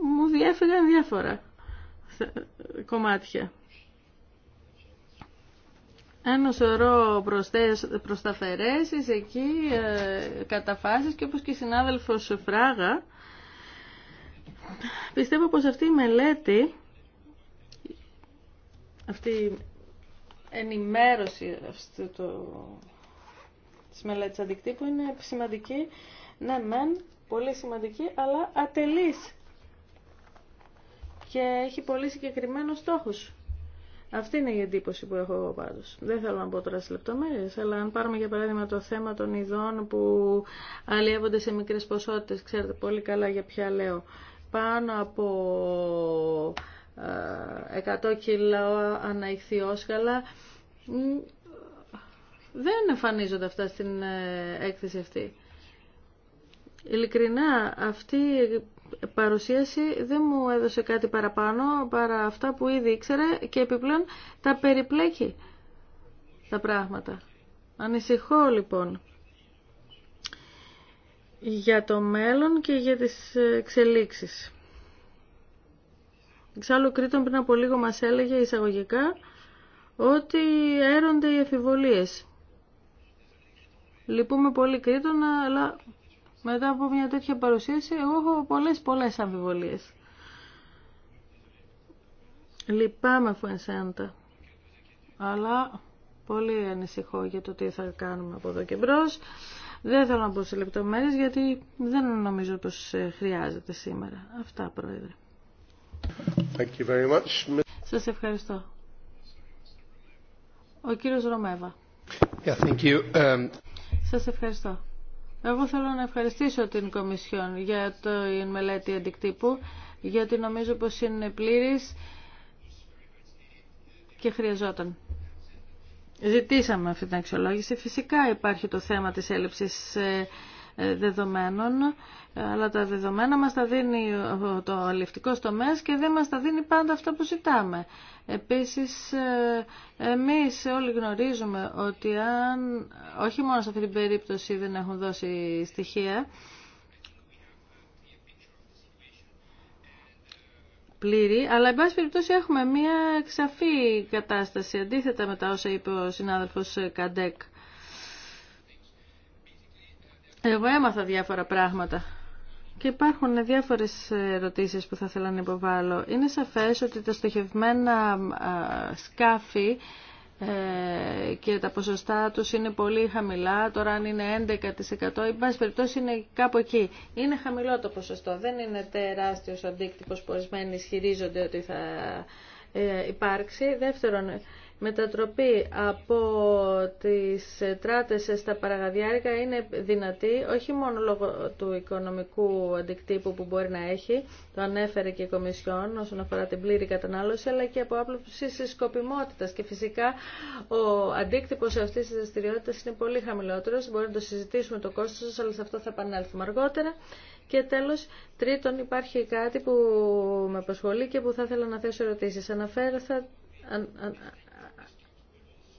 μου διέφυγαν διάφορα κομμάτια. Ένα σωρό προσταφερέσεις εκεί, ε, καταφάσεις και όπως και η συνάδελφος Φράγα, πιστεύω πως αυτή η μελέτη, αυτή ενημέρωση αυτού το της μελέτης αντικτύπου είναι σημαντική, ναι μεν, πολύ σημαντική, αλλά ατελής και έχει πολύ συγκεκριμένο στόχους. Αυτή είναι η εντύπωση που έχω εγώ πάντως. Δεν θέλω να πω τώρα στι λεπτομέρειε, αλλά αν πάρουμε για παράδειγμα το θέμα των ειδών που αλλιεύονται σε μικρές ποσότητες, ξέρετε πολύ καλά για ποια λέω, πάνω από 100 κιλά αναϊχθιόσκαλα. Δεν εμφανίζονται αυτά στην ε, έκθεση αυτή. Ειλικρινά, αυτή η παρουσίαση δεν μου έδωσε κάτι παραπάνω παρά αυτά που ήδη ήξερα και επιπλέον τα περιπλέκει τα πράγματα. Ανησυχώ λοιπόν για το μέλλον και για τις ε, εξελίξεις. Εξάλλου, Κρήτον πριν από λίγο μας έλεγε εισαγωγικά ότι έρονται οι εφηβολίες. Λυπούμε πολύ Κρήτον, αλλά μετά από μια τέτοια παρουσίαση, εγώ έχω πολλές πολλές αμφιβολίες. Λυπάμαι Φουενσέντα, αλλά πολύ ανησυχώ για το τι θα κάνουμε από εδώ και μπρος. Δεν θέλω να πω σε λεπτομέρειες γιατί δεν νομίζω πως ε, χρειάζεται σήμερα. Αυτά, Πρόεδρε. Thank Σας ευχαριστώ. Ο κύριος Ρωμέβα. Yeah, thank you. Um, Σας ευχαριστώ. Εγώ θέλω να ευχαριστήσω την Κομισιόν για το μελέτη αντικτύπου, γιατί νομίζω πως είναι πλήρης και χρειαζόταν. Ζητήσαμε αυτή την αξιολόγηση. Φυσικά υπάρχει το θέμα της έλλειψης ε, ε, δεδομένων, αλλά τα δεδομένα μας τα δίνει το αλληλευτικό τομέας και δεν μας τα δίνει πάντα αυτά που ζητάμε. Επίσης, ε, εμείς όλοι γνωρίζουμε ότι αν, όχι μόνο σε αυτή την περίπτωση δεν έχουν δώσει στοιχεία, πλήρη, αλλά εν πάση περιπτώσει έχουμε μια ξαφή κατάσταση αντίθετα με τα όσα είπε ο συνάδελφος Καντέκ. Εγώ έμαθα διάφορα πράγματα. Και υπάρχουν διάφορες ερωτήσεις που θα ήθελα να υποβάλω. Είναι σαφές ότι τα στοχευμένα σκάφη ε, και τα ποσοστά τους είναι πολύ χαμηλά. Τώρα αν είναι 11% ή πάση περιπτώσει είναι κάπου εκεί. Είναι χαμηλό το ποσοστό. Δεν είναι τεράστιος αντίκτυπος που ορισμένοι ισχυρίζονται ότι θα ε, υπάρξει. Δεύτερον, μετατροπή από τις τράτες στα παραγαδιάρικα είναι δυνατή όχι μόνο λόγω του οικονομικού αντικτύπου που μπορεί να έχει, το ανέφερε και η Κομισιόν όσον αφορά την πλήρη κατανάλωση, αλλά και από άπλωση τη σκοπιμότητας. Και φυσικά ο αντίκτυπος αυτή τη δραστηριότητα είναι πολύ χαμηλότερο. μπορεί να το συζητήσουμε το κόστο σα, αλλά σε αυτό θα επανέλθουμε αργότερα. Και τέλος, τρίτον, υπάρχει κάτι που με απασχολεί και που θα ήθελα να θέσω ερωτήσεις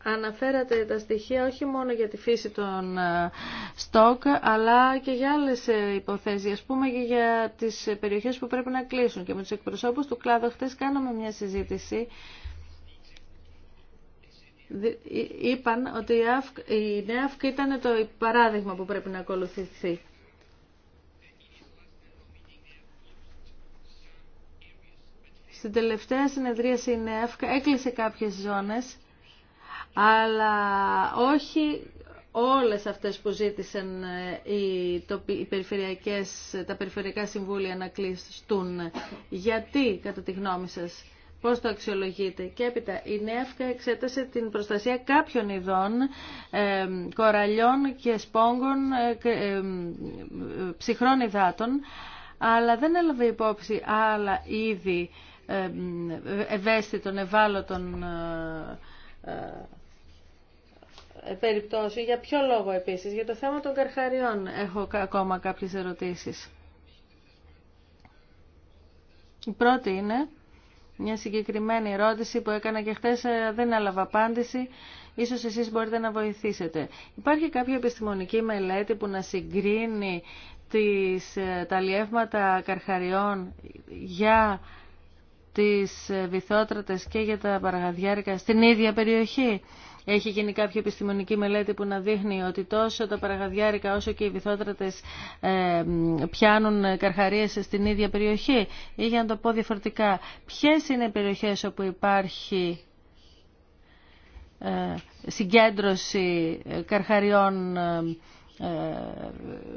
αναφέρατε τα στοιχεία όχι μόνο για τη φύση των ε, στόκ, αλλά και για άλλες ε, υποθέσεις, ας πούμε και για τις περιοχές που πρέπει να κλείσουν. Και με τους εκπροσώπους του κλάδου χτες κάναμε μια συζήτηση είπαν ότι η ΝΕΑΦΚ ήταν το παράδειγμα που πρέπει να ακολουθηθεί. Στην τελευταία συνεδρίαση η ΝΕΑΦΚ έκλεισε κάποιες ζώνες αλλά όχι όλες αυτές που ζήτησαν ε, οι, οι περιφερειακές, τα περιφερειακά συμβούλια να κλειστούν. Γιατί, κατά τη γνώμη σας, πώς το αξιολογείτε. Και έπειτα η ΝΕΦΚΑ εξέτασε την προστασία κάποιων ειδών ε, κοραλιών και σπόγγων ε, ε, ψυχρών υδάτων, αλλά δεν έλαβε υπόψη άλλα είδη ευαίσθητων, ευάλωτων για ποιο λόγο επίσης. Για το θέμα των καρχαριών έχω ακόμα κάποιες ερωτήσεις. Η πρώτη είναι μια συγκεκριμένη ερώτηση που έκανα και χθε ε, δεν έλαβα απάντηση. Ίσως εσείς μπορείτε να βοηθήσετε. Υπάρχει κάποια επιστημονική μελέτη που να συγκρίνει τις, ε, τα λιεύματα καρχαριών για τις ε, βυθότρατες και για τα παραγαδιάρικα στην ίδια περιοχή. Έχει γίνει κάποια επιστημονική μελέτη που να δείχνει ότι τόσο τα παραγαδιάρικα όσο και οι βυθότρατες ε, πιάνουν καρχαρίες στην ίδια περιοχή. Ή για να το πω διαφορετικά, ποιες είναι οι περιοχές όπου υπάρχει ε, συγκέντρωση ε, καρχαριών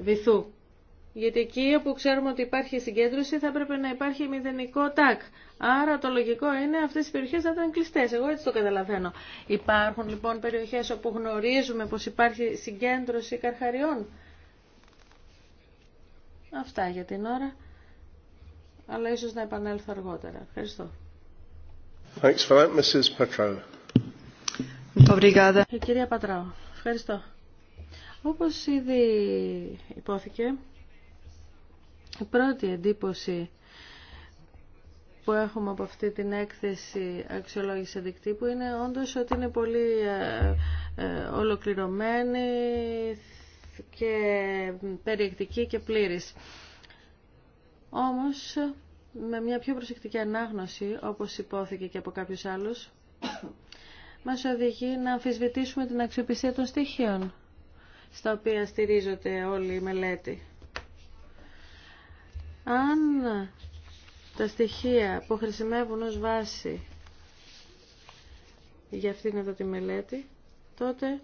βυθού. Γιατί εκεί όπου ξέρουμε ότι υπάρχει συγκέντρωση θα έπρεπε να υπάρχει μηδενικό τάκ. Άρα το λογικό είναι αυτέ οι περιοχέ να ήταν κλειστέ. Εγώ έτσι το καταλαβαίνω. Υπάρχουν λοιπόν περιοχέ όπου γνωρίζουμε πω υπάρχει συγκέντρωση καρχαριών. Αυτά για την ώρα. Αλλά ίσω να επανέλθω αργότερα. Ευχαριστώ. Ε, κυρία Πατράου. Ευχαριστώ. Όπως ήδη υπόθηκε, η πρώτη εντύπωση που έχουμε από αυτή την έκθεση αξιολόγηση αντικτύπου είναι όντως ότι είναι πολύ ε, ε, ολοκληρωμένη και περιεκτική και πλήρης. Όμως, με μια πιο προσεκτική ανάγνωση, όπως υπόθηκε και από κάποιους άλλους, (coughs) μας οδηγεί να αμφισβητήσουμε την αξιοπιστία των στοιχείων στα οποία στηρίζονται όλη η μελέτη αν τα στοιχεία που χρησιμεύουν ως βάση για αυτήν εδώ τη μελέτη, τότε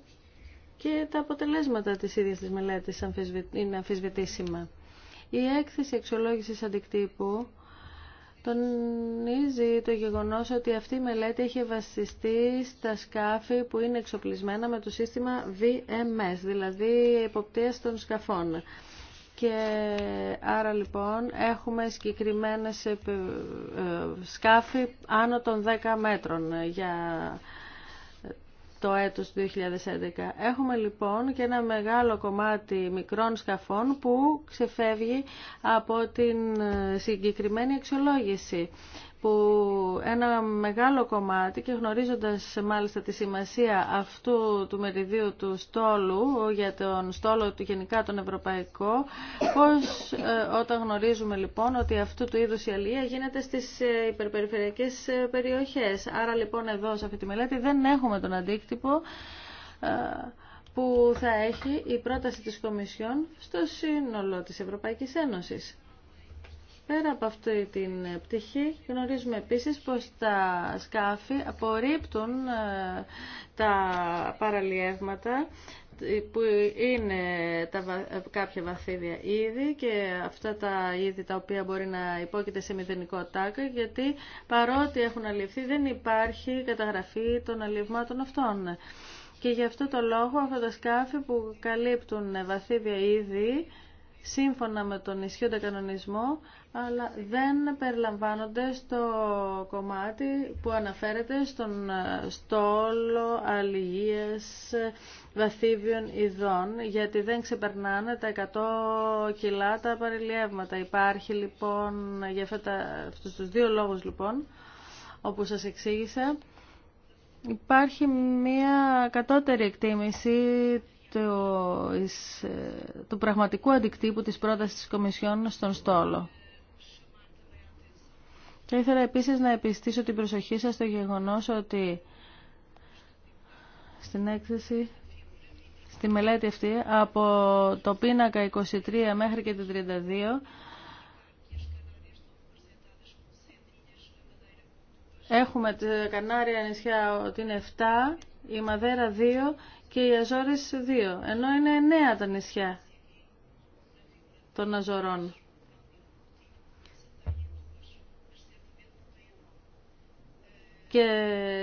και τα αποτελέσματα της ίδιας της μελέτης είναι αμφισβητήσιμα. Η έκθεση εξολόγησης αντικτύπου τονίζει το γεγονός ότι αυτή η μελέτη έχει βασιστεί στα σκάφη που είναι εξοπλισμένα με το σύστημα VMS, δηλαδή εποπτείας των σκαφών. Και άρα λοιπόν έχουμε συγκεκριμένε ε, ε, σκάφη άνω των 10 μέτρων για το έτος 2011. Έχουμε λοιπόν και ένα μεγάλο κομμάτι μικρών σκαφών που ξεφεύγει από την ε, συγκεκριμένη εξολόγηση που ένα μεγάλο κομμάτι και γνωρίζοντας μάλιστα τη σημασία αυτού του μεριδίου του στόλου για τον στόλο του γενικά τον ευρωπαϊκό πως ε, όταν γνωρίζουμε λοιπόν ότι αυτού του είδους η αλληλεία γίνεται στις ε, υπερπεριφερειακές ε, περιοχές. Άρα λοιπόν εδώ σε αυτή τη μελέτη δεν έχουμε τον αντίκτυπο που θα έχει η πρόταση της Κομισιόν στο σύνολο της Ευρωπαϊκής Ένωσης. Πέρα από αυτή την πτυχή γνωρίζουμε επίσης πως τα σκάφη απορρίπτουν ε, τα παραλιεύματα ε, που είναι τα, ε, κάποια βαθύδια είδη και αυτά τα είδη τα οποία μπορεί να υπόκειται σε μηδενικό τάκα γιατί παρότι έχουν αληφθεί δεν υπάρχει καταγραφή των αληφμάτων αυτών. Και γι' αυτό το λόγο αυτά τα σκάφη που καλύπτουν βαθύδια είδη σύμφωνα με τον ισχύοντα κανονισμό αλλά δεν περιλαμβάνονται στο κομμάτι που αναφέρεται στον ε, στόλο αλληγίες ε, βαθύβιων ειδών, γιατί δεν ξεπερνάνε τα 100 κιλά τα παρελιεύματα. Υπάρχει λοιπόν, για αυτούς τους δύο λόγους λοιπόν, όπως σας εξήγησα, υπάρχει μια κατώτερη εκτίμηση του, ε, του πραγματικού αντικτύπου της πρότασης της Κομισιόν στον στόλο. Και ήθελα επίσης να επιστήσω την προσοχή σας στο γεγονός ότι στην έκθεση, στη μελέτη αυτή, από το πίνακα 23 μέχρι και το 32, Έχουμε τα Κανάρια νησιά ότι είναι 7, η Μαδέρα 2 και οι Αζόρες 2, ενώ είναι 9 τα νησιά των Αζωρών. Και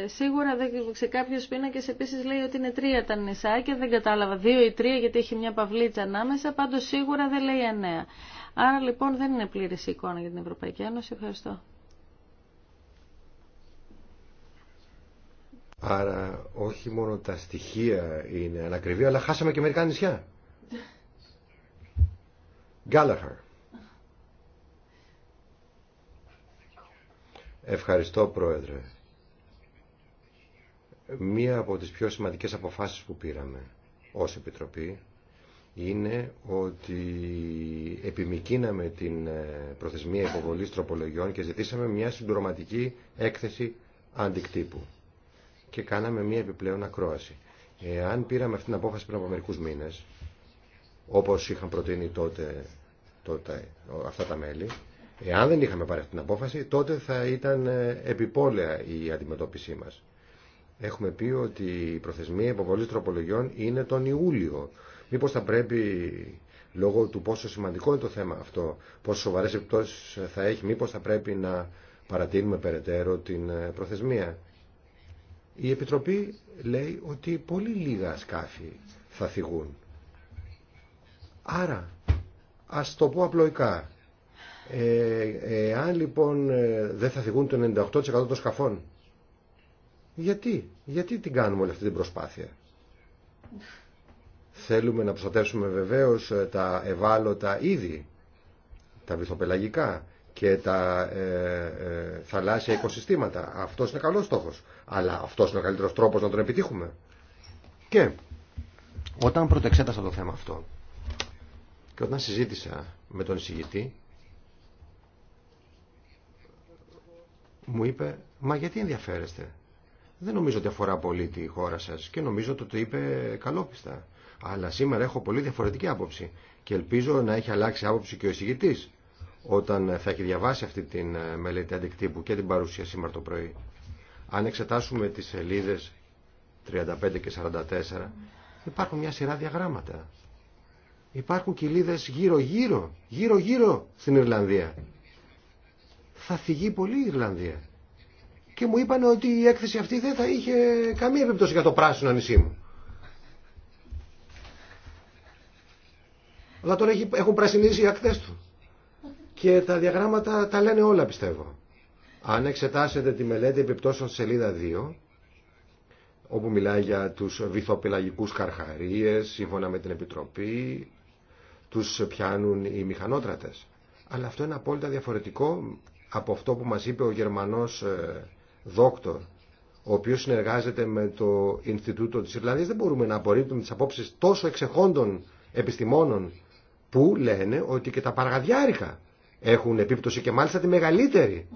σίγουρα δεν σε κάποιου πίνακε επίση λέει ότι είναι τρία τα νησάκια. Δεν κατάλαβα δύο ή τρία γιατί έχει μια παυλίτσα ανάμεσα. Πάντω σίγουρα δεν λέει εννέα. Άρα λοιπόν δεν είναι πλήρη η τρια γιατι εχει μια παυλιτσα αναμεσα παντω σιγουρα δεν λεει εννεα αρα λοιπον δεν ειναι πληρη εικονα για την Ευρωπαϊκή Ένωση. Ευχαριστώ. Άρα όχι μόνο τα στοιχεία είναι ανακριβή, αλλά χάσαμε και μερικά νησιά. Ευχαριστώ πρόεδρε μία από τις πιο σημαντικές αποφάσεις που πήραμε ως Επιτροπή είναι ότι επιμικίναμε την ε, προθεσμία υποβολής τροπολογιών και ζητήσαμε μια συμπληρωματική έκθεση αντικτύπου και κάναμε μια επιπλέον ακρόαση. Εάν πήραμε αυτή την απόφαση πριν από μερικούς μήνες, όπως είχαν προτείνει τότε, τότε αυτά τα μέλη, εάν δεν είχαμε πάρει αυτή την απόφαση, τότε θα ήταν ε, επιπόλαια η αντιμετώπιση μας. Έχουμε πει ότι η προθεσμία υποβολή τροπολογιών είναι τον Ιούλιο. Μήπως θα πρέπει, λόγω του πόσο σημαντικό είναι το θέμα αυτό, πόσο σοβαρέ επιπτώσει θα έχει, μήπως θα πρέπει να παρατείνουμε περαιτέρω την ε, προθεσμία. Η Επιτροπή λέει ότι πολύ λίγα σκάφη θα θυγούν. Άρα, ας το πω απλοϊκά, ε, αν λοιπόν ε, δεν θα θυγούν το 98% των σκαφών, γιατί, γιατί την κάνουμε όλη αυτή την προσπάθεια. Θέλουμε να προστατεύσουμε βεβαίως ε, τα ευάλωτα είδη, τα βυθοπελαγικά και τα ε, ε, θαλάσσια οικοσυστήματα. Αυτός είναι καλός στόχος. Αλλά αυτός είναι ο καλύτερος τρόπος να τον επιτύχουμε. Και όταν πρωτεξέτασα το θέμα αυτό και όταν συζήτησα με τον εισηγητή μου είπε «Μα γιατί ενδιαφέρεστε» δεν νομίζω ότι αφορά πολύ τη χώρα σας και νομίζω ότι το είπε καλόπιστα. Αλλά σήμερα έχω πολύ διαφορετική άποψη και ελπίζω να έχει αλλάξει άποψη και ο εισηγητής όταν θα έχει διαβάσει αυτή τη ε, μελέτη αντικτύπου και την παρουσία σήμερα το πρωί. Αν εξετάσουμε τις σελίδες 35 και 44 υπάρχουν μια σειρά διαγράμματα. Υπάρχουν κοιλίδες γύρω-γύρω, γύρω-γύρω στην Ιρλανδία. Θα θυγεί πολύ η Ιρλανδία και μου είπαν ότι η έκθεση αυτή δεν θα είχε καμία επιπτώση για το πράσινο νησί μου. Αλλά τώρα έχουν πρασινίσει οι ακτές του. Και τα διαγράμματα τα λένε όλα πιστεύω. Αν εξετάσετε τη μελέτη επιπτώσεων σελίδα 2, όπου μιλάει για τους βυθοπελαγικούς καρχαρίες, σύμφωνα με την Επιτροπή, τους πιάνουν οι μηχανότρατες. Αλλά αυτό είναι απόλυτα διαφορετικό από αυτό που μας είπε ο Γερμανός ε, δόκτωρ, ο οποίος συνεργάζεται με το Ινστιτούτο της Ιρλανδίας, δεν μπορούμε να απορρίπτουμε τις απόψεις τόσο εξεχόντων επιστημόνων που λένε ότι και τα παραγαδιάρικα έχουν επίπτωση και μάλιστα τη μεγαλύτερη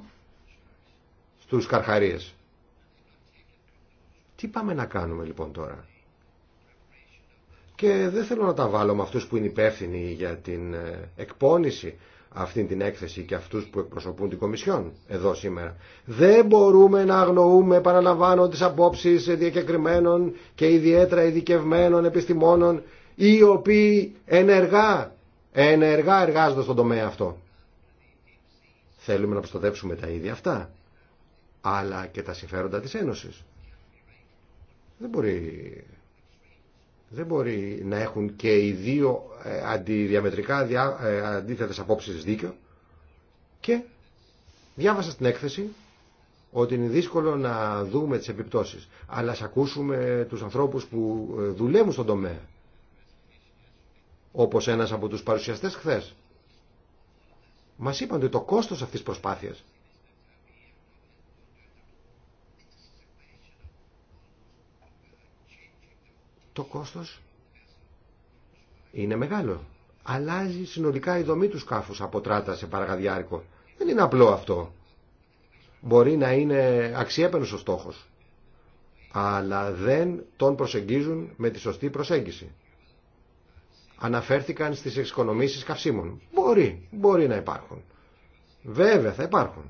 στους καρχαρίες. Τι πάμε να κάνουμε λοιπόν τώρα. Και δεν θέλω να τα βάλω με αυτούς που είναι υπεύθυνοι για την ε, εκπόνηση αυτή την έκθεση και αυτούς που εκπροσωπούν την Κομισιόν εδώ σήμερα. Δεν μπορούμε να αγνοούμε, επαναλαμβάνω, τις απόψεις διακεκριμένων και ιδιαίτερα ειδικευμένων επιστημόνων οι οποίοι ενεργά, ενεργά εργάζονται στον τομέα αυτό. Θέλουμε να προστατεύσουμε τα ίδια αυτά, αλλά και τα συμφέροντα της Ένωσης. Δεν μπορεί δεν μπορεί να έχουν και οι δύο ε, αντιδιαμετρικά ε, αντίθετες απόψεις δίκιο και διάβασα στην έκθεση ότι είναι δύσκολο να δούμε τις επιπτώσεις αλλά ας ακούσουμε τους ανθρώπους που ε, δουλεύουν στον τομέα όπως ένας από τους παρουσιαστές χθες μας είπαν ότι το κόστος αυτής της προσπάθειας το κόστος είναι μεγάλο. Αλλάζει συνολικά η δομή του σκάφους από τράτα σε παραγαδιάρικο. Δεν είναι απλό αυτό. Μπορεί να είναι αξιέπαινος ο στόχος. Αλλά δεν τον προσεγγίζουν με τη σωστή προσέγγιση. Αναφέρθηκαν στις εξοικονομήσεις καυσίμων. Μπορεί, μπορεί να υπάρχουν. Βέβαια θα υπάρχουν.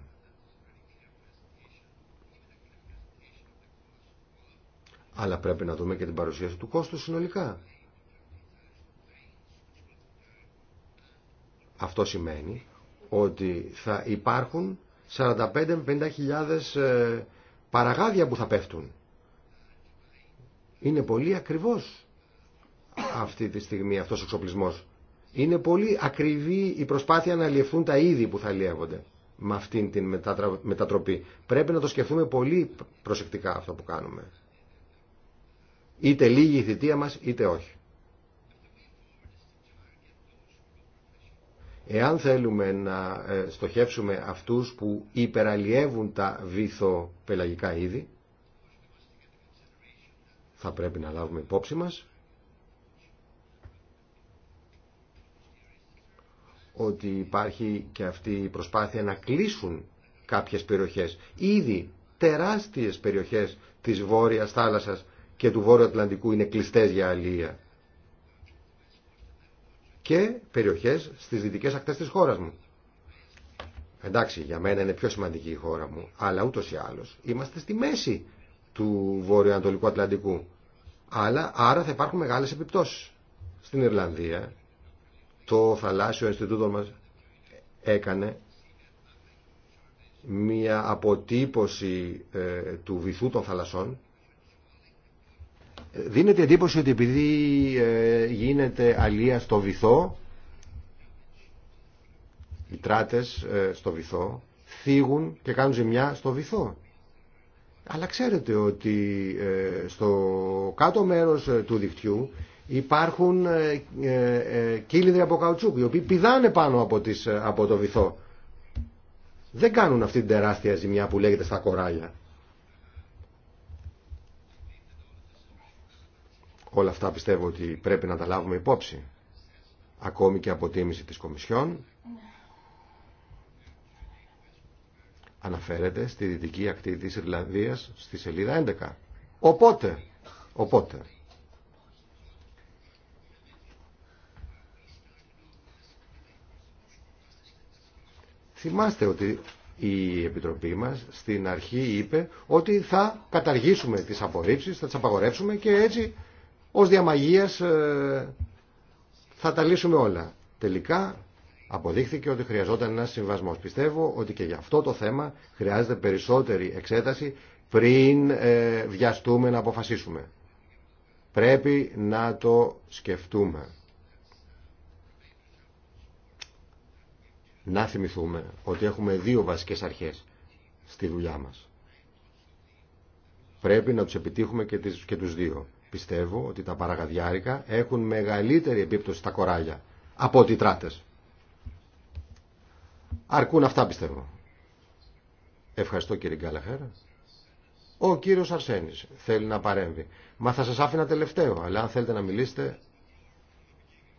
αλλά πρέπει να δούμε και την παρουσίαση του κόστου συνολικά. Αυτό σημαίνει ότι θα υπάρχουν 45-50 ε, παραγάδια που θα πέφτουν. Είναι πολύ ακριβώς αυτή τη στιγμή αυτός ο εξοπλισμός. Είναι πολύ ακριβή η προσπάθεια να αλλιευθούν τα είδη που θα αλλιεύονται με αυτήν την μετατροπή. Πρέπει να το σκεφτούμε πολύ προσεκτικά αυτό που κάνουμε. Είτε λίγη η θητεία μας, είτε όχι. Εάν θέλουμε να ε, στοχεύσουμε αυτούς που υπεραλλιεύουν τα βυθοπελαγικά είδη, θα πρέπει να λάβουμε υπόψη μας ότι υπάρχει και αυτή η προσπάθεια να κλείσουν κάποιες περιοχές. Ήδη τεράστιες περιοχές της Βόρειας Θάλασσας και του Βόρειο Ατλαντικού είναι κλειστές για αλληλεία. Και περιοχές στις δυτικές ακτές της χώρας μου. Εντάξει, για μένα είναι πιο σημαντική η χώρα μου, αλλά ούτως ή άλλως είμαστε στη μέση του Βόρειο-Ανατολικού Ατλαντικού. Αλλά, άρα θα υπάρχουν μεγάλες επιπτώσεις. Στην Ιρλανδία το θαλάσσιο Ινστιτούτο μας έκανε μία αποτύπωση ε, του βυθού των θαλασσών δίνεται εντύπωση ότι επειδή ε, γίνεται αλία στο βυθό, οι τράτες ε, στο βυθό θίγουν και κάνουν ζημιά στο βυθό. Αλλά ξέρετε ότι ε, στο κάτω μέρος του δικτυού υπάρχουν κύλινδροι από καουτσούκ οι οποίοι πηδάνε πάνω από, τις, από το βυθό. Δεν κάνουν αυτή την τεράστια ζημιά που λέγεται στα κοράλια. Όλα αυτά πιστεύω ότι πρέπει να τα λάβουμε υπόψη. Ακόμη και αποτίμηση της Κομισιόν αναφέρεται στη δυτική ακτή της Ιρλανδίας στη σελίδα 11. Οπότε, οπότε, θυμάστε ότι η Επιτροπή μας στην αρχή είπε ότι θα καταργήσουμε τις απορρίψεις, θα τις απαγορεύσουμε και έτσι ως διαμαγείας ε, θα τα λύσουμε όλα. Τελικά αποδείχθηκε ότι χρειαζόταν ένας συμβασμός. Πιστεύω ότι και για αυτό το θέμα χρειάζεται περισσότερη εξέταση πριν ε, βιαστούμε να αποφασίσουμε. Πρέπει να το σκεφτούμε. Να θυμηθούμε ότι έχουμε δύο βασικές αρχές στη δουλειά μας. Πρέπει να τους επιτύχουμε και τους δύο. Πιστεύω ότι τα παραγαδιάρικα έχουν μεγαλύτερη επίπτωση στα κοράγια από ότι οι τράτες. Αρκούν αυτά πιστεύω. Ευχαριστώ κύριε Γκάλαχερ. Ο κύριος Αρσένης θέλει να παρέμβει. Μα θα σας άφηνα τελευταίο, αλλά αν θέλετε να μιλήσετε...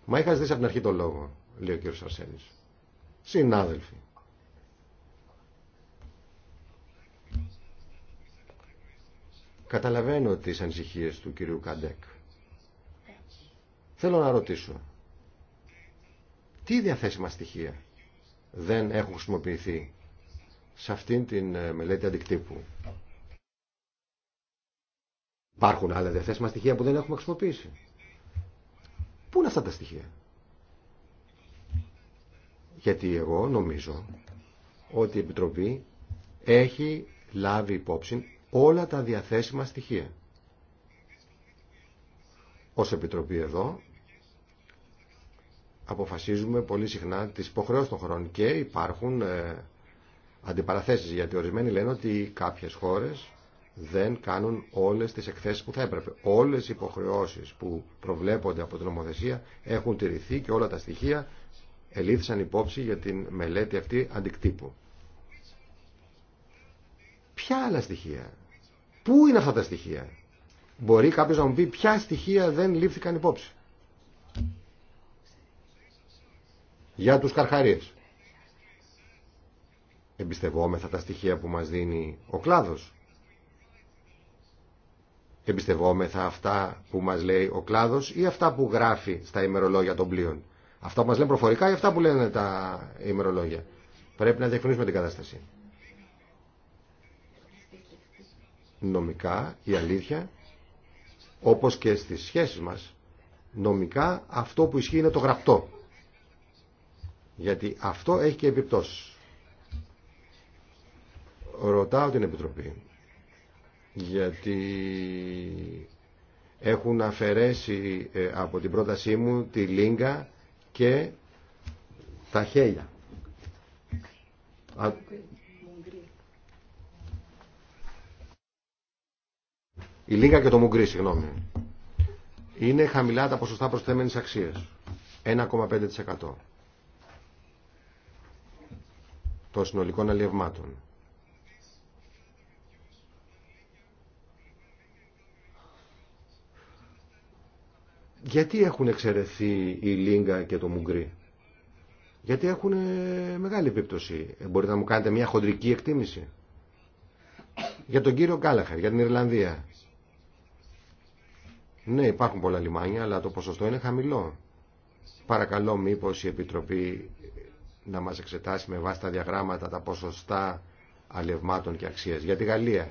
Μα είχα ζητήσει από την αρχή τον λόγο, λέει ο κύριος Αρσένης. Συνάδελφοι. Καταλαβαίνω τις ανησυχίες του κυρίου Καντέκ. Θέλω να ρωτήσω. Τι διαθέσιμα στοιχεία δεν έχουν χρησιμοποιηθεί σε αυτήν την ε, μελέτη αντικτύπου. Υπάρχουν άλλα διαθέσιμα στοιχεία που δεν έχουμε χρησιμοποιήσει. Πού είναι αυτά τα στοιχεία. Γιατί εγώ νομίζω ότι η Επιτροπή έχει λάβει υπόψη όλα τα διαθέσιμα στοιχεία. Ως Επιτροπή εδώ αποφασίζουμε πολύ συχνά τις υποχρεώσεις των χωρών και υπάρχουν ε, αντιπαραθέσεις γιατί ορισμένοι λένε ότι κάποιες χώρες δεν κάνουν όλες τις εκθέσεις που θα έπρεπε. Όλες οι υποχρεώσεις που προβλέπονται από την νομοθεσία έχουν τηρηθεί και όλα τα στοιχεία ελήφθησαν υπόψη για την μελέτη αυτή αντικτύπου. Ποια άλλα στοιχεία Πού είναι αυτά τα στοιχεία. Μπορεί κάποιος να μου πει ποια στοιχεία δεν λήφθηκαν υπόψη. Για τους καρχαρίες. Εμπιστευόμεθα τα στοιχεία που μας δίνει ο κλάδος. Εμπιστευόμεθα αυτά που μας λέει ο κλάδος ή αυτά που γράφει στα ημερολόγια των πλοίων. Αυτά που μας λένε προφορικά ή αυτά που λένε τα ημερολόγια. Πρέπει να διευκρινίσουμε την κατάσταση. νομικά η αλήθεια, όπως και στις σχέσεις μας, νομικά αυτό που ισχύει είναι το γραπτό. Γιατί αυτό έχει και επιπτώσεις. Ρωτάω την Επιτροπή, γιατί έχουν αφαιρέσει ε, από την πρότασή μου τη λίγκα και τα χέλια. η λίγα και το Μουγκρί, συγγνώμη, είναι χαμηλά τα ποσοστά προσθέμενης αξίας. 1,5% των συνολικών αλλιευμάτων. Γιατί έχουν εξαιρεθεί η Λίγκα και το Μουγκρί. Γιατί έχουν ε, μεγάλη επίπτωση. Ε, μπορείτε να μου κάνετε μια χοντρική εκτίμηση. Για τον κύριο Κάλαχαρ για την Ιρλανδία. Ναι, υπάρχουν πολλά λιμάνια, αλλά το ποσοστό είναι χαμηλό. Παρακαλώ μήπως η Επιτροπή να μας εξετάσει με βάση τα διαγράμματα τα ποσοστά αλευμάτων και αξίας. Για τη Γαλλία.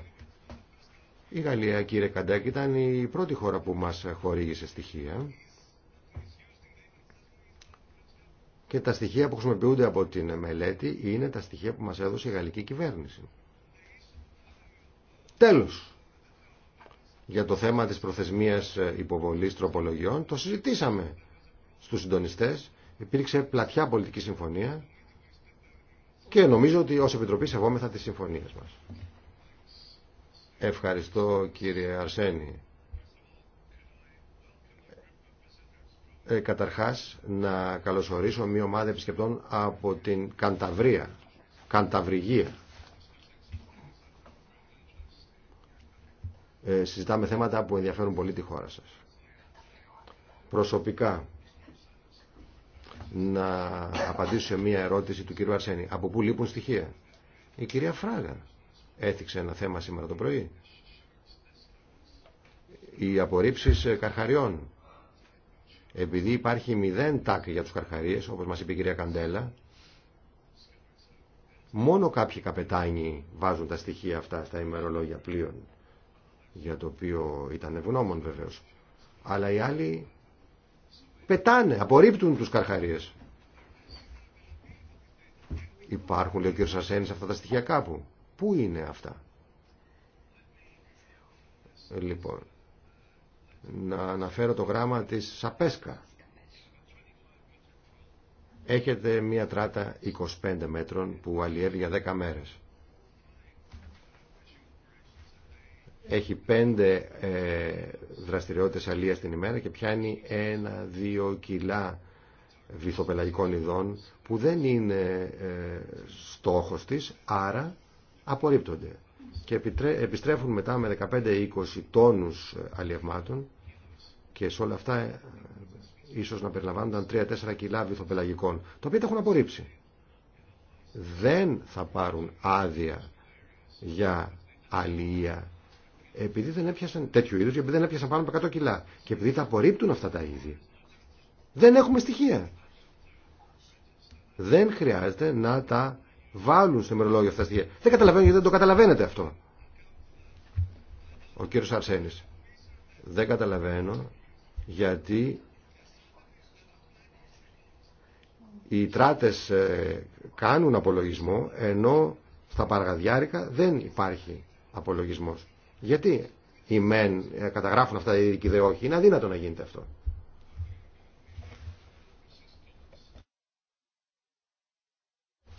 Η Γαλλία, κύριε Καντάκη, ήταν η πρώτη χώρα που μας χορήγησε στοιχεία. Και τα στοιχεία που χρησιμοποιούνται από την μελέτη είναι τα στοιχεία που μας έδωσε η γαλλική κυβέρνηση. Τέλος για το θέμα της προθεσμίας ε, υποβολής τροπολογιών. Το συζητήσαμε στους συντονιστές. Υπήρξε πλατιά πολιτική συμφωνία και νομίζω ότι ως Επιτροπή σεβόμεθα τις συμφωνίες μας. Ευχαριστώ κύριε Αρσένη. Ε, καταρχάς να καλωσορίσω μια ομάδα επισκεπτών από την Κανταβρία, Κανταβριγία. Ε, συζητάμε θέματα που ενδιαφέρουν πολύ τη χώρα σας. Προσωπικά, να απαντήσω σε μία ερώτηση του κυρίου Αρσένη. Από πού λείπουν στοιχεία. Η κυρία Φράγα έθιξε ένα θέμα σήμερα το πρωί. Οι απορρίψει ε, καρχαριών. Επειδή υπάρχει μηδέν τάκ για τους καρχαρίες, όπως μας είπε η κυρία Καντέλα, μόνο κάποιοι καπετάνοι βάζουν τα στοιχεία αυτά στα ημερολόγια πλοίων για το οποίο ήταν ευγνώμων βεβαίως. Αλλά οι άλλοι πετάνε, απορρίπτουν τους καρχαρίες. Υπάρχουν, λέει ο κ. αυτά τα στοιχεία κάπου. Πού είναι αυτά. Ε, λοιπόν, να αναφέρω το γράμμα της Σαπέσκα. Έχετε μία τράτα 25 μέτρων που αλλιεύει για 10 μέρες. έχει πέντε ε, δραστηριότητες αλίας την ημέρα και πιάνει ένα-δύο κιλά βυθοπελαγικών ειδών που δεν είναι ε, στόχος της, άρα απορρίπτονται. Και επιστρέφουν μετά με 15-20 τόνους ε, αλιευμάτων και σε όλα αυτά ίσως να περιλαμβάνονταν 3-4 κιλά βυθοπελαγικών, Το οποία τα έχουν απορρίψει. Δεν θα πάρουν άδεια για αλληλεία επειδή δεν έπιασαν τέτοιου είδου, επειδή δεν έπιασαν πάνω από 100 κιλά και επειδή τα απορρίπτουν αυτά τα είδη. Δεν έχουμε στοιχεία. Δεν χρειάζεται να τα βάλουν σε μερολόγιο αυτά τα στοιχεία. Δεν καταλαβαίνω γιατί δεν το καταλαβαίνετε αυτό. Ο κύριο Αρσένη. Δεν καταλαβαίνω γιατί οι τράτες ε, κάνουν απολογισμό ενώ στα παραγαδιάρικα δεν υπάρχει απολογισμός. Γιατί οι μεν ε, καταγράφουν αυτά οι ειδικοί δεόχοι. Είναι αδύνατο να γίνεται αυτό.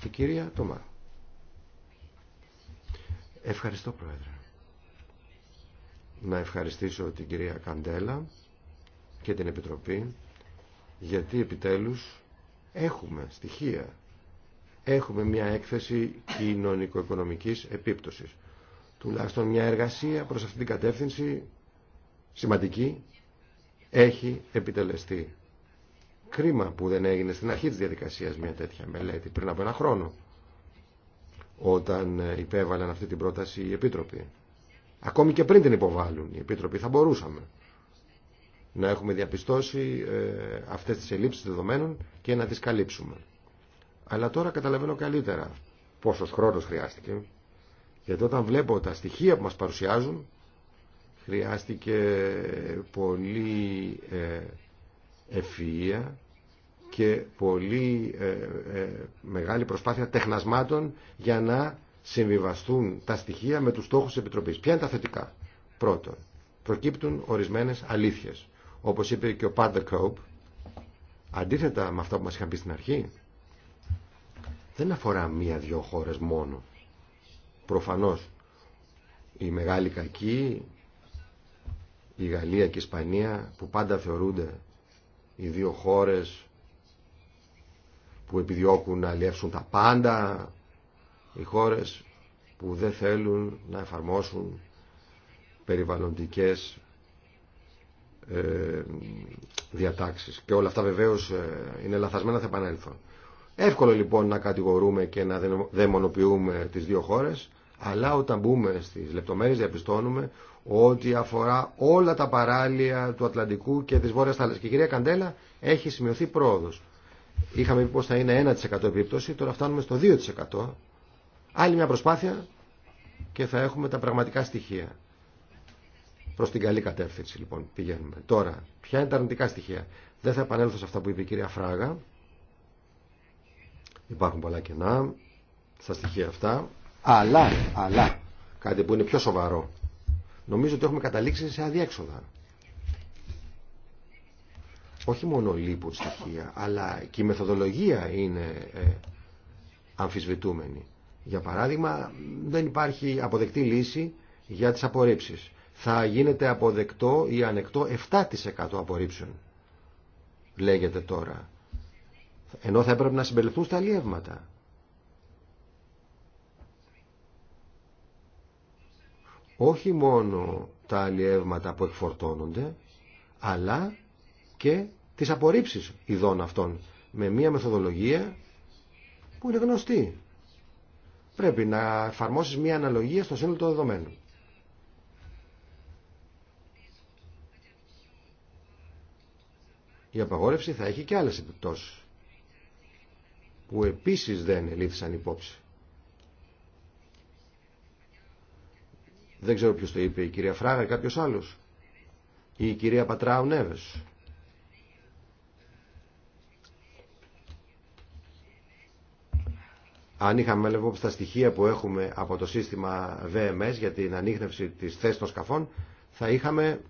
Η κυρία Τωμά. Ευχαριστώ Πρόεδρε. Να ευχαριστήσω την κυρία Καντέλα και την Επιτροπή γιατί επιτέλους έχουμε στοιχεία. Έχουμε μια έκθεση κοινωνικο-οικονομικής επίπτωσης τουλάχιστον μια εργασία προς αυτήν την κατεύθυνση σημαντική έχει επιτελεστεί. Κρίμα που δεν έγινε στην αρχή της διαδικασίας μια τέτοια μελέτη πριν από ένα χρόνο όταν ε, υπέβαλαν αυτή την πρόταση οι Επίτροποι. Ακόμη και πριν την υποβάλουν οι Επίτροποι θα μπορούσαμε να έχουμε διαπιστώσει ε, αυτές τις ελλείψεις δεδομένων και να τις καλύψουμε. Αλλά τώρα καταλαβαίνω καλύτερα πόσος χρόνος χρειάστηκε γιατί όταν βλέπω τα στοιχεία που μας παρουσιάζουν, χρειάστηκε πολύ ε, ευφυΐα και πολύ ε, ε, μεγάλη προσπάθεια τεχνασμάτων για να συμβιβαστούν τα στοιχεία με τους στόχους της Επιτροπής. Ποια είναι τα θετικά. Πρώτον, προκύπτουν ορισμένες αλήθειες. Όπως είπε και ο Πάντερ Κοπ, αντίθετα με αυτά που μας είχαν πει στην αρχή, δεν αφορά μία-δυο χώρες μόνο. Προφανώς η Μεγάλη κακοί, η Γαλλία και η Ισπανία που πάντα θεωρούνται οι δύο χώρες που επιδιώκουν να αλλιεύσουν τα πάντα, οι χώρες που δεν θέλουν να εφαρμόσουν περιβαλλοντικές ε, διατάξεις. Και όλα αυτά βεβαίως ε, είναι λαθασμένα, θα επανέλθω. Εύκολο λοιπόν να κατηγορούμε και να δαιμονοποιούμε τις δύο χώρες, αλλά όταν μπούμε στις λεπτομέρειες διαπιστώνουμε ότι αφορά όλα τα παράλια του Ατλαντικού και της Βόρειας Θάλασσας. Και η κυρία Καντέλα έχει σημειωθεί πρόοδος. Είχαμε πει πως θα είναι 1% επίπτωση, τώρα φτάνουμε στο 2%. Άλλη μια προσπάθεια και θα έχουμε τα πραγματικά στοιχεία. Προ την καλή κατεύθυνση λοιπόν πηγαίνουμε. Τώρα, ποια είναι τα αρνητικά στοιχεία. Δεν θα επανέλθω σε αυτά που είπε η κυρία Φράγα. Υπάρχουν πολλά κενά στα στοιχεία αυτά. Αλλά, αλλά, κάτι που είναι πιο σοβαρό. Νομίζω ότι έχουμε καταλήξει σε αδιέξοδα. Όχι μόνο λείπουν στοιχεία, αλλά και η μεθοδολογία είναι ε, αμφισβητούμενη. Για παράδειγμα, δεν υπάρχει αποδεκτή λύση για τις απορρίψεις. Θα γίνεται αποδεκτό ή ανεκτό 7% απορρίψεων, λέγεται τώρα ενώ θα έπρεπε να συμπεριληφθούν στα αλλιεύματα. Όχι μόνο τα αλλιεύματα που εκφορτώνονται, αλλά και τις απορρίψεις ειδών αυτών με μια μεθοδολογία που είναι γνωστή. Πρέπει να εφαρμόσεις μια αναλογία στο σύνολο των δεδομένων. Η απαγόρευση θα έχει και άλλες επιπτώσεις που επίσης δεν ελήφθησαν υπόψη. Δεν ξέρω ποιος το είπε, η κυρία Φράγα ή κάποιος άλλος. Ή η κυρία Πατράου Νέβες. Αν είχαμε λοιπόν στα στοιχεία που έχουμε από το σύστημα VMS για την ανείχνευση της θέσης των σκαφών, θα είχαμε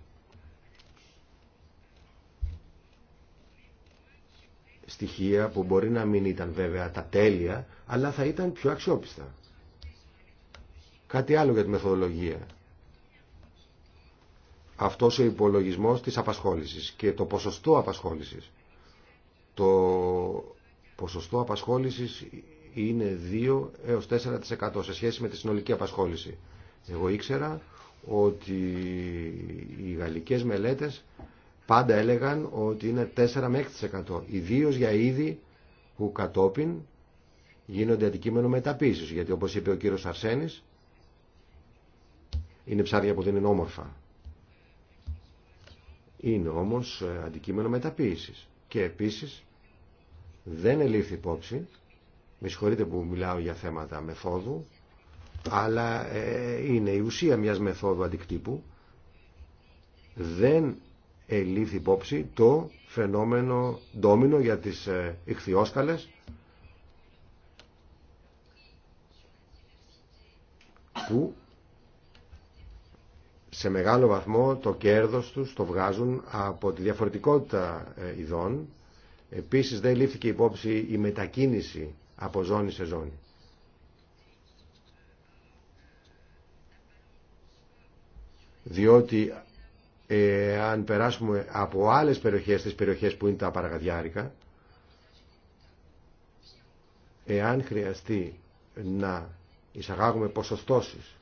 στοιχεία που μπορεί να μην ήταν βέβαια τα τέλεια, αλλά θα ήταν πιο αξιόπιστα. Κάτι άλλο για τη μεθοδολογία. Αυτός ο υπολογισμός της απασχόλησης και το ποσοστό απασχόλησης. Το ποσοστό απασχόλησης είναι 2 έως 4% σε σχέση με τη συνολική απασχόληση. Εγώ ήξερα ότι οι γαλλικές μελέτες πάντα έλεγαν ότι είναι 4 με 6%. Ιδίω για είδη που κατόπιν γίνονται αντικείμενο μεταποίησης. Γιατί όπως είπε ο κύριος Αρσένης, είναι ψάρια που δεν είναι όμορφα. Είναι όμως ε, αντικείμενο μεταποίησης. Και επίσης δεν ελήφθη υπόψη, με συγχωρείτε που μιλάω για θέματα μεθόδου, αλλά ε, ε, είναι η ουσία μιας μεθόδου αντικτύπου, δεν λήφθη υπόψη το φαινόμενο ντόμινο για τις ιχθιόσκαλες ε, που σε μεγάλο βαθμό το κέρδος τους το βγάζουν από τη διαφορετικότητα ε, ειδών. Επίσης δεν λήφθηκε υπόψη η μετακίνηση από ζώνη σε ζώνη. Διότι ε, αν περάσουμε από άλλες περιοχές, τις περιοχές που είναι τα παραγαδιάρικα, εάν χρειαστεί να εισαγάγουμε ποσοστώσεις,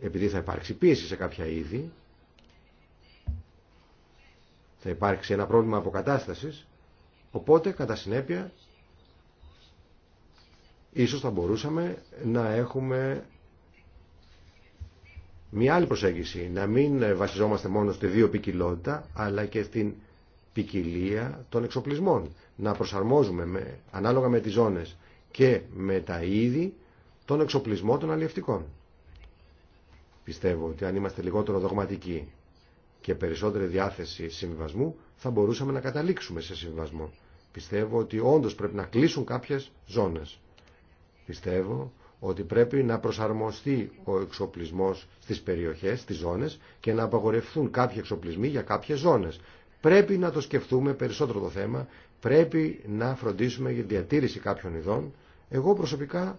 επειδή θα υπάρξει πίεση σε κάποια είδη, θα υπάρξει ένα πρόβλημα αποκατάστασης, οπότε κατά συνέπεια ίσως θα μπορούσαμε να έχουμε μια άλλη προσέγγιση, να μην ε, βασιζόμαστε μόνο στη δύο ποικιλότητα, αλλά και στην ποικιλία των εξοπλισμών. Να προσαρμόζουμε ανάλογα με τις ζώνες και με τα είδη τον εξοπλισμό των αλλιευτικών. Πιστεύω ότι αν είμαστε λιγότερο δογματικοί και περισσότερη διάθεση συμβιβασμού, θα μπορούσαμε να καταλήξουμε σε συμβιβασμό. Πιστεύω ότι όντως πρέπει να κλείσουν κάποιες ζώνες. Πιστεύω ότι πρέπει να προσαρμοστεί ο εξοπλισμός στις περιοχές, στις ζώνες και να απαγορευτούν κάποιοι εξοπλισμοί για κάποιες ζώνες. Πρέπει να το σκεφτούμε περισσότερο το θέμα, πρέπει να φροντίσουμε για τη διατήρηση κάποιων ειδών. Εγώ προσωπικά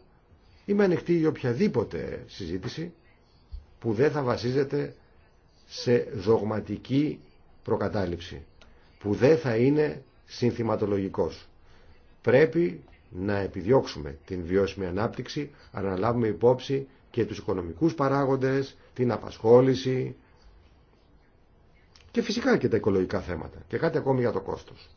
είμαι ανοιχτή για οποιαδήποτε συζήτηση που δεν θα βασίζεται σε δογματική προκατάληψη, που δεν θα είναι συνθηματολογικός. Πρέπει να επιδιώξουμε την βιώσιμη ανάπτυξη, αλλά να λάβουμε υπόψη και τους οικονομικούς παράγοντες, την απασχόληση και φυσικά και τα οικολογικά θέματα. Και κάτι ακόμη για το κόστος.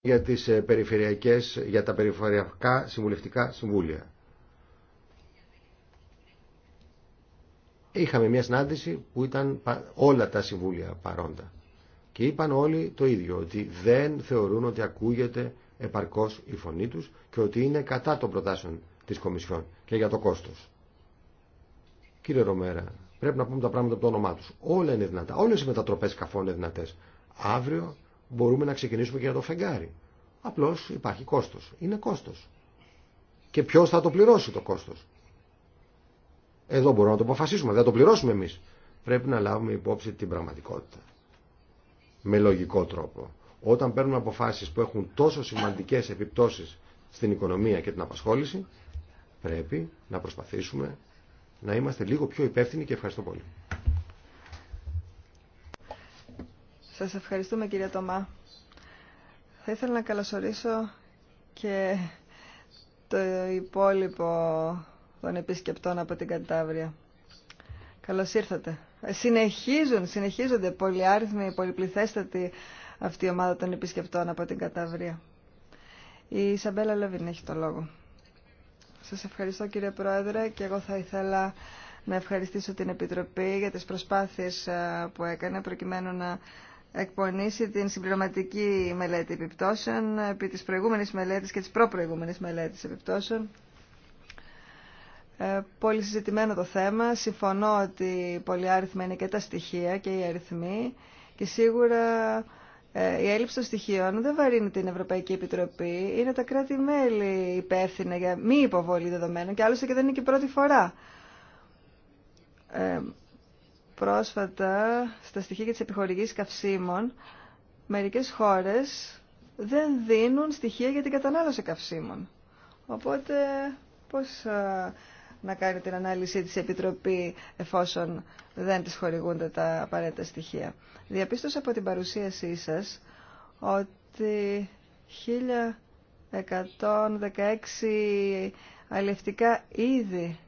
Για, τις ε, περιφερειακές, για τα περιφερειακά συμβουλευτικά συμβούλια. Είχαμε μια συνάντηση που ήταν όλα τα συμβούλια παρόντα. Και είπαν όλοι το ίδιο, ότι δεν θεωρούν ότι ακούγεται επαρκώς η φωνή τους και ότι είναι κατά των προτάσεων της Κομισιόν και για το κόστος. Κύριε Ρομέρα, πρέπει να πούμε τα πράγματα από το όνομά τους. Όλα είναι δυνατά, όλες οι μετατροπές καφών είναι δυνατές. Αύριο μπορούμε να ξεκινήσουμε και για το φεγγάρι. Απλώς υπάρχει κόστος. Είναι κόστος. Και ποιος θα το πληρώσει το κόστος. Εδώ μπορούμε να το αποφασίσουμε, δεν θα το πληρώσουμε εμείς. Πρέπει να λάβουμε υπόψη την πραγματικότητα με λογικό τρόπο. Όταν παίρνουμε αποφάσεις που έχουν τόσο σημαντικές επιπτώσεις στην οικονομία και την απασχόληση, πρέπει να προσπαθήσουμε να είμαστε λίγο πιο υπεύθυνοι και ευχαριστώ πολύ. Σας ευχαριστούμε κύριε Τομά. Θα ήθελα να καλωσορίσω και το υπόλοιπο των επισκεπτών από την Καντάβρια. Καλώς ήρθατε συνεχίζουν, συνεχίζονται πολυάριθμοι, πολυπληθέστατοι αυτή η ομάδα των επισκεπτών από την Καταβρία. Η Σαμπέλα Λεβίν έχει το λόγο. Σας ευχαριστώ κύριε Πρόεδρε και εγώ θα ήθελα να ευχαριστήσω την Επιτροπή για τις προσπάθειες ε, που έκανε προκειμένου να εκπονήσει την συμπληρωματική μελέτη επιπτώσεων επί της προηγούμενης μελέτης και της προπροηγούμενης μελέτης επιπτώσεων ε, πολύ συζητημένο το θέμα. Συμφωνώ ότι πολλοί άριθμα είναι και τα στοιχεία και οι αριθμοί και σίγουρα ε, η έλλειψη των στοιχείων δεν βαρύνει την Ευρωπαϊκή Επιτροπή. Είναι τα κράτη-μέλη υπεύθυνα για μη υποβολή δεδομένων και άλλωστε και δεν είναι και πρώτη φορά. Ε, πρόσφατα, στα στοιχεία και τις επιχορηγήσεις καυσίμων, μερικές χώρες δεν δίνουν στοιχεία για την κατανάλωση καυσίμων. Οπότε, πώς να κάνει την ανάλυση της Επιτροπή εφόσον δεν της χορηγούνται τα απαραίτητα στοιχεία. Διαπίστωσα από την παρουσίασή σας ότι 1116 αλληλευτικά είδη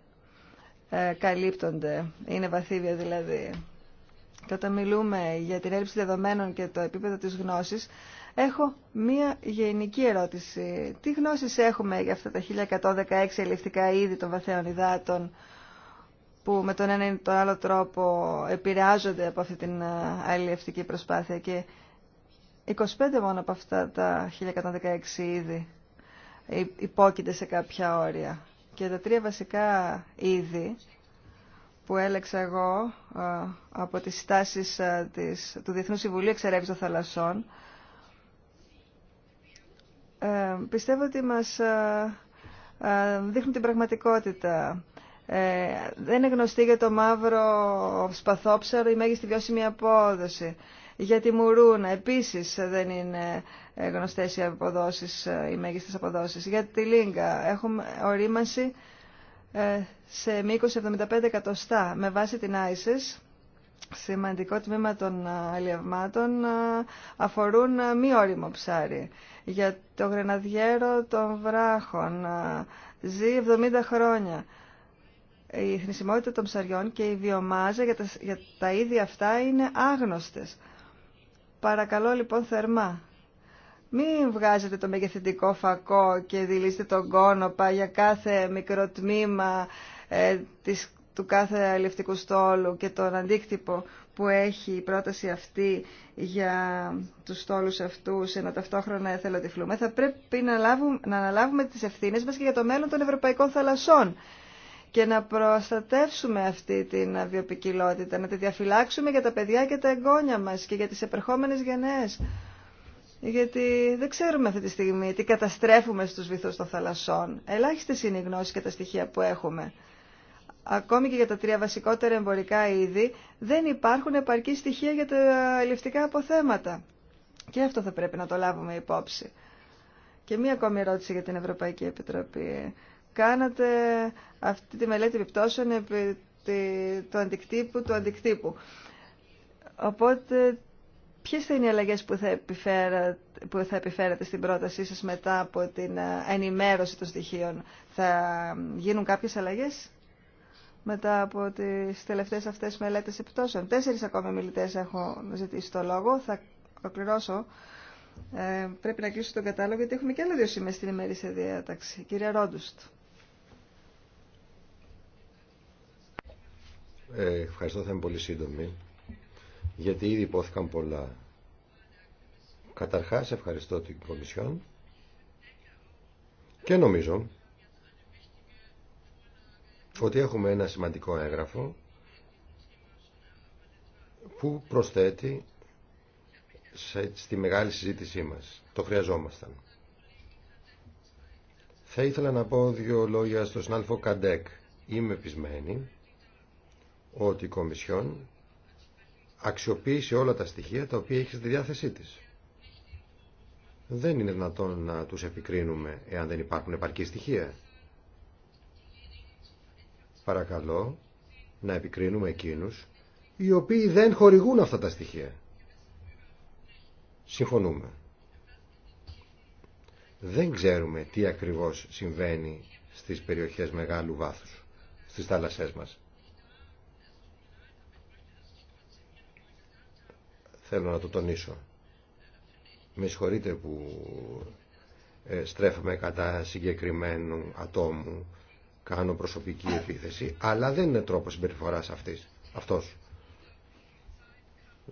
ε, καλύπτονται, είναι βαθύβια δηλαδή. Και όταν μιλούμε για την έλλειψη δεδομένων και το επίπεδο της γνώσης, Έχω μία γενική ερώτηση. Τι γνώσεις έχουμε για αυτά τα 1116 ελληνικά είδη των βαθαίων υδάτων που με τον ένα ή τον άλλο τρόπο επηρεάζονται από αυτή την αλληλευτική προσπάθεια και 25 μόνο από αυτά τα 1116 είδη υπόκειται σε κάποια όρια. Και τα τρία βασικά είδη που έλεξα εγώ από τις στάσεις του Διεθνού Συμβουλίου Εξερεύησης των Θαλασσών ε, πιστεύω ότι μας ε, ε, δείχνουν την πραγματικότητα. δεν είναι γνωστή για το μαύρο σπαθόψαρο η μέγιστη βιώσιμη απόδοση. Για τη μουρούνα επίσης δεν είναι γνωστές οι αποδόσεις, οι μέγιστες αποδόσεις. Για τη λίγκα έχουμε ορίμανση σε μήκος 75 εκατοστά με βάση την ISIS σημαντικό τμήμα των αλλιευμάτων αφορούν μη όριμο ψάρι. Για το γρεναδιέρο των βράχων ζει 70 χρόνια. Η χρησιμότητα των ψαριών και η βιομάζα για τα, τα ίδια αυτά είναι άγνωστες. Παρακαλώ λοιπόν θερμά. Μην βγάζετε το μεγεθυντικό φακό και δηλίστε τον κόνοπα για κάθε μικρό τμήμα ε, της του κάθε αλληλευτικού στόλου και τον αντίκτυπο που έχει η πρόταση αυτή για τους στόλους αυτούς ενώ ταυτόχρονα εθελοτυφλούμε, θα πρέπει να, λάβουμε, να αναλάβουμε τις ευθύνες μας και για το μέλλον των ευρωπαϊκών θαλασσών και να προστατεύσουμε αυτή την βιοπικιλότητα, να τη διαφυλάξουμε για τα παιδιά και τα εγγόνια μας και για τις επερχόμενες γενναίες. Γιατί δεν ξέρουμε αυτή τη στιγμή τι καταστρέφουμε στους βυθούς των θαλασσών. Ελάχιστες είναι οι γνώσεις και τα στοιχεία που έχουμε ακόμη και για τα τρία βασικότερα εμπορικά είδη, δεν υπάρχουν επαρκή στοιχεία για τα ελευτικά αποθέματα. Και αυτό θα πρέπει να το λάβουμε υπόψη. Και μία ακόμη ερώτηση για την Ευρωπαϊκή Επιτροπή. Κάνατε αυτή τη μελέτη επιπτώσεων επί του αντικτύπου του αντικτύπου. Οπότε, ποιες θα είναι οι αλλαγές που θα, επιφέρατε, που θα στην πρότασή σας μετά από την ενημέρωση των στοιχείων. Θα γίνουν κάποιες αλλαγές μετά από τι τελευταίε αυτέ μελέτε επιπτώσεων. Τέσσερι ακόμα μιλητέ έχω ζητήσει το λόγο. Θα ολοκληρώσω. Ε, πρέπει να κλείσω τον κατάλογο γιατί έχουμε και άλλα δύο σημεία στην ημερήσια διάταξη. Κυρία Ρόντουστ. Ε, ευχαριστώ, θα είμαι πολύ σύντομη, γιατί ήδη υπόθηκαν πολλά. Καταρχάς, ευχαριστώ την Κομισιόν και νομίζω ότι έχουμε ένα σημαντικό έγγραφο που προσθέτει στη μεγάλη συζήτησή μας. Το χρειαζόμασταν. Θα ήθελα να πω δύο λόγια στον συνάδελφο Καντέκ. Είμαι πεισμένη ότι η Κομισιόν αξιοποίησε όλα τα στοιχεία τα οποία έχει στη διάθεσή της. Δεν είναι δυνατόν να τους επικρίνουμε εάν δεν υπάρχουν επαρκή στοιχεία. Παρακαλώ να επικρίνουμε εκείνους οι οποίοι δεν χορηγούν αυτά τα στοιχεία. Συμφωνούμε. Δεν ξέρουμε τι ακριβώς συμβαίνει στις περιοχές μεγάλου βάθους, στις θάλασσές μας. Θέλω να το τονίσω. Με συγχωρείτε που ε, στρέφουμε κατά συγκεκριμένου ατόμου κάνω προσωπική επίθεση, αλλά δεν είναι τρόπος συμπεριφοράς αυτής, αυτός.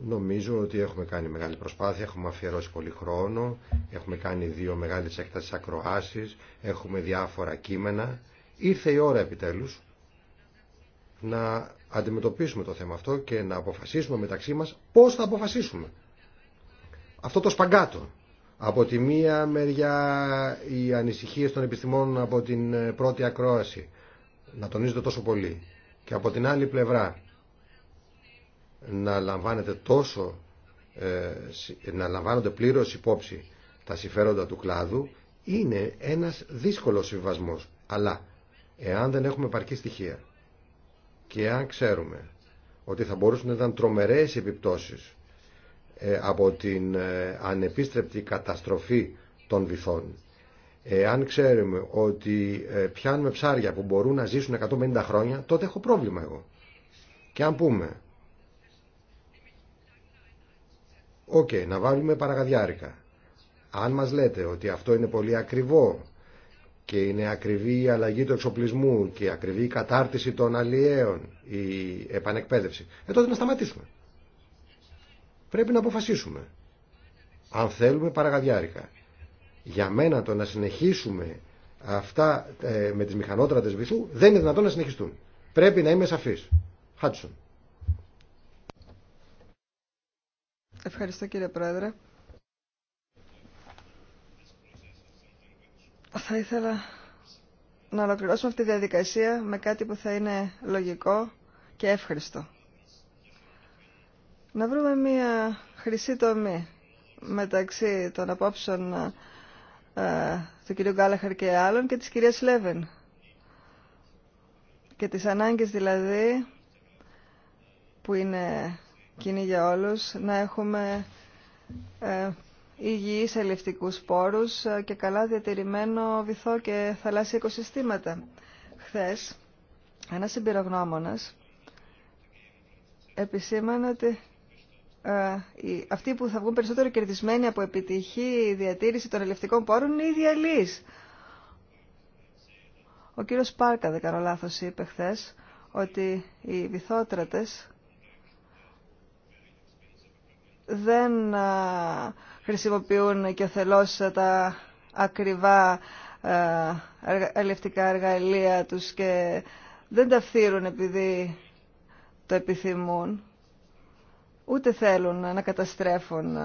Νομίζω ότι έχουμε κάνει μεγάλη προσπάθεια, έχουμε αφιερώσει πολύ χρόνο, έχουμε κάνει δύο μεγάλες έκτασεις ακροάσεις, έχουμε διάφορα κείμενα. Ήρθε η ώρα επιτέλους να αντιμετωπίσουμε το θέμα αυτό και να αποφασίσουμε μεταξύ μας πώς θα αποφασίσουμε. Αυτό το σπαγκάτο από τη μία μεριά οι ανησυχίες των επιστήμων από την ε, πρώτη ακρόαση να τονίζονται τόσο πολύ και από την άλλη πλευρά να λαμβάνεται τόσο ε, να λαμβάνονται πλήρως υπόψη τα συμφέροντα του κλάδου είναι ένας δύσκολος συμβασμός αλλά εάν δεν έχουμε παρκή στοιχεία και εάν ξέρουμε ότι θα μπορούσαν να ήταν τρομερές επιπτώσεις ε, από την ε, ανεπίστρεπτη καταστροφή των βυθών. Αν ξέρουμε ότι ε, πιάνουμε ψάρια που μπορούν να ζήσουν 150 χρόνια, τότε έχω πρόβλημα εγώ. Και αν πούμε, οκ, okay, να βάλουμε παραγαδιάρικα. Αν μας λέτε ότι αυτό είναι πολύ ακριβό και είναι ακριβή η αλλαγή του εξοπλισμού και ακριβή η κατάρτιση των αλλιέων, η επανεκπαίδευση, ε, τότε να σταματήσουμε. Πρέπει να αποφασίσουμε. Αν θέλουμε παραγαδιάρικα. Για μένα το να συνεχίσουμε αυτά ε, με τις μηχανότρατες βυθού δεν είναι δυνατόν να συνεχιστούν. Πρέπει να είμαι σαφής. Χάτσον. Ευχαριστώ κύριε Πρόεδρε. Θα ήθελα να ολοκληρώσουμε αυτή τη διαδικασία με κάτι που θα είναι λογικό και εύχριστο να βρούμε μία χρυσή τομή μεταξύ των απόψεων ε, του κυρίου Γκάλαχαρ και άλλων και της κυρίας Λέβεν και τις ανάγκες δηλαδή που είναι κοινή για όλους να έχουμε ε, υγιείς ελευτικούς πόρους ε, και καλά διατηρημένο βυθό και θαλάσσια οικοσυστήματα. Χθες ένας εμπειρογνώμονας επισήμανε ότι ε, αυτοί που θα βγουν περισσότερο κερδισμένοι από επιτυχή διατήρηση των ελευτικών πόρων είναι οι Ο κύριος Πάρκα, δεν κάνω λάθος, είπε χθε ότι οι βυθότρατες δεν ε, χρησιμοποιούν και θελώς τα ακριβά ε, ελευτικά εργαλεία τους και δεν τα φθήρουν επειδή το επιθυμούν ούτε θέλουν να καταστρέφουν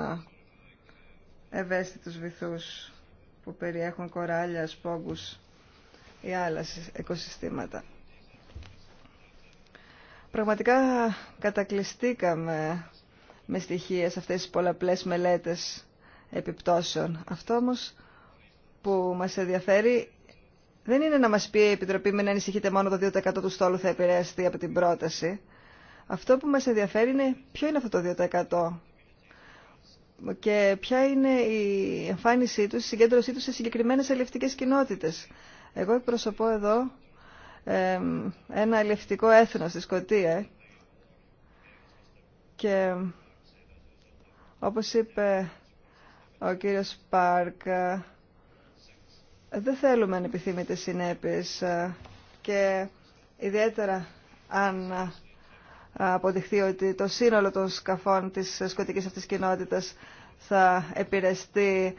ευαίσθητους βυθούς που περιέχουν κοράλια, σπόγκους ή άλλα οικοσυστήματα. Πραγματικά κατακλειστήκαμε με στοιχεία σε αυτές τις πολλαπλές μελέτες επιπτώσεων. Αυτό όμως που μας ενδιαφέρει δεν είναι να μας πει η Επιτροπή με να ανησυχείτε μόνο το 2% του στόλου θα επηρεαστεί από την πρόταση, αυτό που μας ενδιαφέρει είναι ποιο είναι αυτό το 2% και ποια είναι η εμφάνισή τους, η συγκέντρωσή τους σε συγκεκριμένες αλληλευτικές κοινότητες. Εγώ εκπροσωπώ εδώ ένα αλληλευτικό έθνος στη Σκοτία και όπως είπε ο κύριος Πάρκ, δεν θέλουμε ανεπιθύμητες συνέπειες ε, και ιδιαίτερα αν ε, αποδειχθεί ότι το σύνολο των σκαφών της σκοτικής αυτής κοινότητας θα επηρεαστεί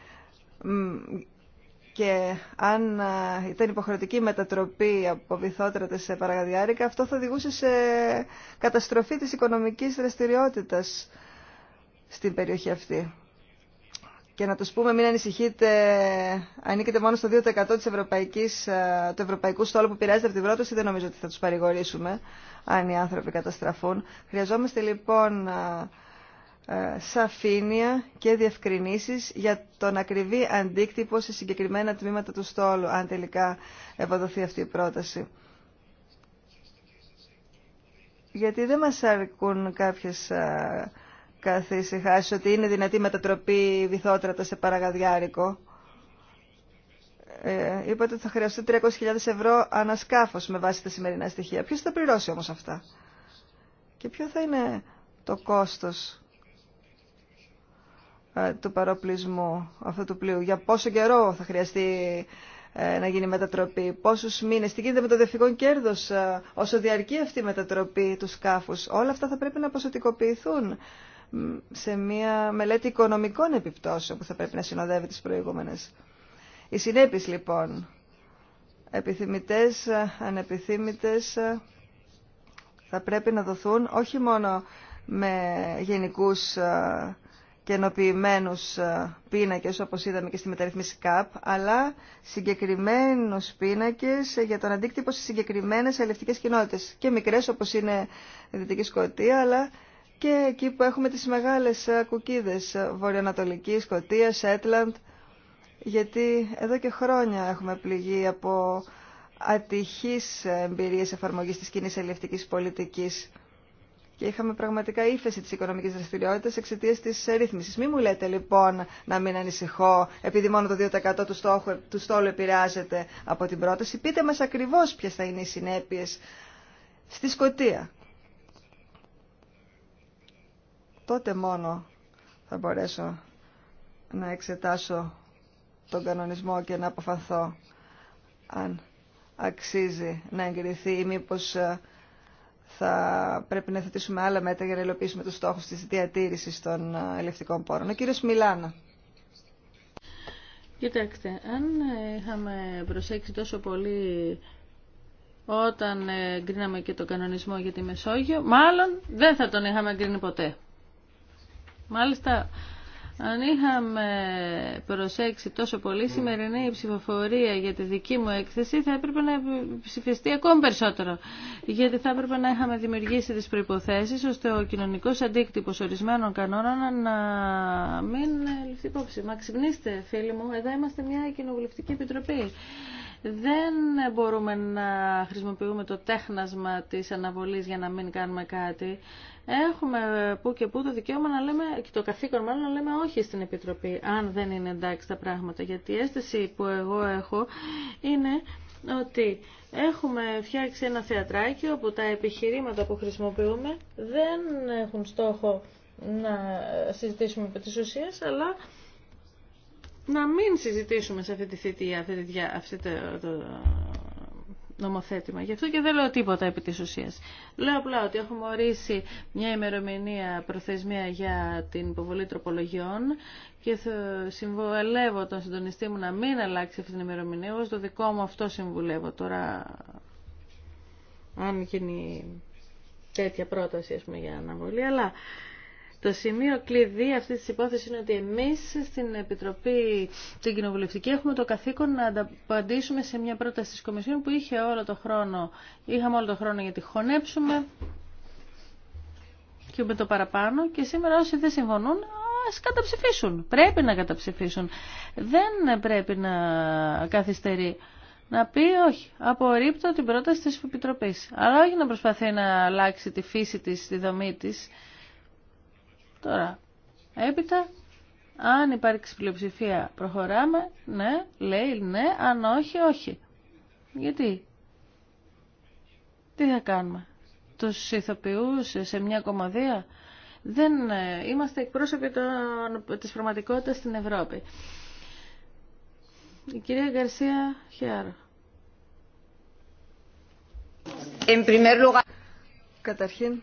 και αν ε, ήταν υποχρεωτική μετατροπή από βυθότρατε σε παραγαδιάρικα, αυτό θα οδηγούσε σε καταστροφή της οικονομικής δραστηριότητας στην περιοχή αυτή. Και να τους πούμε μην ανησυχείτε, ανήκετε μόνο στο 2% της ευρωπαϊκής, ε, του ευρωπαϊκού στόλου που πειράζεται από την πρόταση, δεν νομίζω ότι θα τους παρηγορήσουμε αν οι άνθρωποι καταστραφούν. Χρειαζόμαστε λοιπόν σαφήνεια και διευκρινήσεις για τον ακριβή αντίκτυπο σε συγκεκριμένα τμήματα του στόλου, αν τελικά ευοδοθεί αυτή η πρόταση. Γιατί δεν μας αρκούν κάποιες καθησυχάσεις ότι είναι δυνατή μετατροπή βυθότρατα σε παραγαδιάρικο. Ε, είπατε ότι θα χρειαστεί 300.000 ευρώ ανασκάφο με βάση τα σημερινά στοιχεία. Ποιο θα πληρώσει όμω αυτά και ποιο θα είναι το κόστος ε, του παροπλισμού αυτού του πλοίου. Για πόσο καιρό θα χρειαστεί ε, να γίνει μετατροπή, πόσου μήνε. τι γίνεται με το δευτικό κέρδος, όσο διαρκεί αυτή η μετατροπή του σκάφου, Όλα αυτά θα πρέπει να ποσοτικοποιηθούν σε μια μελέτη οικονομικών επιπτώσεων που θα πρέπει να συνοδεύει τις προηγούμενες. Οι συνέπειες λοιπόν, επιθυμητές, ανεπιθύμητες, θα πρέπει να δοθούν όχι μόνο με γενικούς ε, και ενοποιημένου ε, πίνακες όπως είδαμε και στη μεταρρυθμίση ΚΑΠ, αλλά συγκεκριμένους πίνακες για τον αντίκτυπο σε συγκεκριμένες αλληλευτικές κοινότητες και μικρές όπως είναι η Δυτική Σκοτία, αλλά και εκεί που έχουμε τις μεγάλες ε, κουκίδες, Βορειοανατολική Σκοτία, Σέτλαντ, γιατί εδώ και χρόνια έχουμε πληγεί από ατυχείς εμπειρίες εφαρμογής της κοινής ελευτικής πολιτικής και είχαμε πραγματικά ύφεση της οικονομικής δραστηριότητας εξαιτία της ρύθμισης. μη μου λέτε λοιπόν να μην ανησυχώ επειδή μόνο το 2% του, στόχου, του στόλου επηρεάζεται από την πρόταση. Πείτε μας ακριβώς ποιες θα είναι οι συνέπειες στη σκοτία. Τότε μόνο θα μπορέσω να εξετάσω τον κανονισμό και να αποφανθώ αν αξίζει να εγκριθεί ή μήπως ε, θα πρέπει να θετήσουμε άλλα μέτρα για να υλοποιήσουμε τους στόχους της διατήρησης των ε, ελευτικών πόρων. Ο κύριος Μιλάνα. Κοιτάξτε, αν ε, είχαμε προσέξει τόσο πολύ όταν γκρίναμε και το κανονισμό για τη Μεσόγειο, μάλλον δεν θα τον είχαμε γκρίνει ποτέ. Μάλιστα, αν είχαμε προσέξει τόσο πολύ, σημερινή η ψηφοφορία για τη δική μου έκθεση θα έπρεπε να ψηφιστεί ακόμη περισσότερο. Γιατί θα έπρεπε να είχαμε δημιουργήσει τις προϋποθέσεις ώστε ο κοινωνικός αντίκτυπος ορισμένων κανόνων να μην ληφθεί υπόψη. Μα ξυπνήστε φίλοι μου, εδώ είμαστε μια κοινοβουλευτική επιτροπή. Δεν μπορούμε να χρησιμοποιούμε το τέχνασμα της αναβολής για να μην κάνουμε κάτι έχουμε ε, που και που το δικαίωμα να λέμε, και το καθήκον μάλλον να λέμε όχι στην Επιτροπή, αν δεν είναι εντάξει τα πράγματα. Γιατί η αίσθηση που εγώ έχω είναι ότι έχουμε φτιάξει ένα θεατράκι όπου τα επιχειρήματα που χρησιμοποιούμε δεν έχουν στόχο να συζητήσουμε από της ουσίας, αλλά να μην συζητήσουμε σε αυτή τη θητεία, αυτή, τη, το, νομοθέτημα. Γι' αυτό και δεν λέω τίποτα επί της ουσίας. Λέω απλά ότι έχουμε ορίσει μια ημερομηνία προθεσμία για την υποβολή τροπολογιών και συμβουλεύω τον συντονιστή μου να μην αλλάξει αυτή την ημερομηνία. Εγώ στο δικό μου αυτό συμβουλεύω τώρα αν γίνει τέτοια πρόταση πούμε, για αναβολή, αλλά το σημείο κλειδί αυτή τη υπόθεση είναι ότι εμεί στην Επιτροπή την Κοινοβουλευτική έχουμε το καθήκον να απαντήσουμε σε μια πρόταση τη Κομισιόν που είχε όλο το χρόνο, είχαμε όλο το χρόνο γιατί χωνέψουμε και με το παραπάνω και σήμερα όσοι δεν συμφωνούν ας καταψηφίσουν. Πρέπει να καταψηφίσουν. Δεν πρέπει να καθυστερεί. Να πει όχι, απορρίπτω την πρόταση της Επιτροπής. Αλλά όχι να προσπαθεί να αλλάξει τη φύση της, τη δομή της. Τώρα, έπειτα, αν υπάρξει πλειοψηφία προχωράμε, ναι, λέει ναι, αν όχι, όχι. Γιατί, τι θα κάνουμε, τους ηθοποιούς σε μια κομμαδία, δεν ε, είμαστε εκπρόσωποι των, της πραγματικότητας στην Ευρώπη. Η κυρία Γκαρσία Χιάρο. Καταρχήν,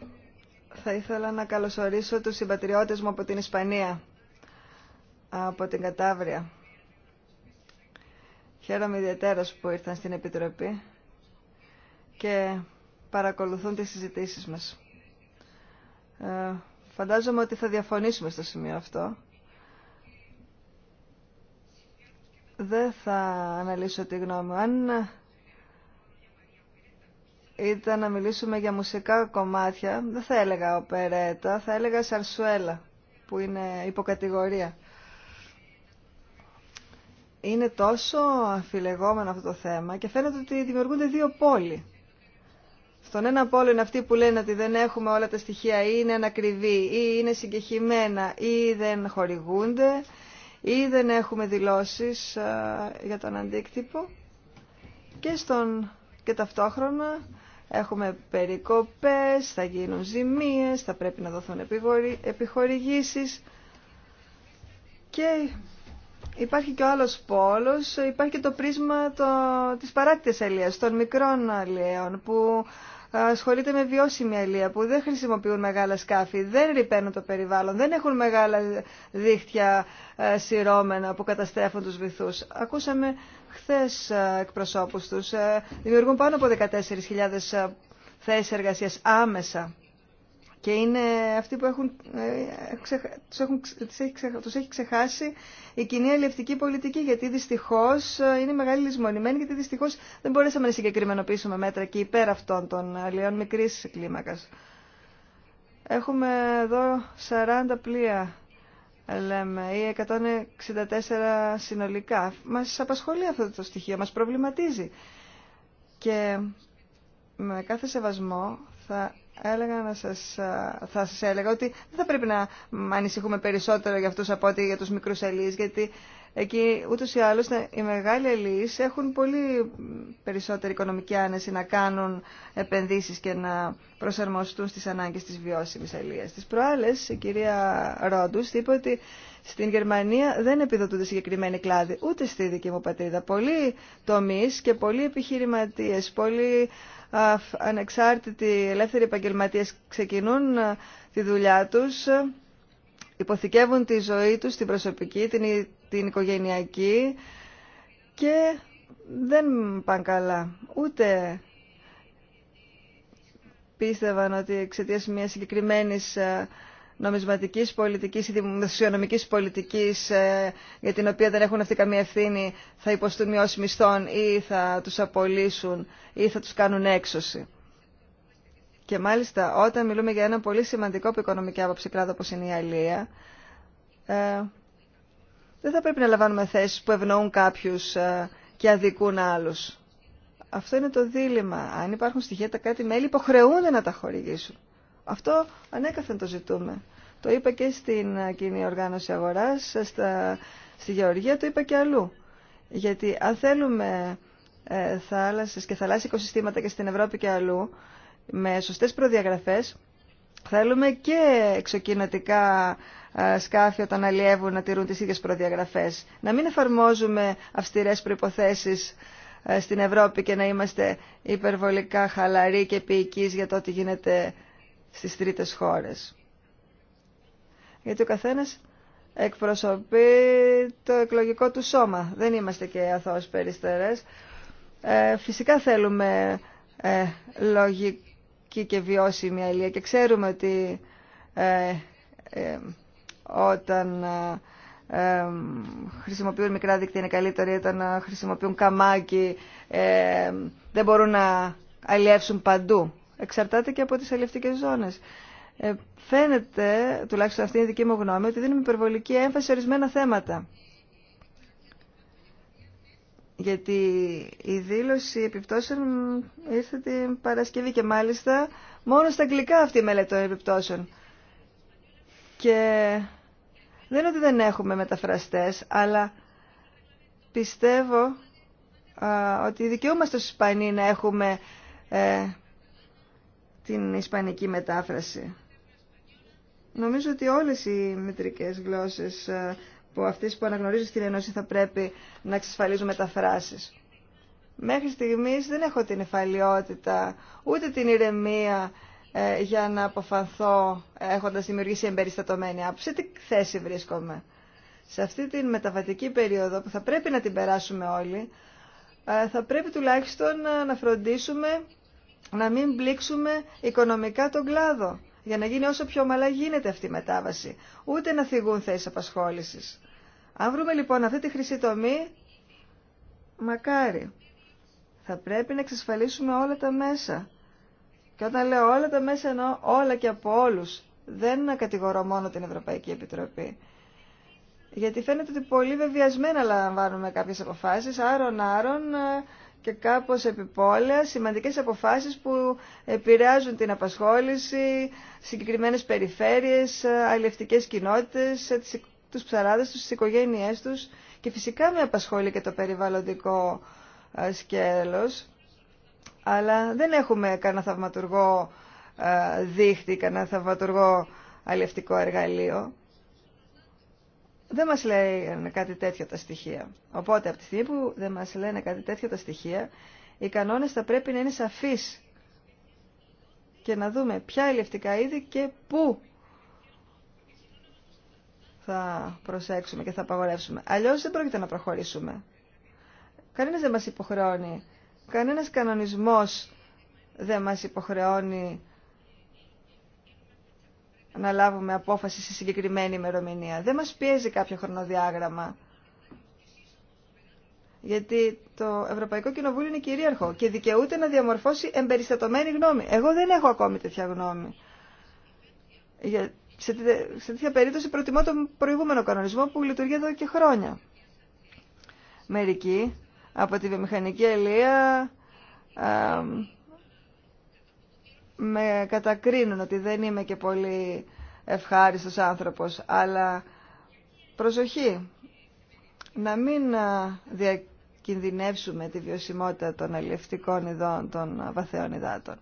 θα ήθελα να καλωσορίσω τους συμπατριώτες μου από την Ισπανία, από την Κατάβρια. Χαίρομαι ιδιαίτερα που ήρθαν στην Επιτροπή και παρακολουθούν τις συζητήσεις μας. Ε, φαντάζομαι ότι θα διαφωνήσουμε στο σημείο αυτό. Δεν θα αναλύσω τη γνώμη μου. Αν ήταν να μιλήσουμε για μουσικά κομμάτια, δεν θα έλεγα οπερέτα, θα έλεγα σαρσουέλα, που είναι υποκατηγορία. Είναι τόσο αφιλεγόμενο αυτό το θέμα και φαίνεται ότι δημιουργούνται δύο πόλοι. Στον ένα πόλο είναι αυτοί που λένε ότι δεν έχουμε όλα τα στοιχεία ή είναι ανακριβή ή είναι συγκεχημένα ή δεν χορηγούνται ή δεν έχουμε δηλώσεις ε, για τον αντίκτυπο και, στον, και ταυτόχρονα έχουμε περικοπές, θα γίνουν ζημίες, θα πρέπει να δοθούν επιχορηγήσεις και υπάρχει και ο άλλος πόλος, υπάρχει και το πρίσμα το, της παράκτητης αλίας, των μικρών αλληλίων, που ασχολείται με βιώσιμη αλεία που δεν χρησιμοποιούν μεγάλα σκάφη, δεν ρηπαίνουν το περιβάλλον, δεν έχουν μεγάλα δίχτυα ε, σειρώμενα που καταστρέφουν τους βυθούς. Ακούσαμε χθες ε, εκπροσώπους τους, ε, δημιουργούν πάνω από 14.000 θέσεις εργασίας άμεσα και είναι αυτοί που έχουν, ε, τους, έχει ξεχάσει η κοινή αλληλευτική πολιτική γιατί δυστυχώς ε, είναι μεγάλη λησμονημένη γιατί δυστυχώς δεν μπορέσαμε να συγκεκριμενοποιήσουμε μέτρα και υπέρ αυτών των αλλιών μικρής κλίμακας. Έχουμε εδώ 40 πλοία λέμε ή 164 συνολικά. Μας απασχολεί αυτό το στοιχείο, μας προβληματίζει. Και με κάθε σεβασμό θα έλεγα να σας, θα σας έλεγα ότι δεν θα πρέπει να ανησυχούμε περισσότερο για αυτούς από ότι για τους μικρούς ελίες, γιατί εκεί ούτως ή άλλως οι μεγάλοι ελίες έχουν πολύ περισσότερη οικονομική άνεση να κάνουν επενδύσεις και να προσαρμοστούν στις ανάγκες της βιώσιμης ελίας. Τις προάλλες η κυρία Ρόντους είπε ότι στην Γερμανία δεν επιδοτούνται συγκεκριμένοι κλάδοι, ούτε στη δική μου πατρίδα. Πολλοί τομείς και πολλοί επιχειρηματίες, πολλοί ανεξάρτητοι ελεύθεροι επαγγελματίες ξεκινούν ε, τη δουλειά τους, ε, υποθηκεύουν τη ζωή τους, την προσωπική, την, οικογενειακή και δεν πάνε καλά. Ούτε πίστευαν ότι εξαιτία μια συγκεκριμένης ε, νομισματικής πολιτικής ή δημοσιονομικής πολιτικής ε, για την οποία δεν έχουν αυτή καμία ευθύνη θα υποστούν μειώσει μισθών ή θα τους απολύσουν ή θα τους κάνουν έξωση. Και μάλιστα όταν μιλούμε για ένα πολύ σημαντικό από οικονομική άποψη κράτο όπως είναι η Αλία, ε, δεν θα πρέπει να λαμβάνουμε θέσεις που ευνοούν κάποιους ε, και αδικούν άλλους. Αυτό είναι το δίλημα. Αν υπάρχουν στοιχεία τα κάτι μέλη υποχρεούνται να τα χορηγήσουν. Αυτό ανέκαθεν το ζητούμε. Το είπα και στην ε, κοινή οργάνωση αγοράς, ε, στα, στη Γεωργία, το είπα και αλλού. Γιατί αν θέλουμε ε, θάλασσες και θαλάσσια οικοσυστήματα και στην Ευρώπη και αλλού, με σωστές προδιαγραφές, θέλουμε και ε, σκάφη όταν αλλιεύουν να τηρούν τις ίδιες προδιαγραφές. Να μην εφαρμόζουμε αυστηρές προϋποθέσεις ε, στην Ευρώπη και να είμαστε υπερβολικά χαλαροί και ποιικοί για το ότι γίνεται στις τρίτες χώρες. Γιατί ο καθένας εκπροσωπεί το εκλογικό του σώμα. Δεν είμαστε και αθώς περιστερές. Ε, φυσικά θέλουμε ε, λογική και βιώσιμη αλληλεία και ξέρουμε ότι ε, ε όταν ε, χρησιμοποιούν μικρά δίκτυα είναι καλύτεροι, όταν χρησιμοποιούν καμάκι δεν μπορούν να αλλιεύσουν παντού εξαρτάται και από τις αλληλευτικές ζώνες. Ε, φαίνεται, τουλάχιστον αυτή είναι η δική μου γνώμη, ότι δίνουμε υπερβολική έμφαση σε ορισμένα θέματα. Γιατί η δήλωση επιπτώσεων ήρθε την Παρασκευή και μάλιστα μόνο στα αγγλικά αυτή η μελέτη των επιπτώσεων. Και δεν είναι ότι δεν έχουμε μεταφραστές, αλλά πιστεύω α, ότι δικαιούμαστε στους Ισπανοί να έχουμε ε, την ισπανική μετάφραση. Νομίζω ότι όλες οι μητρικές γλώσσες ε, που αυτές που αναγνωρίζουν στην Ενώση θα πρέπει να εξασφαλίζουν μεταφράσεις. Μέχρι στιγμής δεν έχω την εφαλιότητα, ούτε την ηρεμία ε, για να αποφανθώ ε, έχοντας δημιουργήσει εμπεριστατωμένη άποψη. Τι θέση βρίσκομαι. Σε αυτή την μεταβατική περίοδο που θα πρέπει να την περάσουμε όλοι, θα πρέπει τουλάχιστον να φροντίσουμε να μην πλήξουμε οικονομικά τον κλάδο, για να γίνει όσο πιο ομαλά γίνεται αυτή η μετάβαση, ούτε να θυγούν θέσει απασχόληση. Αν βρούμε λοιπόν αυτή τη χρυσή τομή, μακάρι. Θα πρέπει να εξασφαλίσουμε όλα τα μέσα. Και όταν λέω όλα τα μέσα εννοώ όλα και από όλους. Δεν να κατηγορώ μόνο την Ευρωπαϊκή Επιτροπή. Γιατί φαίνεται ότι πολύ βεβαιασμένα λαμβάνουμε κάποιες αποφάσεις, άρον-άρον, ε, και κάπως επιπόλαια σημαντικές αποφάσεις που επηρεάζουν την απασχόληση, συγκεκριμένες περιφέρειες, αλληλευτικές κοινότητες, ε, τους ψαράδες τους, τις οικογένειές τους και φυσικά με απασχολεί και το περιβαλλοντικό ε, σκέλος. Αλλά δεν έχουμε κανένα θαυματουργό ε, δίχτυ, κανένα θαυματουργό αλληλευτικό εργαλείο δεν μας λένε κάτι τέτοιο τα στοιχεία. Οπότε από τη στιγμή που δεν μας λένε κάτι τέτοιο τα στοιχεία, οι κανόνες θα πρέπει να είναι σαφείς και να δούμε ποια ηλεκτρικά είδη και πού θα προσέξουμε και θα απαγορεύσουμε. Αλλιώς δεν πρόκειται να προχωρήσουμε. Κανένας δεν μας υποχρεώνει. Κανένας κανονισμός δεν μας υποχρεώνει να λάβουμε απόφαση σε συγκεκριμένη ημερομηνία. Δεν μας πιέζει κάποιο χρονοδιάγραμμα. Γιατί το Ευρωπαϊκό Κοινοβούλιο είναι κυρίαρχο και δικαιούται να διαμορφώσει εμπεριστατωμένη γνώμη. Εγώ δεν έχω ακόμη τέτοια γνώμη. Για... Σε, σε τέτοια περίπτωση προτιμώ τον προηγούμενο κανονισμό που λειτουργεί εδώ και χρόνια. Μερικοί από τη βιομηχανική ελεία με κατακρίνουν ότι δεν είμαι και πολύ ευχάριστος άνθρωπος, αλλά προσοχή να μην διακινδυνεύσουμε τη βιωσιμότητα των αλληλευτικών ειδών των βαθαίων υδάτων.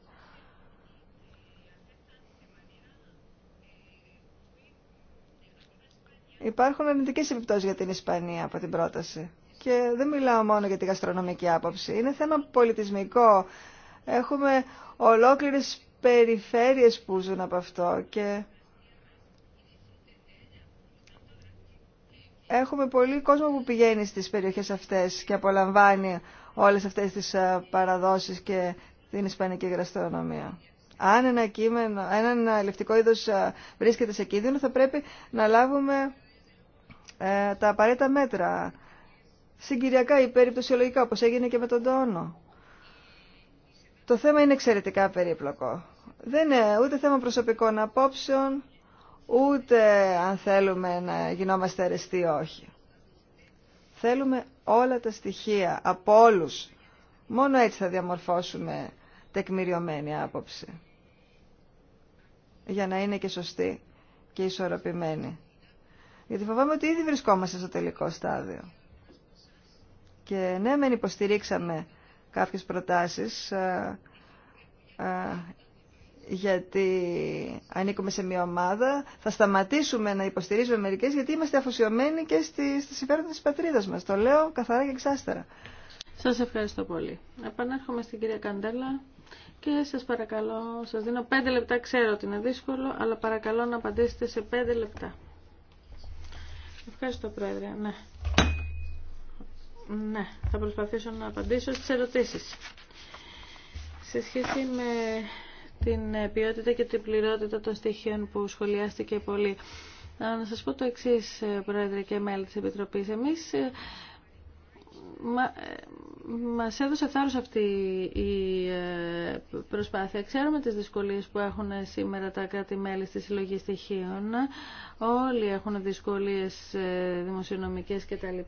Υπάρχουν αρνητικέ επιπτώσει για την Ισπανία από την πρόταση. Και δεν μιλάω μόνο για την γαστρονομική άποψη. Είναι θέμα πολιτισμικό. Έχουμε ολόκληρες περιφέρειες που ζουν από αυτό και έχουμε πολύ κόσμο που πηγαίνει στις περιοχές αυτές και απολαμβάνει όλες αυτές τις ε, παραδόσεις και την ισπανική γραστρονομία. Αν ένα, κείμενο, ένα λευτικό είδος ε, βρίσκεται σε κίνδυνο θα πρέπει να λάβουμε ε, τα απαραίτητα μέτρα συγκυριακά ή περιπτωσιολογικά όπως έγινε και με τον τόνο. Το θέμα είναι εξαιρετικά περίπλοκο. Δεν είναι ούτε θέμα προσωπικών απόψεων, ούτε αν θέλουμε να γινόμαστε αρεστοί όχι. Θέλουμε όλα τα στοιχεία από όλου. Μόνο έτσι θα διαμορφώσουμε τεκμηριωμένη άποψη. Για να είναι και σωστή και ισορροπημένη. Γιατί φοβάμαι ότι ήδη βρισκόμαστε στο τελικό στάδιο. Και ναι, μεν υποστηρίξαμε κάποιες προτάσεις ε, ε, γιατί ανήκουμε σε μια ομάδα, θα σταματήσουμε να υποστηρίζουμε μερικές γιατί είμαστε αφοσιωμένοι και στη, στη συμφέροντα της πατρίδας μας. Το λέω καθαρά και εξάστερα. Σας ευχαριστώ πολύ. Επανέρχομαι στην κυρία Καντέλα και σας παρακαλώ, σας δίνω πέντε λεπτά, ξέρω ότι είναι δύσκολο, αλλά παρακαλώ να απαντήσετε σε πέντε λεπτά. Ευχαριστώ Πρόεδρε. Ναι. Ναι, θα προσπαθήσω να απαντήσω στις ερωτήσεις. Σε σχέση με την ποιότητα και την πληρότητα των στοιχείων που σχολιάστηκε πολύ. Να σας πω το εξής, ε, Πρόεδρε και μέλη της Επιτροπής. Εμείς ε, μα, ε, μας έδωσε θάρρος αυτή η προσπάθεια. Ξέρουμε τις δυσκολίες που έχουν σήμερα τα κράτη-μέλη στη συλλογή στοιχείων. Όλοι έχουν δυσκολίες δημοσιονομικές κτλ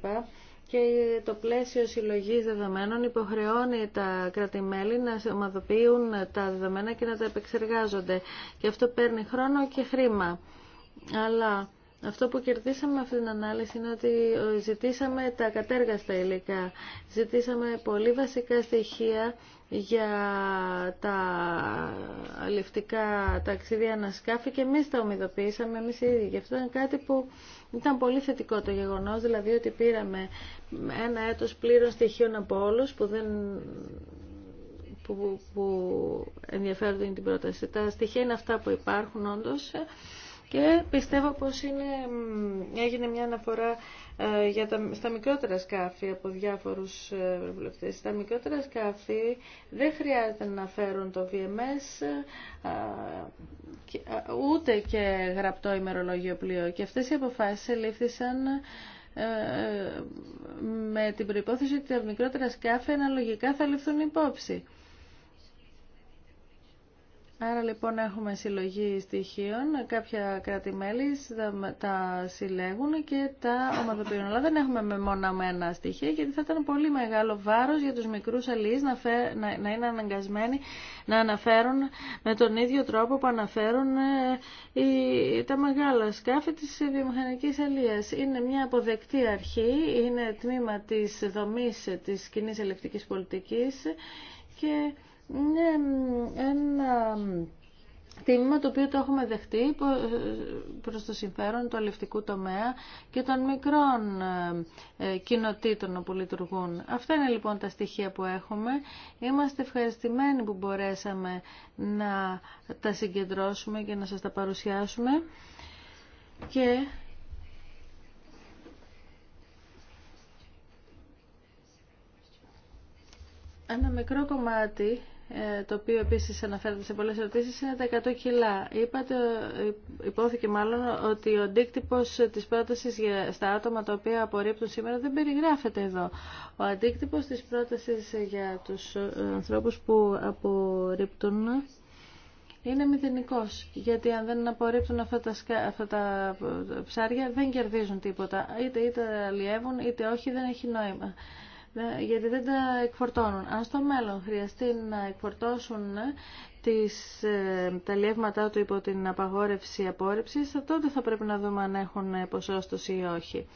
και το πλαίσιο συλλογής δεδομένων υποχρεώνει τα κρατημέλη να ομαδοποιούν τα δεδομένα και να τα επεξεργάζονται. Και αυτό παίρνει χρόνο και χρήμα. Αλλά αυτό που κερδίσαμε με αυτή την ανάλυση είναι ότι ζητήσαμε τα κατέργαστα υλικά. Ζητήσαμε πολύ βασικά στοιχεία για τα αλευτικά ταξίδια ανασκάφη και εμείς τα ομιδοποιήσαμε εμείς ίδιοι. Γι' αυτό ήταν κάτι που ήταν πολύ θετικό το γεγονός, δηλαδή ότι πήραμε ένα έτος πλήρων στοιχείων από όλους που δεν που, που ενδιαφέρονται την πρόταση. Τα στοιχεία είναι αυτά που υπάρχουν όντως και πιστεύω πως είναι, έγινε μια αναφορά ε, για τα, στα μικρότερα σκάφη από διάφορους ε, βουλευτές. Τα μικρότερα σκάφη δεν χρειάζεται να φέρουν το VMS ε, ούτε και γραπτό ημερολόγιο πλοίο. Και αυτές οι αποφάσεις ελήφθησαν με την προϋπόθεση ότι τα μικρότερα σκάφη αναλογικά θα ληφθούν υπόψη. Άρα λοιπόν έχουμε συλλογή στοιχείων, κάποια τα, συλλέγουν και τα ομαδοποιούν. Αλλά δεν έχουμε μεμονωμένα στοιχεία γιατί θα ήταν πολύ μεγάλο βάρος για τους μικρούς αλληλείς να, να, είναι αναγκασμένοι να αναφέρουν με τον ίδιο τρόπο που αναφέρουν ε, τα μεγάλα σκάφη της βιομηχανικής αλληλείας. Είναι μια αποδεκτή αρχή, είναι τμήμα της δομής της κοινή ελεκτική πολιτικής και είναι ένα τίμημα το οποίο το έχουμε δεχτεί ε, προς το συμφέρον του αλευτικού τομέα και των μικρών ε, ε, κοινοτήτων που λειτουργούν. Αυτά είναι λοιπόν τα στοιχεία που έχουμε. Είμαστε ευχαριστημένοι που μπορέσαμε να τα συγκεντρώσουμε και να σας τα παρουσιάσουμε. Και ένα μικρό κομμάτι ε, το οποίο επίσης αναφέρεται σε πολλές ερωτήσεις, είναι τα 100 κιλά. Είπατε, υπόθηκε μάλλον ότι ο αντίκτυπος της πρότασης στα άτομα τα οποία απορρίπτουν σήμερα δεν περιγράφεται εδώ. Ο αντίκτυπος της πρότασης για τους ε, ανθρώπους που απορρίπτουν είναι μηδενικό. Γιατί αν δεν απορρίπτουν αυτά τα, αυτά τα ε, ψάρια δεν κερδίζουν τίποτα. Είτε, είτε αλλιεύουν είτε όχι δεν έχει νόημα. Ε, γιατί δεν τα εκφορτώνουν. Αν στο μέλλον χρειαστεί να εκφορτώσουν ε, τις, ε, τα λιεύματά του υπό την απαγόρευση απόρριψης, τότε θα πρέπει να δούμε αν έχουν ποσόστοση ή όχι.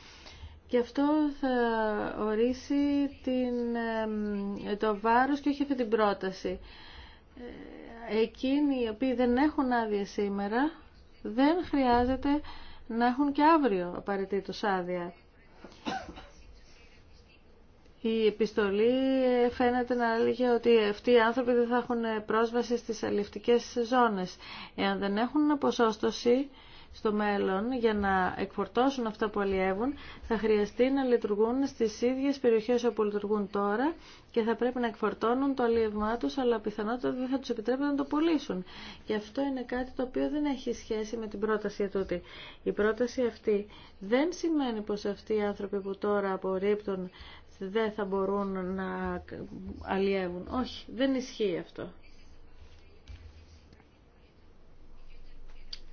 Και αυτό θα ορίσει το βάρος και όχι αυτή την πρόταση. Εκείνοι οι οποίοι δεν έχουν άδεια σήμερα, δεν χρειάζεται να έχουν και αύριο απαραίτητο άδεια η επιστολή φαίνεται να έλεγε ότι αυτοί οι άνθρωποι δεν θα έχουν πρόσβαση στις αλληλευτικές ζώνες. Εάν δεν έχουν αποσώστοση στο μέλλον για να εκφορτώσουν αυτά που αλλιεύουν, θα χρειαστεί να λειτουργούν στις ίδιες περιοχές όπου λειτουργούν τώρα και θα πρέπει να εκφορτώνουν το αλλιευμά τους, αλλά πιθανότατα δεν θα τους επιτρέπεται να το πουλήσουν. Και αυτό είναι κάτι το οποίο δεν έχει σχέση με την πρόταση τούτη. Η πρόταση αυτή δεν σημαίνει πως αυτοί οι άνθρωποι που τώρα απορρίπτουν δεν θα μπορούν να αλλιεύουν. Όχι, δεν ισχύει αυτό.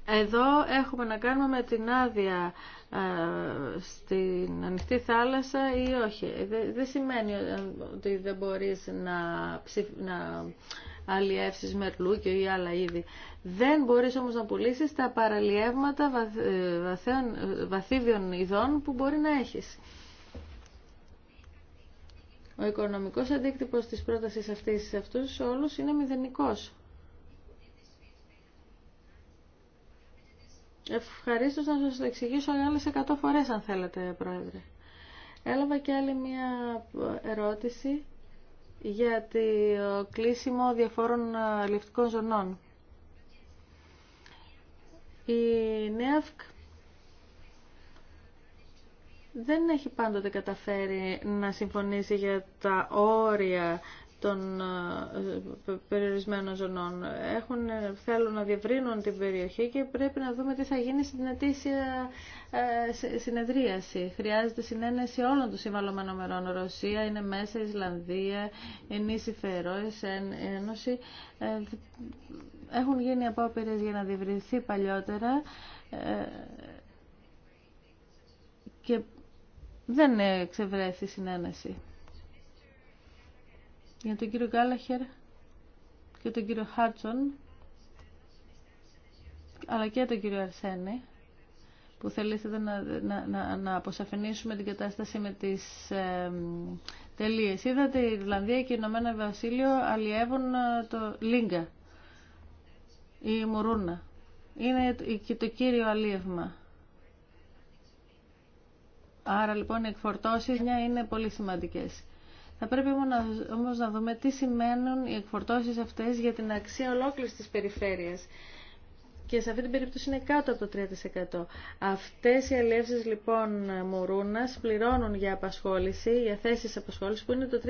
Εδώ έχουμε να κάνουμε με την άδεια στην ανοιχτή θάλασσα ή όχι. Ε, δεν σημαίνει ε, ότι δεν μπορείς να, ψηφ... να αλλιεύσεις μερλούκιο ή άλλα είδη. Δεν μπορείς όμως να πουλήσεις τα παραλιεύματα ε, βαθύβιων ειδών που μπορεί να έχεις. Ο οικονομικός αντίκτυπος της πρότασης αυτής σε αυτούς όλους είναι μηδενικός. Ευχαρίστως να σας το εξηγήσω άλλες 100 φορές αν θέλετε, Πρόεδρε. Έλαβα και άλλη μια ερώτηση για το κλείσιμο διαφόρων ληφτικών ζωνών. Η ΝΕΑΦΚ δεν έχει πάντοτε καταφέρει να συμφωνήσει για τα όρια των ε, περιορισμένων ζωνών. Έχουν, ε, θέλουν να διευρύνουν την περιοχή και πρέπει να δούμε τι θα γίνει στην ετήσια ε, συνεδρίαση. Χρειάζεται συνένεση όλων των συμβαλωμένων μερών. Ρωσία είναι μέσα, Ισλανδία, Ενίση Φερόες, Ένωση. Έχουν γίνει απόπειρε για να διευρυνθεί παλιότερα δεν εξευρέθη συνένεση. Για τον κύριο Γκάλαχερ και τον κύριο Χάτσον, αλλά και τον κύριο Αρσένη, που θελήσατε να, να, να, να αποσαφηνίσουμε την κατάσταση με τις ε, τελείες. Είδατε η Ιρλανδία και η Ηνωμένο Βασίλειο αλλιεύουν ε, το Λίγκα ή η μουρουνα Είναι και το κύριο αλλιεύμα. Άρα λοιπόν οι εκφορτώσεις είναι πολύ σημαντικές. Θα πρέπει όμως να δούμε τι σημαίνουν οι εκφορτώσεις αυτές για την αξία ολόκληρης της περιφέρειας. Και σε αυτή την περίπτωση είναι κάτω από το 3%. Αυτές οι αλλιεύσεις λοιπόν μουρούνας πληρώνουν για απασχόληση, για θέσεις απασχόλησης που είναι το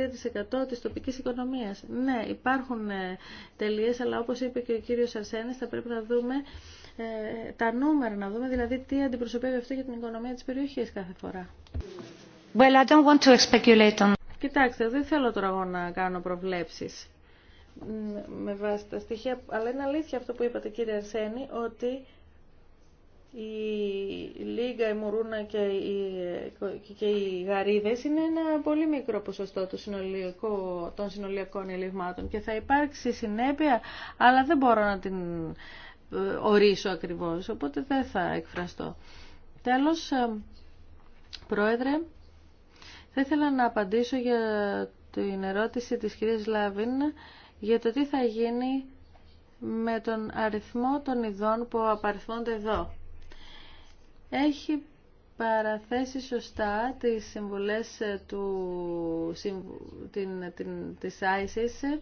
3% της τοπικής οικονομίας. Ναι, υπάρχουν ε, τελείες, αλλά όπως είπε και ο κύριος Αρσένης θα πρέπει να δούμε ε, τα νούμερα, να δούμε δηλαδή τι αντιπροσωπεύει αυτό για την οικονομία της περιοχής κάθε φορά. Well, Κοιτάξτε, δεν θέλω τώρα εγώ να κάνω προβλέψεις με βάση τα στοιχεία, αλλά είναι αλήθεια αυτό που είπατε κύριε Αρσένη, ότι η λίγα η Μουρούνα και οι, και Γαρίδες είναι ένα πολύ μικρό ποσοστό των συνολιακών ελιγμάτων και θα υπάρξει συνέπεια, αλλά δεν μπορώ να την ορίσω ακριβώς, οπότε δεν θα εκφραστώ. Τέλος, ε, Πρόεδρε, θα ήθελα να απαντήσω για την ερώτηση της κυρίας Λάβιν για το τι θα γίνει με τον αριθμό των ειδών που απαριθμώνται εδώ. Έχει παραθέσει σωστά τις συμβουλές του, την, την, της ISIS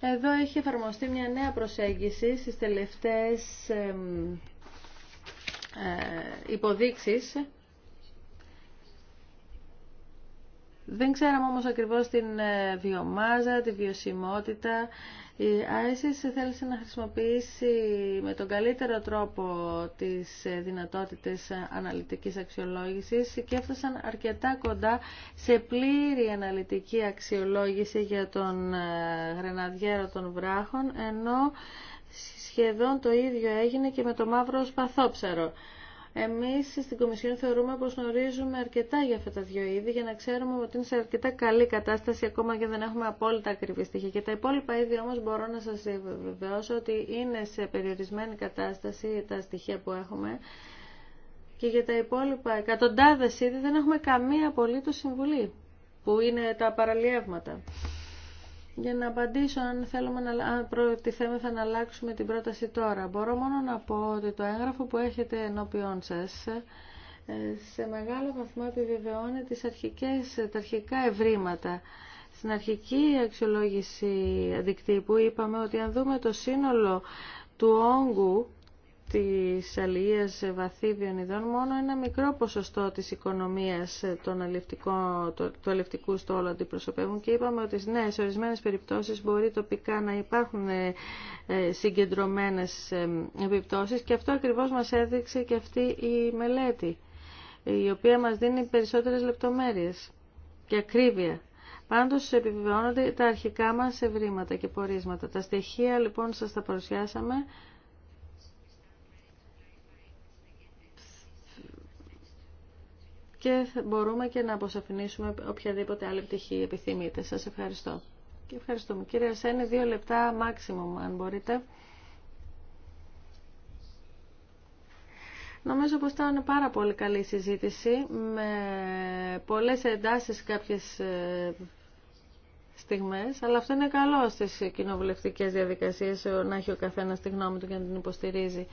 εδώ έχει εφαρμοστεί μια νέα προσέγγιση στις τελευταίες ε, υποδείξεις. Δεν ξέραμε όμως ακριβώς την ε, βιομάζα, τη βιωσιμότητα, η ISIS θέλησε να χρησιμοποιήσει με τον καλύτερο τρόπο τις ε, δυνατότητες αναλυτικής αξιολόγησης και έφτασαν αρκετά κοντά σε πλήρη αναλυτική αξιολόγηση για τον ε, γρεναδιέρο των βράχων, ενώ σχεδόν το ίδιο έγινε και με το μαύρο σπαθόψαρο. Εμείς στην Κομισιόν θεωρούμε πως γνωρίζουμε αρκετά για αυτά τα δύο είδη για να ξέρουμε ότι είναι σε αρκετά καλή κατάσταση ακόμα και δεν έχουμε απόλυτα ακριβή στοιχεία. Και τα υπόλοιπα είδη όμως μπορώ να σας βεβαιώσω ότι είναι σε περιορισμένη κατάσταση τα στοιχεία που έχουμε και για τα υπόλοιπα εκατοντάδες είδη δεν έχουμε καμία απολύτως συμβουλή που είναι τα παραλιεύματα. Για να απαντήσω αν θέλουμε να αν προτιθέμεθα να αλλάξουμε την πρόταση τώρα. Μπορώ μόνο να πω ότι το έγγραφο που έχετε ενώπιόν σας ε, σε μεγάλο βαθμό επιβεβαιώνει τις αρχικές, τα αρχικά ευρήματα. Στην αρχική αξιολόγηση αντικτύπου είπαμε ότι αν δούμε το σύνολο του όγκου της αλληλείας βαθύ βιονιδών μόνο ένα μικρό ποσοστό της οικονομίας των το, του αλληλευτικού στόλου αντιπροσωπεύουν και είπαμε ότι ναι, σε ορισμένες περιπτώσεις μπορεί τοπικά να υπάρχουν ε, ε, συγκεντρωμένες ε, επιπτώσεις και αυτό ακριβώς μας έδειξε και αυτή η μελέτη η οποία μας δίνει περισσότερες λεπτομέρειες και ακρίβεια. Πάντως επιβεβαιώνονται τα αρχικά μας ευρήματα και πορίσματα. Τα στοιχεία λοιπόν σας τα παρουσιάσαμε και μπορούμε και να αποσαφηνίσουμε οποιαδήποτε άλλη πτυχή επιθυμείτε. Σας ευχαριστώ. Και ευχαριστούμε. Κύριε Αρσένη, δύο λεπτά maximum αν μπορείτε. Νομίζω πως ήταν πάρα πολύ καλή η συζήτηση με πολλές εντάσεις κάποιες ε, στιγμές, αλλά αυτό είναι καλό στις κοινοβουλευτικές διαδικασίες ε, να έχει ο καθένας τη γνώμη του και να την υποστηρίζει.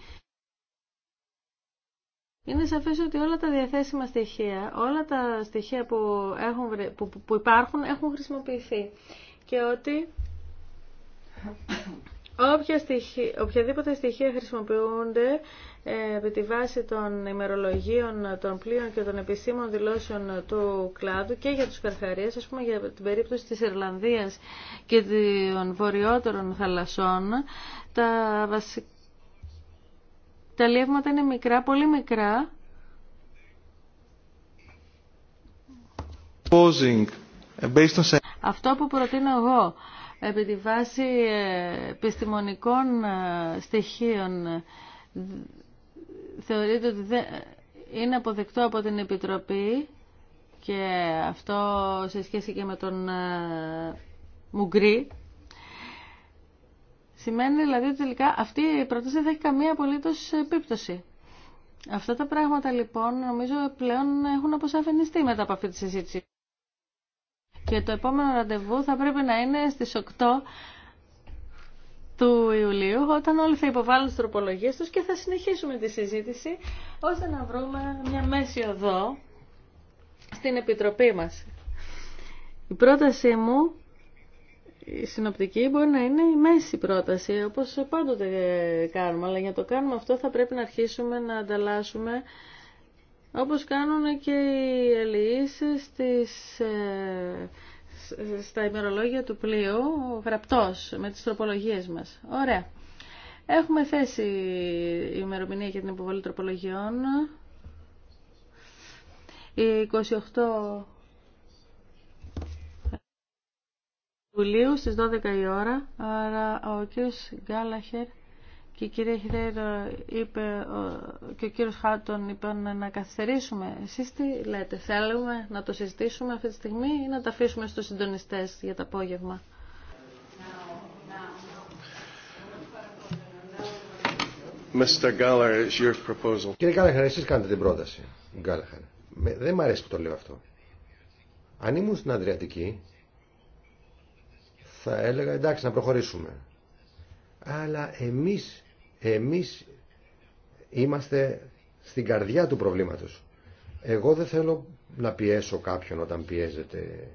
Είναι σαφές ότι όλα τα διαθέσιμα στοιχεία, όλα τα στοιχεία που, έχουν, που, υπάρχουν έχουν χρησιμοποιηθεί και ότι Όποια στοιχεία, οποιαδήποτε στοιχεία χρησιμοποιούνται ε, επί τη βάση των ημερολογίων των πλοίων και των επισήμων δηλώσεων του κλάδου και για τους καρχαρίες, ας πούμε για την περίπτωση της Ιρλανδίας και των βορειότερων θαλασσών, τα βασικά τα λεύματα είναι μικρά, πολύ μικρά. Ε, αυτό που προτείνω εγώ, επί τη βάση ε, επιστημονικών ε, στοιχείων, θεωρείται ότι είναι αποδεκτό από την Επιτροπή και αυτό σε σχέση και με τον Μουγκρή, Σημαίνει δηλαδή ότι τελικά αυτή η πρόταση δεν θα έχει καμία απολύτως επίπτωση. Αυτά τα πράγματα λοιπόν νομίζω πλέον έχουν αποσαφενιστεί μετά από αυτή τη συζήτηση. Και το επόμενο ραντεβού θα πρέπει να είναι στις 8 του Ιουλίου, όταν όλοι θα υποβάλουν τις τροπολογίες τους και θα συνεχίσουμε τη συζήτηση, ώστε να βρούμε μια μέση οδό στην Επιτροπή μας. Η πρότασή μου η συνοπτική μπορεί να είναι η μέση πρόταση, όπως πάντοτε κάνουμε, αλλά για το κάνουμε αυτό θα πρέπει να αρχίσουμε να ανταλλάσσουμε όπως κάνουν και οι ελείσες ε, στα ημερολόγια του πλοίου, γραπτός, με τις τροπολογίες μας. Ωραία. Έχουμε θέσει η ημερομηνία για την υποβολή τροπολογιών. Η 28 Ιουλίου στις 12 η ώρα, άρα ο κύριος Γκάλαχερ και η κυρία Χιδέρο είπε, και ο κύριος Χάτον είπε να καθυστερήσουμε. Εσείς τι λέτε, θέλουμε να το συζητήσουμε αυτή τη στιγμή ή να τα αφήσουμε στους συντονιστές για το απόγευμα. Mr. Gallagher, it's your proposal. Κύριε Γκάλαχερ, εσείς κάνετε την πρόταση. Γκάλαχερ. Δεν μου αρέσει που το λέω αυτό. Αν ήμουν στην Αδριατική, θα έλεγα εντάξει να προχωρήσουμε. Αλλά εμείς, εμείς είμαστε στην καρδιά του προβλήματος. Εγώ δεν θέλω να πιέσω κάποιον όταν πιέζεται.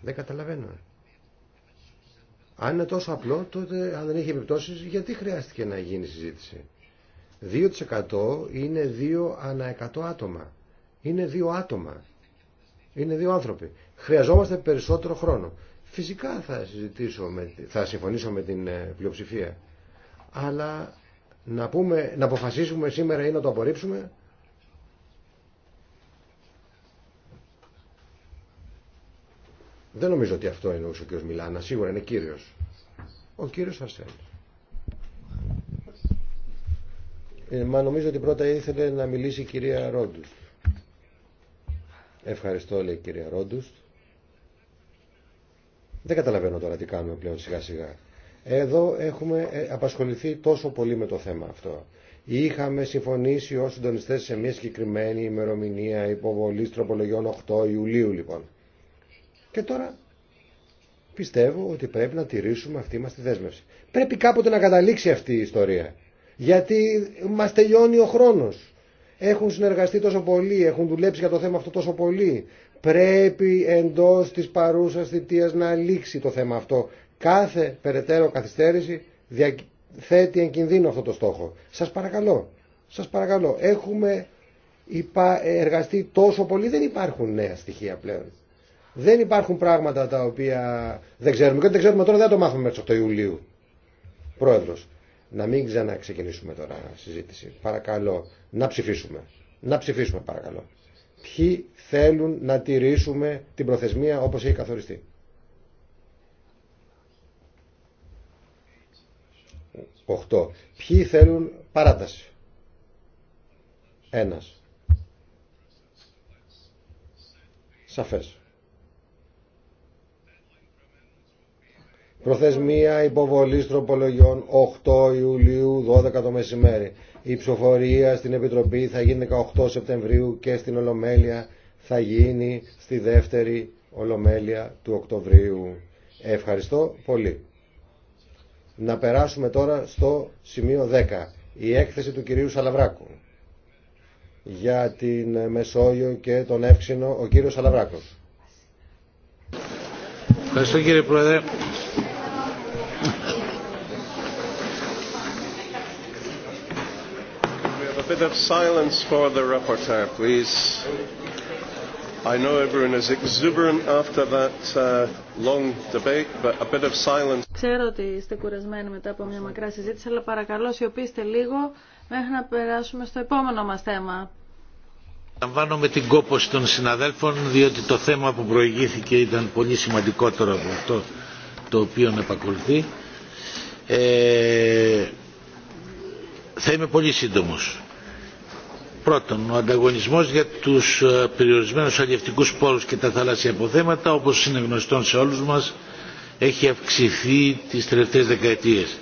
Δεν καταλαβαίνω. Αν είναι τόσο απλό, τότε αν δεν έχει επιπτώσεις, γιατί χρειάστηκε να γίνει συζήτηση. 2% είναι 2 ανά 100 άτομα. Είναι 2 άτομα. Είναι 2 άνθρωποι. Χρειαζόμαστε περισσότερο χρόνο. Φυσικά θα συζητήσω, θα συμφωνήσω με την ε, πλειοψηφία. Αλλά να, πούμε, να αποφασίσουμε σήμερα ή να το απορρίψουμε. Δεν νομίζω ότι αυτό είναι ο κ. Μιλάνα. Σίγουρα είναι κύριος. Ο κύριος Αρσένης. Ε, μα νομίζω ότι πρώτα ήθελε να μιλήσει η κυρία Ρόντουστ. Ευχαριστώ λέει η κυρία Ρόντουστ. Δεν καταλαβαίνω τώρα τι κάνουμε πλέον σιγά σιγά. Εδώ έχουμε ε, απασχοληθεί τόσο πολύ με το θέμα αυτό. Είχαμε συμφωνήσει ως συντονιστέ σε μια συγκεκριμένη ημερομηνία υποβολής τροπολογιών 8 Ιουλίου λοιπόν. Και τώρα πιστεύω ότι πρέπει να τηρήσουμε αυτή μας τη δέσμευση. Πρέπει κάποτε να καταλήξει αυτή η ιστορία. Γιατί μας τελειώνει ο χρόνος. Έχουν συνεργαστεί τόσο πολύ, έχουν δουλέψει για το θέμα αυτό τόσο πολύ πρέπει εντός της παρούσας θητείας να λήξει το θέμα αυτό. Κάθε περαιτέρω καθυστέρηση θέτει εν κινδύνο αυτό το στόχο. Σας παρακαλώ, σας παρακαλώ, έχουμε εργαστεί τόσο πολύ, δεν υπάρχουν νέα στοιχεία πλέον. Δεν υπάρχουν πράγματα τα οποία δεν ξέρουμε και δεν ξέρουμε τώρα, δεν το μάθουμε μέχρι 8 Ιουλίου. Πρόεδρος, να μην ξαναξεκινήσουμε τώρα συζήτηση. Παρακαλώ, να ψηφίσουμε. Να ψηφίσουμε παρακαλώ. Ποιοι θέλουν να τηρήσουμε την προθεσμία όπως έχει καθοριστεί. Οχτώ. Ποιοι θέλουν παράταση. Ένας. Σαφές. Προθεσμία υποβολή τροπολογιών 8 Ιουλίου 12 το μεσημέρι. Η ψηφοφορία στην Επιτροπή θα γίνει 18 Σεπτεμβρίου και στην Ολομέλεια θα γίνει στη δεύτερη Ολομέλεια του Οκτωβρίου. Ευχαριστώ πολύ. Να περάσουμε τώρα στο σημείο 10. Η έκθεση του κυρίου Σαλαβράκου για την Μεσόγειο και τον Εύξηνο ο κύριος Σαλαβράκος. Ευχαριστώ κύριε Πρόεδρε. I know everyone is exuberant after that uh, long debate, but a bit of silence. Ξέρω ότι είστε κουρασμένοι μετά από μια μακρά συζήτηση, αλλά παρακαλώ σιωπήστε λίγο μέχρι να περάσουμε στο επόμενο μας θέμα. Λαμβάνω με την κόπο των συναδέλφων, διότι το θέμα που προηγήθηκε ήταν πολύ σημαντικότερο από αυτό το οποίο επακολουθεί. Ε, θα είμαι πολύ σύντομος Πρώτον, ο ανταγωνισμός για τους ε, περιορισμένους αλλιευτικούς πόρους και τα θαλάσσια αποθέματα, όπως είναι γνωστόν σε όλους μας, έχει αυξηθεί τις τελευταίες δεκαετίες.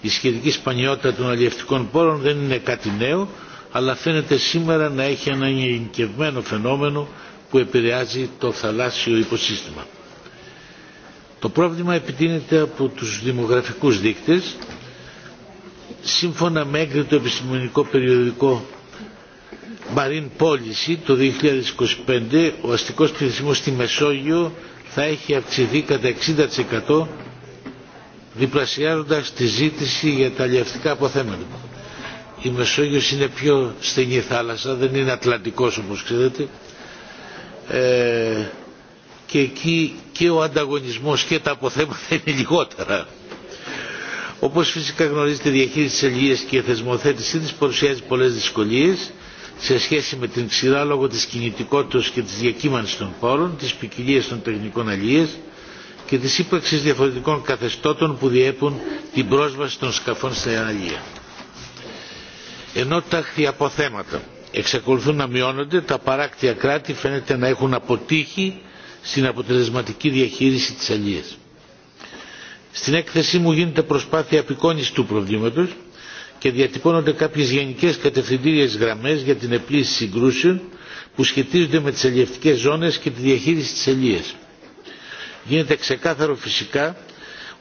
Η σχετική σπανιότητα των αλλιευτικών πόρων δεν είναι κάτι νέο, αλλά φαίνεται σήμερα να έχει ένα εγκευμένο φαινόμενο που επηρεάζει το θαλάσσιο υποσύστημα. Το πρόβλημα επιτείνεται από τους δημογραφικούς δείκτες. Σύμφωνα με έγκριτο επιστημονικό περιοδικό Marine Policy το 2025 ο αστικός πληθυσμός στη Μεσόγειο θα έχει αυξηθεί κατά 60% διπλασιάζοντας τη ζήτηση για τα αλλιευτικά αποθέματα. Η Μεσόγειος είναι πιο στενή θάλασσα, δεν είναι Ατλαντικός όπως ξέρετε ε, και εκεί και ο ανταγωνισμός και τα αποθέματα είναι λιγότερα. Όπως φυσικά γνωρίζετε η διαχείριση της ελγίας και η θεσμοθέτησή της παρουσιάζει πολλές δυσκολίες σε σχέση με την ξηρά λόγω της κινητικότητας και της διακύμανσης των πόρων, της ποικιλία των τεχνικών αλληλείας και της ύπαρξης διαφορετικών καθεστώτων που διέπουν την πρόσβαση των σκαφών στην αλληλεία. Ενώ τα αποθέματα εξακολουθούν να μειώνονται, τα παράκτια κράτη φαίνεται να έχουν αποτύχει στην αποτελεσματική διαχείριση της αλληλείας. Στην έκθεσή μου γίνεται προσπάθεια απεικόνηση του προβλήματος και διατυπώνονται κάποιες γενικές κατευθυντήριες γραμμές για την επίλυση συγκρούσεων που σχετίζονται με τις ελιευτικές ζώνες και τη διαχείριση της ελίας. Γίνεται ξεκάθαρο φυσικά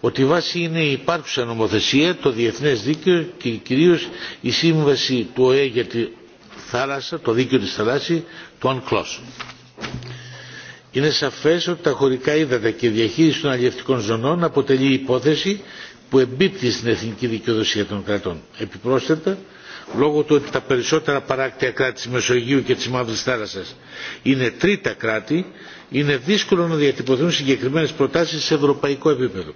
ότι η βάση είναι η υπάρχουσα νομοθεσία, το διεθνές δίκαιο και κυρίως η σύμβαση του ΟΕ για τη θάλασσα, το δίκαιο της θαλάσσης, του UNCLOS. Είναι σαφές ότι τα χωρικά ύδατα και η διαχείριση των αλλιευτικών ζωνών αποτελεί υπόθεση που εμπίπτει στην εθνική δικαιοδοσία των κρατών. Επιπρόσθετα, λόγω του ότι τα περισσότερα παράκτια κράτη της Μεσογείου και της Μαύρης Θάλασσας είναι τρίτα κράτη, είναι δύσκολο να διατυπωθούν συγκεκριμένες προτάσεις σε ευρωπαϊκό επίπεδο.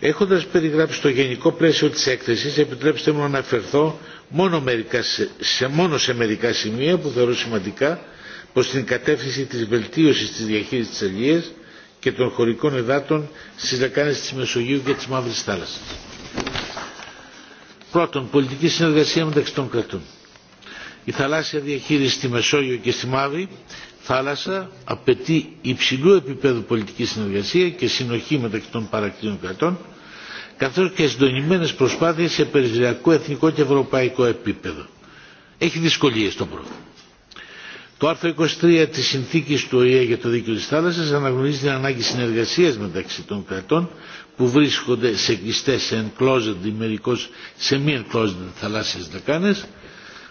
Έχοντας περιγράψει το γενικό πλαίσιο της έκθεσης, επιτρέψτε μου να αναφερθώ μόνο, μερικά, σε, μόνο σε μερικά σημεία που θεωρώ σημαντικά προς την κατεύθυνση της βελτίωσης της διαχείριση τη αλληλείας και των χωρικών εδάτων στις λεκάνες της Μεσογείου και της Μαύρης Θάλασσας. Πρώτον, πολιτική συνεργασία μεταξύ των κρατών. Η θαλάσσια διαχείριση στη Μεσόγειο και στη Μαύρη θάλασσα απαιτεί υψηλού επίπεδου πολιτική συνεργασία και συνοχή μεταξύ των παρακτήνων κρατών, καθώς και συντονισμένες προσπάθειες σε περιφερειακό, εθνικό και ευρωπαϊκό επίπεδο. Έχει δυσκολίες το πρώτο. Το άρθρο 23 της Συνθήκης του ΟΗΕ για το Δίκαιο της Θάλασσας αναγνωρίζει την ανάγκη συνεργασίας μεταξύ των κρατών που βρίσκονται σε κλειστές, σε enclosed μερικώς σε μη enclosed θαλάσσιες δακάνες.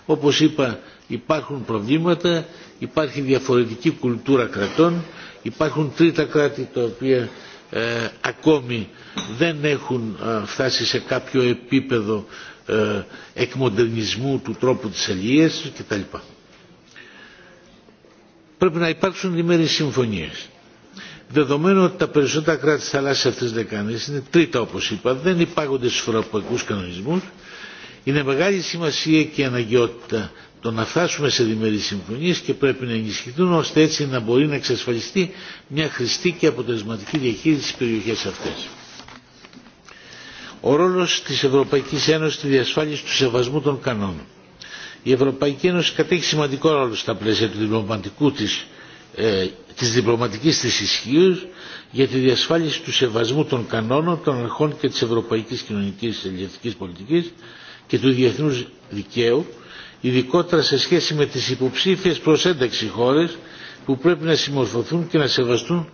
Όπως είπα υπάρχουν προβλήματα, υπάρχει διαφορετική κουλτούρα κρατών, υπάρχουν τρίτα κράτη τα οποία ε, ακόμη δεν έχουν ε, φτάσει σε κάποιο επίπεδο ε, εκμοντερνισμού του τρόπου της αλληλείας κτλ πρέπει να υπάρξουν διμερείς συμφωνίες. Δεδομένου ότι τα περισσότερα κράτη της θαλάσσης αυτής δεκανής είναι τρίτα όπως είπα, δεν υπάγονται στους ευρωπαϊκούς κανονισμούς, είναι μεγάλη σημασία και αναγκαιότητα το να φτάσουμε σε διμερείς συμφωνίες και πρέπει να ενισχυθούν ώστε έτσι να μπορεί να εξασφαλιστεί μια χρηστή και αποτελεσματική διαχείριση στις περιοχές αυτές. Ο ρόλος της Ευρωπαϊκής Ένωσης στη διασφάλιση του σεβασμού των κανόνων η Ευρωπαϊκή Ένωση κατέχει σημαντικό ρόλο στα πλαίσια του διπλωματικού της, ε, της διπλωματικής της για τη διασφάλιση του σεβασμού των κανόνων, των αρχών και της ευρωπαϊκής κοινωνικής ελληνικής πολιτικής και του διεθνούς δικαίου, ειδικότερα σε σχέση με τις υποψήφιες προς ένταξη χώρες που πρέπει να συμμορφωθούν και να σεβαστούν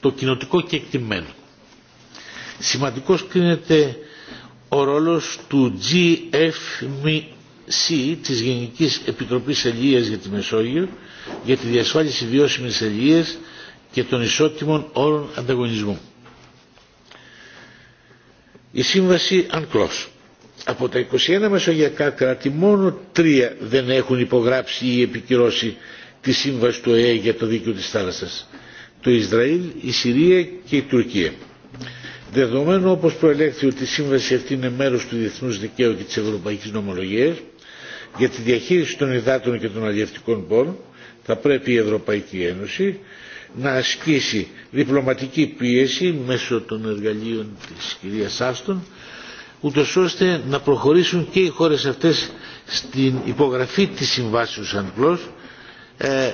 το κοινοτικό κεκτημένο. Σημαντικός κρίνεται ο ρόλος του GFMI C της Γενικής Επιτροπής Ελίας για τη Μεσόγειο για τη διασφάλιση βιώσιμης ελίας και των ισότιμων όρων ανταγωνισμού. Η σύμβαση UNCLOS. Από τα 21 μεσογειακά κράτη μόνο τρία δεν έχουν υπογράψει ή επικυρώσει τη σύμβαση του ΕΕ για το δίκαιο της θάλασσας. Το Ισραήλ, η Συρία και η Τουρκία. Δεδομένου όπως προελέχθη ότι η σύμβαση αυτή είναι μέρος του διεθνούς δικαίου και της ευρωπαϊκής νομολογίας, για τη διαχείριση των υδάτων και των αλλιευτικών πόρων θα πρέπει η Ευρωπαϊκή Ένωση να ασκήσει διπλωματική πίεση μέσω των εργαλείων της κυρίας Άστον ούτω ώστε να προχωρήσουν και οι χώρες αυτές στην υπογραφή της συμβάσεως αντλος, ε,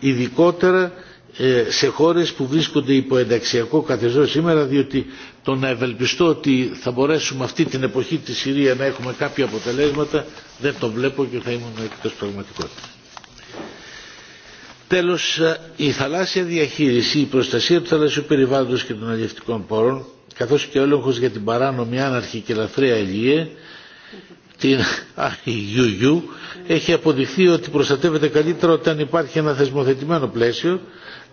ειδικότερα ε, σε χώρες που βρίσκονται υπό ενταξιακό καθεστώς σήμερα διότι το να ευελπιστώ ότι θα μπορέσουμε αυτή την εποχή της Συρία να έχουμε κάποια αποτελέσματα δεν το βλέπω και θα ήμουν εκτός πραγματικότητας. Τέλος, ε, η θαλάσσια διαχείριση, η προστασία του θαλασσιού περιβάλλοντος και των αλληλευτικών πόρων καθώς και ο έλεγχος για την παράνομη άναρχη και λαθρέα ελιέ την ΑΙΓΙΟΥΙΟΥ έχει αποδειχθεί ότι προστατεύεται καλύτερα όταν υπάρχει ένα θεσμοθετημένο πλαίσιο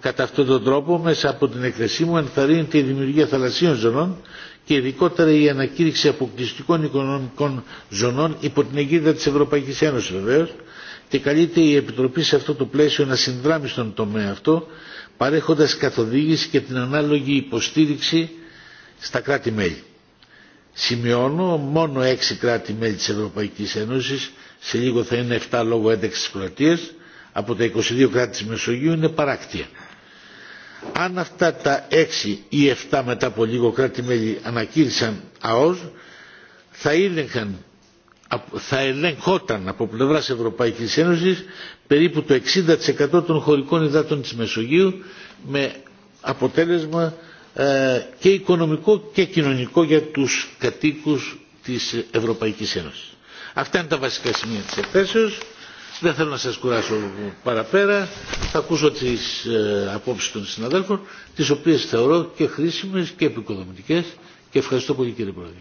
Κατά αυτόν τον τρόπο, μέσα από την εκθεσή μου ενθαρρύνει τη δημιουργία θαλασσίων ζωνών και ειδικότερα η ανακήρυξη αποκλειστικών οικονομικών ζωνών υπό την αιγίδα της Ευρωπαϊκής Ένωσης βεβαίως και καλείται η Επιτροπή σε αυτό το πλαίσιο να συνδράμει στον τομέα αυτό παρέχοντας καθοδήγηση και την ανάλογη υποστήριξη στα κράτη-μέλη. Σημειώνω μόνο έξι κράτη-μέλη της Ευρωπαϊκής Ένωσης, σε λίγο θα είναι 7 λόγω ένταξη της από τα 22 κράτη Μεσογείου είναι παράκτια αν αυτά τα έξι ή εφτά μετά από λίγο κράτη-μέλη ανακήρυξαν ΑΟΣ, θα, ήλεγχαν, θα ελεγχόταν από πλευράς ευρωπαικη Ένωσης περίπου το 60% των χωρικών υδάτων της Μεσογείου με αποτέλεσμα ε, και οικονομικό και κοινωνικό για τους κατοίκους της Ευρωπαϊκής Ένωσης. Αυτά είναι τα βασικά σημεία της εκθέσεως. Δεν θέλω να σας κουράσω παραπέρα. Θα ακούσω τις ε, απόψεις των συναδέλφων, τις οποίες θεωρώ και χρήσιμες και επικοδομητικές και ευχαριστώ πολύ κύριε Πρόεδρε.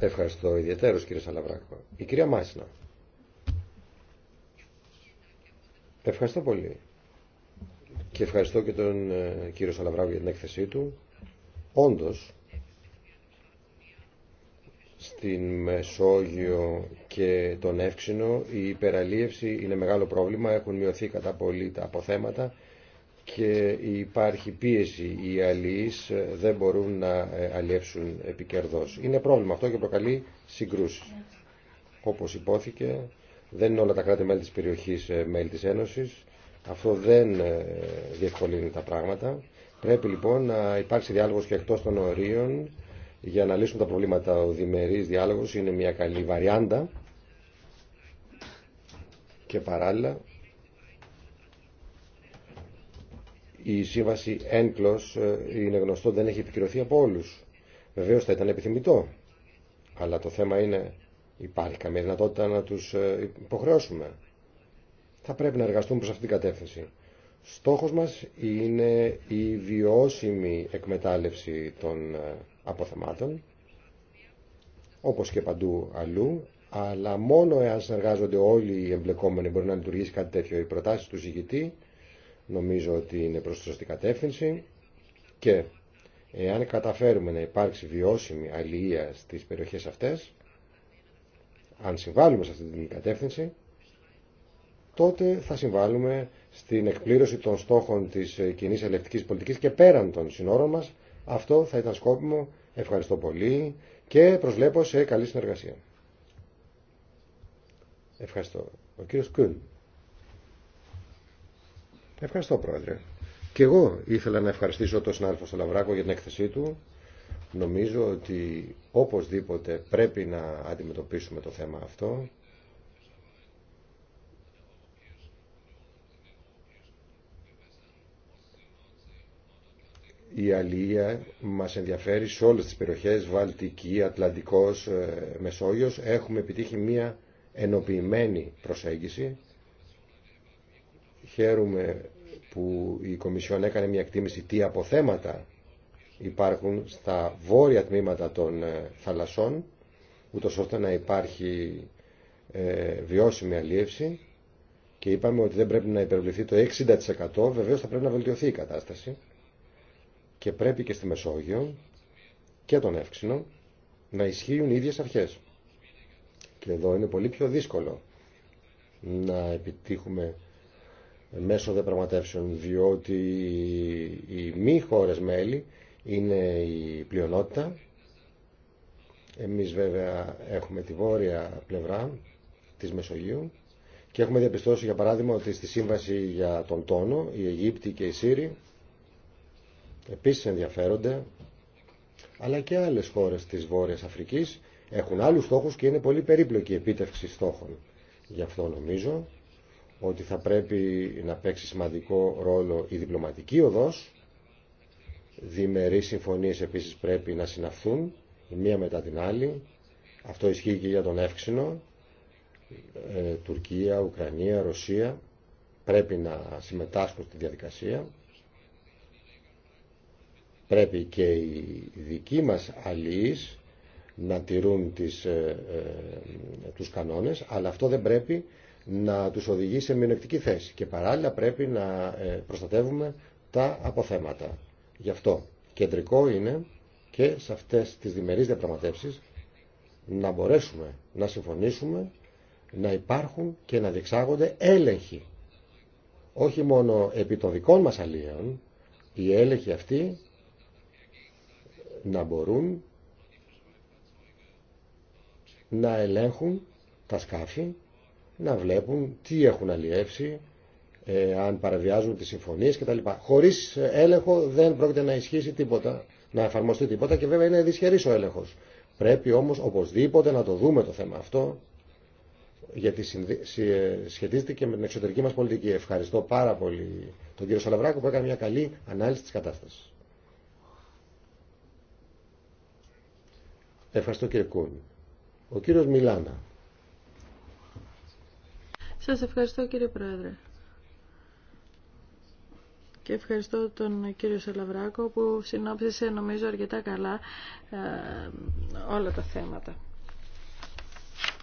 Ευχαριστώ ιδιαίτερος κύριε Σαλαβράκο. Η κυρία Μάσνα. Ευχαριστώ πολύ. Και ευχαριστώ και τον ε, κύριο Σαλαβράκο για την έκθεσή του. Όντως, στην Μεσόγειο και τον Εύξηνο η υπεραλίευση είναι μεγάλο πρόβλημα, έχουν μειωθεί κατά πολύ τα αποθέματα και υπάρχει πίεση, οι αλληλείς ε, δεν μπορούν να ε, αλλιεύσουν επικερδώς. Είναι πρόβλημα αυτό και προκαλεί συγκρούσεις. Όπως υπόθηκε, δεν είναι όλα τα κράτη-μέλη της περιοχής ε, μέλη της Ένωσης, αυτό δεν διευκολύνει τα πράγματα. Πρέπει λοιπόν να υπάρξει διάλογος και εκτός των ορίων για να λύσουν τα προβλήματα. Ο διμερής διάλογος είναι μια καλή βαριάντα και παράλληλα η σύμβαση ένκλος ε, είναι γνωστό, δεν έχει επικυρωθεί από όλους. Βεβαίως θα ήταν επιθυμητό, αλλά το θέμα είναι υπάρχει καμία δυνατότητα να τους ε, υποχρεώσουμε. Θα πρέπει να εργαστούμε προς αυτήν την κατεύθυνση. Στόχος μας είναι η βιώσιμη εκμετάλλευση των ε, αποθεμάτων, όπως και παντού αλλού, αλλά μόνο εάν συνεργάζονται όλοι οι εμπλεκόμενοι μπορεί να λειτουργήσει κάτι τέτοιο. Οι προτάσεις του ζυγητή νομίζω ότι είναι προς τη σωστή κατεύθυνση και εάν καταφέρουμε να υπάρξει βιώσιμη αλληλεία στις περιοχές αυτές, αν συμβάλλουμε σε αυτή την κατεύθυνση, τότε θα συμβάλλουμε στην εκπλήρωση των στόχων της ε, κοινή ελευτικής πολιτικής και πέραν των συνόρων μας, αυτό θα ήταν σκόπιμο. Ευχαριστώ πολύ και προσβλέπω σε καλή συνεργασία. Ευχαριστώ. Ο κύριος Κουν. Ευχαριστώ πρόεδρε. Και εγώ ήθελα να ευχαριστήσω τον συνάδελφο Λαβράκο για την έκθεσή του. Νομίζω ότι οπωσδήποτε πρέπει να αντιμετωπίσουμε το θέμα αυτό. η αλληλεία μας ενδιαφέρει σε όλες τις περιοχές, Βαλτική, Ατλαντικός, ε, Μεσόγειος. Έχουμε επιτύχει μια ενοποιημένη προσέγγιση. Χαίρομαι που η Κομισιόν έκανε μια εκτίμηση τι αποθέματα υπάρχουν στα βόρεια τμήματα των ε, θαλασσών, ούτως ώστε να υπάρχει ε, βιώσιμη αλλήλευση. και είπαμε ότι δεν πρέπει να υπερβληθεί το 60%. Βεβαίως θα πρέπει να βελτιωθεί η κατάσταση και πρέπει και στη Μεσόγειο και τον Εύξηνο να ισχύουν οι ίδιες αρχές. Και εδώ είναι πολύ πιο δύσκολο να επιτύχουμε μέσω διαπραγματεύσεων, διότι οι μη χώρες μέλη είναι η πλειονότητα. Εμείς βέβαια έχουμε τη βόρεια πλευρά της Μεσογείου και έχουμε διαπιστώσει για παράδειγμα ότι στη σύμβαση για τον τόνο οι Αιγύπτιοι και οι Σύροι επίσης ενδιαφέρονται, αλλά και άλλες χώρες της Βόρειας Αφρικής έχουν άλλους στόχους και είναι πολύ περίπλοκη η επίτευξη στόχων. Γι' αυτό νομίζω ότι θα πρέπει να παίξει σημαντικό ρόλο η διπλωματική οδός. διμερεί συμφωνίες επίσης πρέπει να συναυθούν, η μία μετά την άλλη. Αυτό ισχύει και για τον Εύξηνο. Ε, Τουρκία, Ουκρανία, Ρωσία πρέπει να συμμετάσχουν στη διαδικασία. Πρέπει και οι δικοί μας αλλοίς να τηρούν τις, ε, ε, τους κανόνες, αλλά αυτό δεν πρέπει να τους οδηγεί σε μειονεκτική θέση. Και παράλληλα πρέπει να ε, προστατεύουμε τα αποθέματα. Γι' αυτό κεντρικό είναι και σε αυτές τις διμερείς διαπραγματεύσεις να μπορέσουμε να συμφωνήσουμε να υπάρχουν και να διεξάγονται έλεγχοι. Όχι μόνο επί των δικών μας αλληλείων, οι έλεγχοι αυτοί να μπορούν να ελέγχουν τα σκάφη, να βλέπουν τι έχουν αλλιεύσει, ε, αν παραβιάζουν τις συμφωνίες κτλ. Χωρίς έλεγχο δεν πρόκειται να ισχύσει τίποτα, να εφαρμοστεί τίποτα και βέβαια είναι δυσχερής ο έλεγχος. Πρέπει όμως οπωσδήποτε να το δούμε το θέμα αυτό, γιατί σχετίζεται και με την εξωτερική μας πολιτική. Ευχαριστώ πάρα πολύ τον κύριο Σαλαβράκο που έκανε μια καλή ανάλυση της κατάστασης. Ευχαριστώ κύριε Κούν. Ο κύριος Μιλάνα. Σας ευχαριστώ κύριε Πρόεδρε. Και ευχαριστώ τον κύριο Σαλαβράκο που συνόψισε νομίζω αρκετά καλά ε, όλα τα θέματα.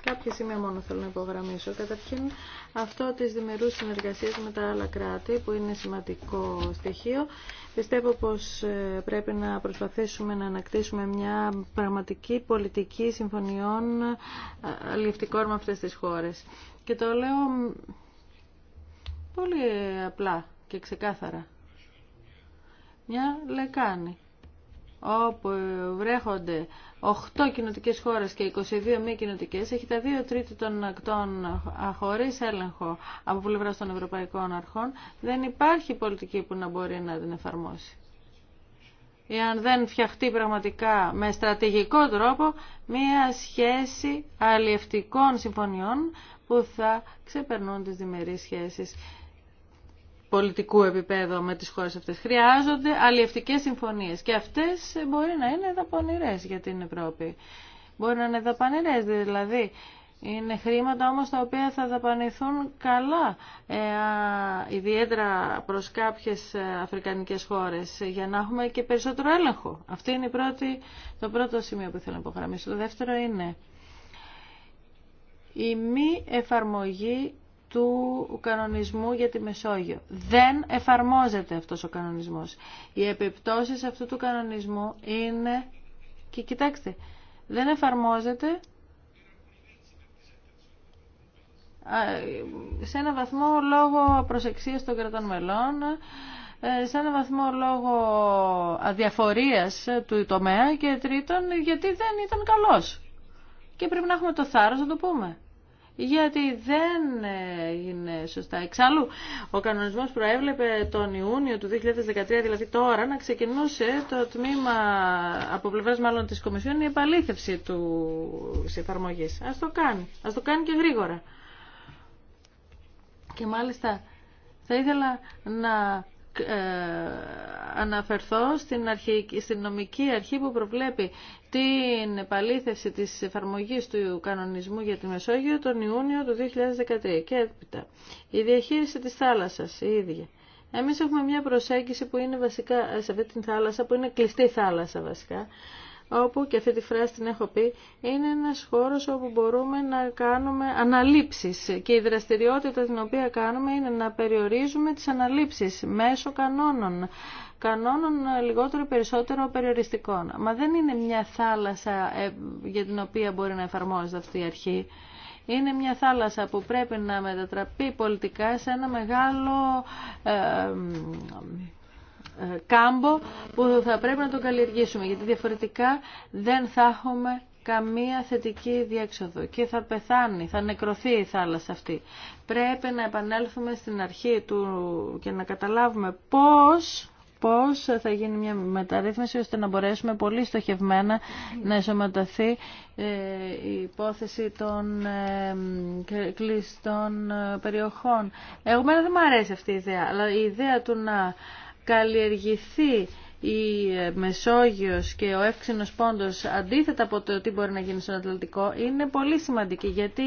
Κάποια σημεία μόνο θέλω να υπογραμμίσω. Καταρχήν αυτό τη διμερούς συνεργασία με τα άλλα κράτη που είναι σημαντικό στοιχείο. Πιστεύω πω ε, πρέπει να προσπαθήσουμε να ανακτήσουμε μια πραγματική πολιτική συμφωνιών ε, αλληλευτικών με αυτές τις χώρες. Και το λέω πολύ απλά και ξεκάθαρα. Μια λεκάνη όπου βρέχονται 8 κοινοτικέ χώρε και 22 μη κοινοτικέ, έχει τα 2 τρίτη των ακτών χωρί έλεγχο από πλευρά των ευρωπαϊκών αρχών. Δεν υπάρχει πολιτική που να μπορεί να την εφαρμόσει. Εάν δεν φτιαχτεί πραγματικά με στρατηγικό τρόπο μία σχέση αλλιευτικών συμφωνιών που θα ξεπερνούν τις διμερείς σχέσεις πολιτικού επίπεδου με τις χώρες αυτές. Χρειάζονται αλλιευτικές συμφωνίες και αυτές μπορεί να είναι δαπανηρές για την Ευρώπη. Μπορεί να είναι δαπανηρές δηλαδή. Είναι χρήματα όμως τα οποία θα δαπανηθούν καλά, ε, ιδιαίτερα προς κάποιες ε, αφρικανικές χώρες, για να έχουμε και περισσότερο έλεγχο. Αυτό είναι πρώτη, το πρώτο σημείο που θέλω να υπογραμμίσω. Το δεύτερο είναι η μη εφαρμογή του κανονισμού για τη Μεσόγειο. Δεν εφαρμόζεται αυτός ο κανονισμός. Οι επιπτώσεις αυτού του κανονισμού είναι... Και κοιτάξτε, δεν εφαρμόζεται σε ένα βαθμό λόγω προσεξίας των κρατών μελών, ε, σε ένα βαθμό λόγω αδιαφορίας του τομέα και τρίτον γιατί δεν ήταν καλός. Και πρέπει να έχουμε το θάρρος να το πούμε γιατί δεν ε, είναι σωστά. Εξάλλου, ο κανονισμός προέβλεπε τον Ιούνιο του 2013, δηλαδή τώρα, να ξεκινούσε το τμήμα από πλευράς μάλλον της Κομισιόν η επαλήθευση του εφαρμογή. Ας το κάνει. Ας το κάνει και γρήγορα. Και μάλιστα θα ήθελα να ε, αναφερθώ στην, αρχή, στην νομική αρχή που προβλέπει την επαλήθευση της εφαρμογής του κανονισμού για τη Μεσόγειο τον Ιούνιο του 2013 και έπειτα. Η διαχείριση της θάλασσας η ίδια. Εμείς έχουμε μια προσέγγιση που είναι βασικά σε αυτή την θάλασσα, που είναι κλειστή θάλασσα βασικά, όπου, και αυτή τη φράση την έχω πει, είναι ένας χώρος όπου μπορούμε να κάνουμε αναλήψεις και η δραστηριότητα την οποία κάνουμε είναι να περιορίζουμε τις αναλήψεις μέσω κανόνων κανόνων λιγότερο ή περισσότερο περιοριστικών. Μα δεν είναι μια θάλασσα ε, για την οποία μπορεί να εφαρμόζεται αυτή η αρχή. Είναι μια θάλασσα που πρέπει να μετατραπεί πολιτικά σε ένα μεγάλο ε, ε, κάμπο που θα πρέπει να τον καλλιεργήσουμε γιατί διαφορετικά δεν θα έχουμε καμία θετική διέξοδο και θα πεθάνει, θα νεκρωθεί η θάλασσα αυτή. Πρέπει να επανέλθουμε στην αρχή του και να καταλάβουμε πώς πώς θα γίνει μια μεταρρύθμιση ώστε να μπορέσουμε πολύ στοχευμένα να εσωματωθεί ε, η υπόθεση των ε, κλειστών περιοχών. Εγώ δεν μου αρέσει αυτή η ιδέα, αλλά η ιδέα του να καλλιεργηθεί η ε, Μεσόγειος και ο εύξηνος πόντος αντίθετα από το τι μπορεί να γίνει στον Ατλαντικό είναι πολύ σημαντική γιατί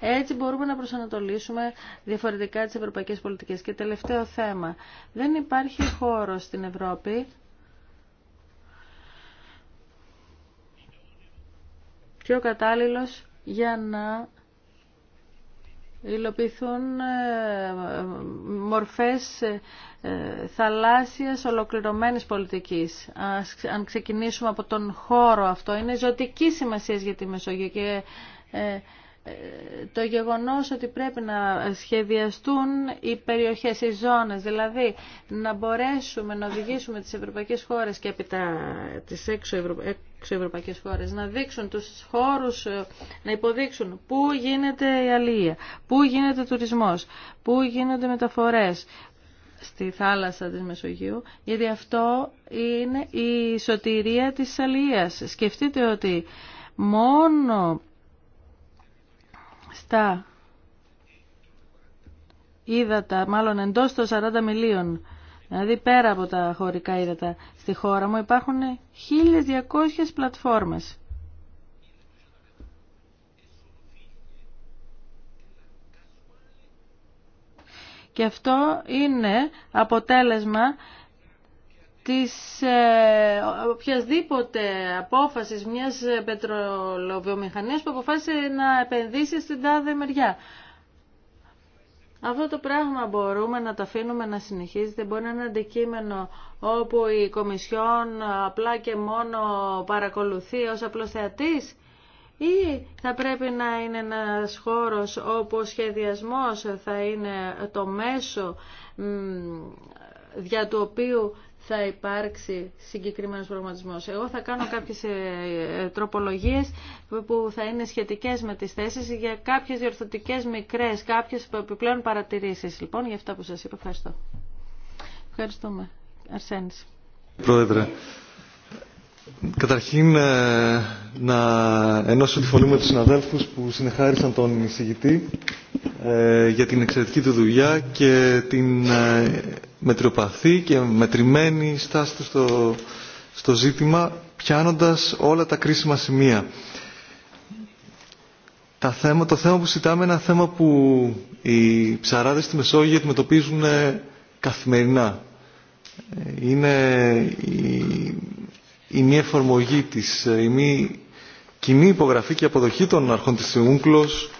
έτσι μπορούμε να προσανατολίσουμε διαφορετικά τις ευρωπαϊκές πολιτικές. Και τελευταίο θέμα, δεν υπάρχει χώρο στην Ευρώπη πιο κατάλληλος για να υλοποιηθούν ε, μορφές ε, ε, θαλάσσιας ολοκληρωμένης πολιτικής. Αν ξεκινήσουμε από τον χώρο αυτό, είναι ζωτική σημασία για τη Μεσόγειο και το γεγονός ότι πρέπει να σχεδιαστούν οι περιοχές, οι ζώνες, δηλαδή να μπορέσουμε να οδηγήσουμε τις ευρωπαϊκές χώρες και από τις έξω, χώρες να δείξουν τους χώρους, να υποδείξουν πού γίνεται η αλληλεία, πού γίνεται ο τουρισμός, πού γίνονται μεταφορές, στη θάλασσα της Μεσογείου, γιατί αυτό είναι η σωτηρία της Αλίας. Σκεφτείτε ότι μόνο στα ύδατα, μάλλον εντός των 40 μιλίων, δηλαδή πέρα από τα χωρικά ύδατα, στη χώρα μου υπάρχουν 1.200 πλατφόρμες. Και αυτό είναι αποτέλεσμα της ε, οποιασδήποτε απόφασης μιας πετρολοβιομηχανίας που αποφάσισε να επενδύσει στην τάδε μεριά. Αυτό το πράγμα μπορούμε να το αφήνουμε να συνεχίζεται. Μπορεί να είναι αντικείμενο όπου η Κομισιόν απλά και μόνο παρακολουθεί ως απλός θεατής ή θα πρέπει να είναι ένας χώρος όπου ο σχεδιασμός θα είναι το μέσο δια του οποίου θα υπάρξει συγκεκριμένος προγραμματισμός. Εγώ θα κάνω κάποιες ε, ε, τροπολογίες που θα είναι σχετικές με τις θέσεις για κάποιες διορθωτικές μικρές, κάποιες επιπλέον παρατηρήσεις. Λοιπόν, για αυτά που σας είπα, ευχαριστώ. Ευχαριστούμε. Αρσένης. Πρόεδρε, Καταρχήν ε, να ενώσω τη φωνή με τους συναδέλφους που συνεχάρισαν τον εισηγητή ε, για την εξαιρετική του δουλειά και την ε, μετριοπαθή και μετρημένη στάση στο, στο ζήτημα πιάνοντας όλα τα κρίσιμα σημεία. Τα θέμα, το θέμα που συζητάμε είναι ένα θέμα που οι ψαράδες στη Μεσόγειο αντιμετωπίζουν καθημερινά. Είναι η η μη εφαρμογή της, ε, η μη κοινή υπογραφή και αποδοχή των αρχών της Ούγκλος,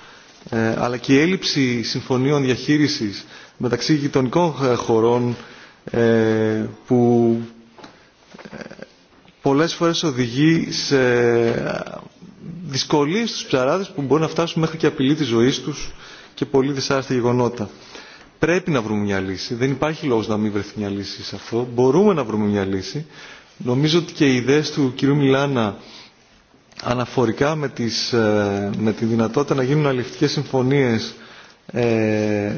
ε, αλλά και η έλλειψη συμφωνίων διαχείρισης μεταξύ γειτονικών χωρών ε, που πολλές φορές οδηγεί σε δυσκολίες στους ψαράδες που μπορεί να φτάσουν μέχρι και απειλή της ζωής τους και πολύ δυσάρεστα γεγονότα. Πρέπει να βρούμε μια λύση. Δεν υπάρχει λόγος να μην βρεθεί μια λύση σε αυτό. Μπορούμε να βρούμε μια λύση. Νομίζω ότι και οι ιδέες του κυρίου Μιλάνα αναφορικά με, τις, ε, με τη δυνατότητα να γίνουν αλληλευτικές συμφωνίες ε,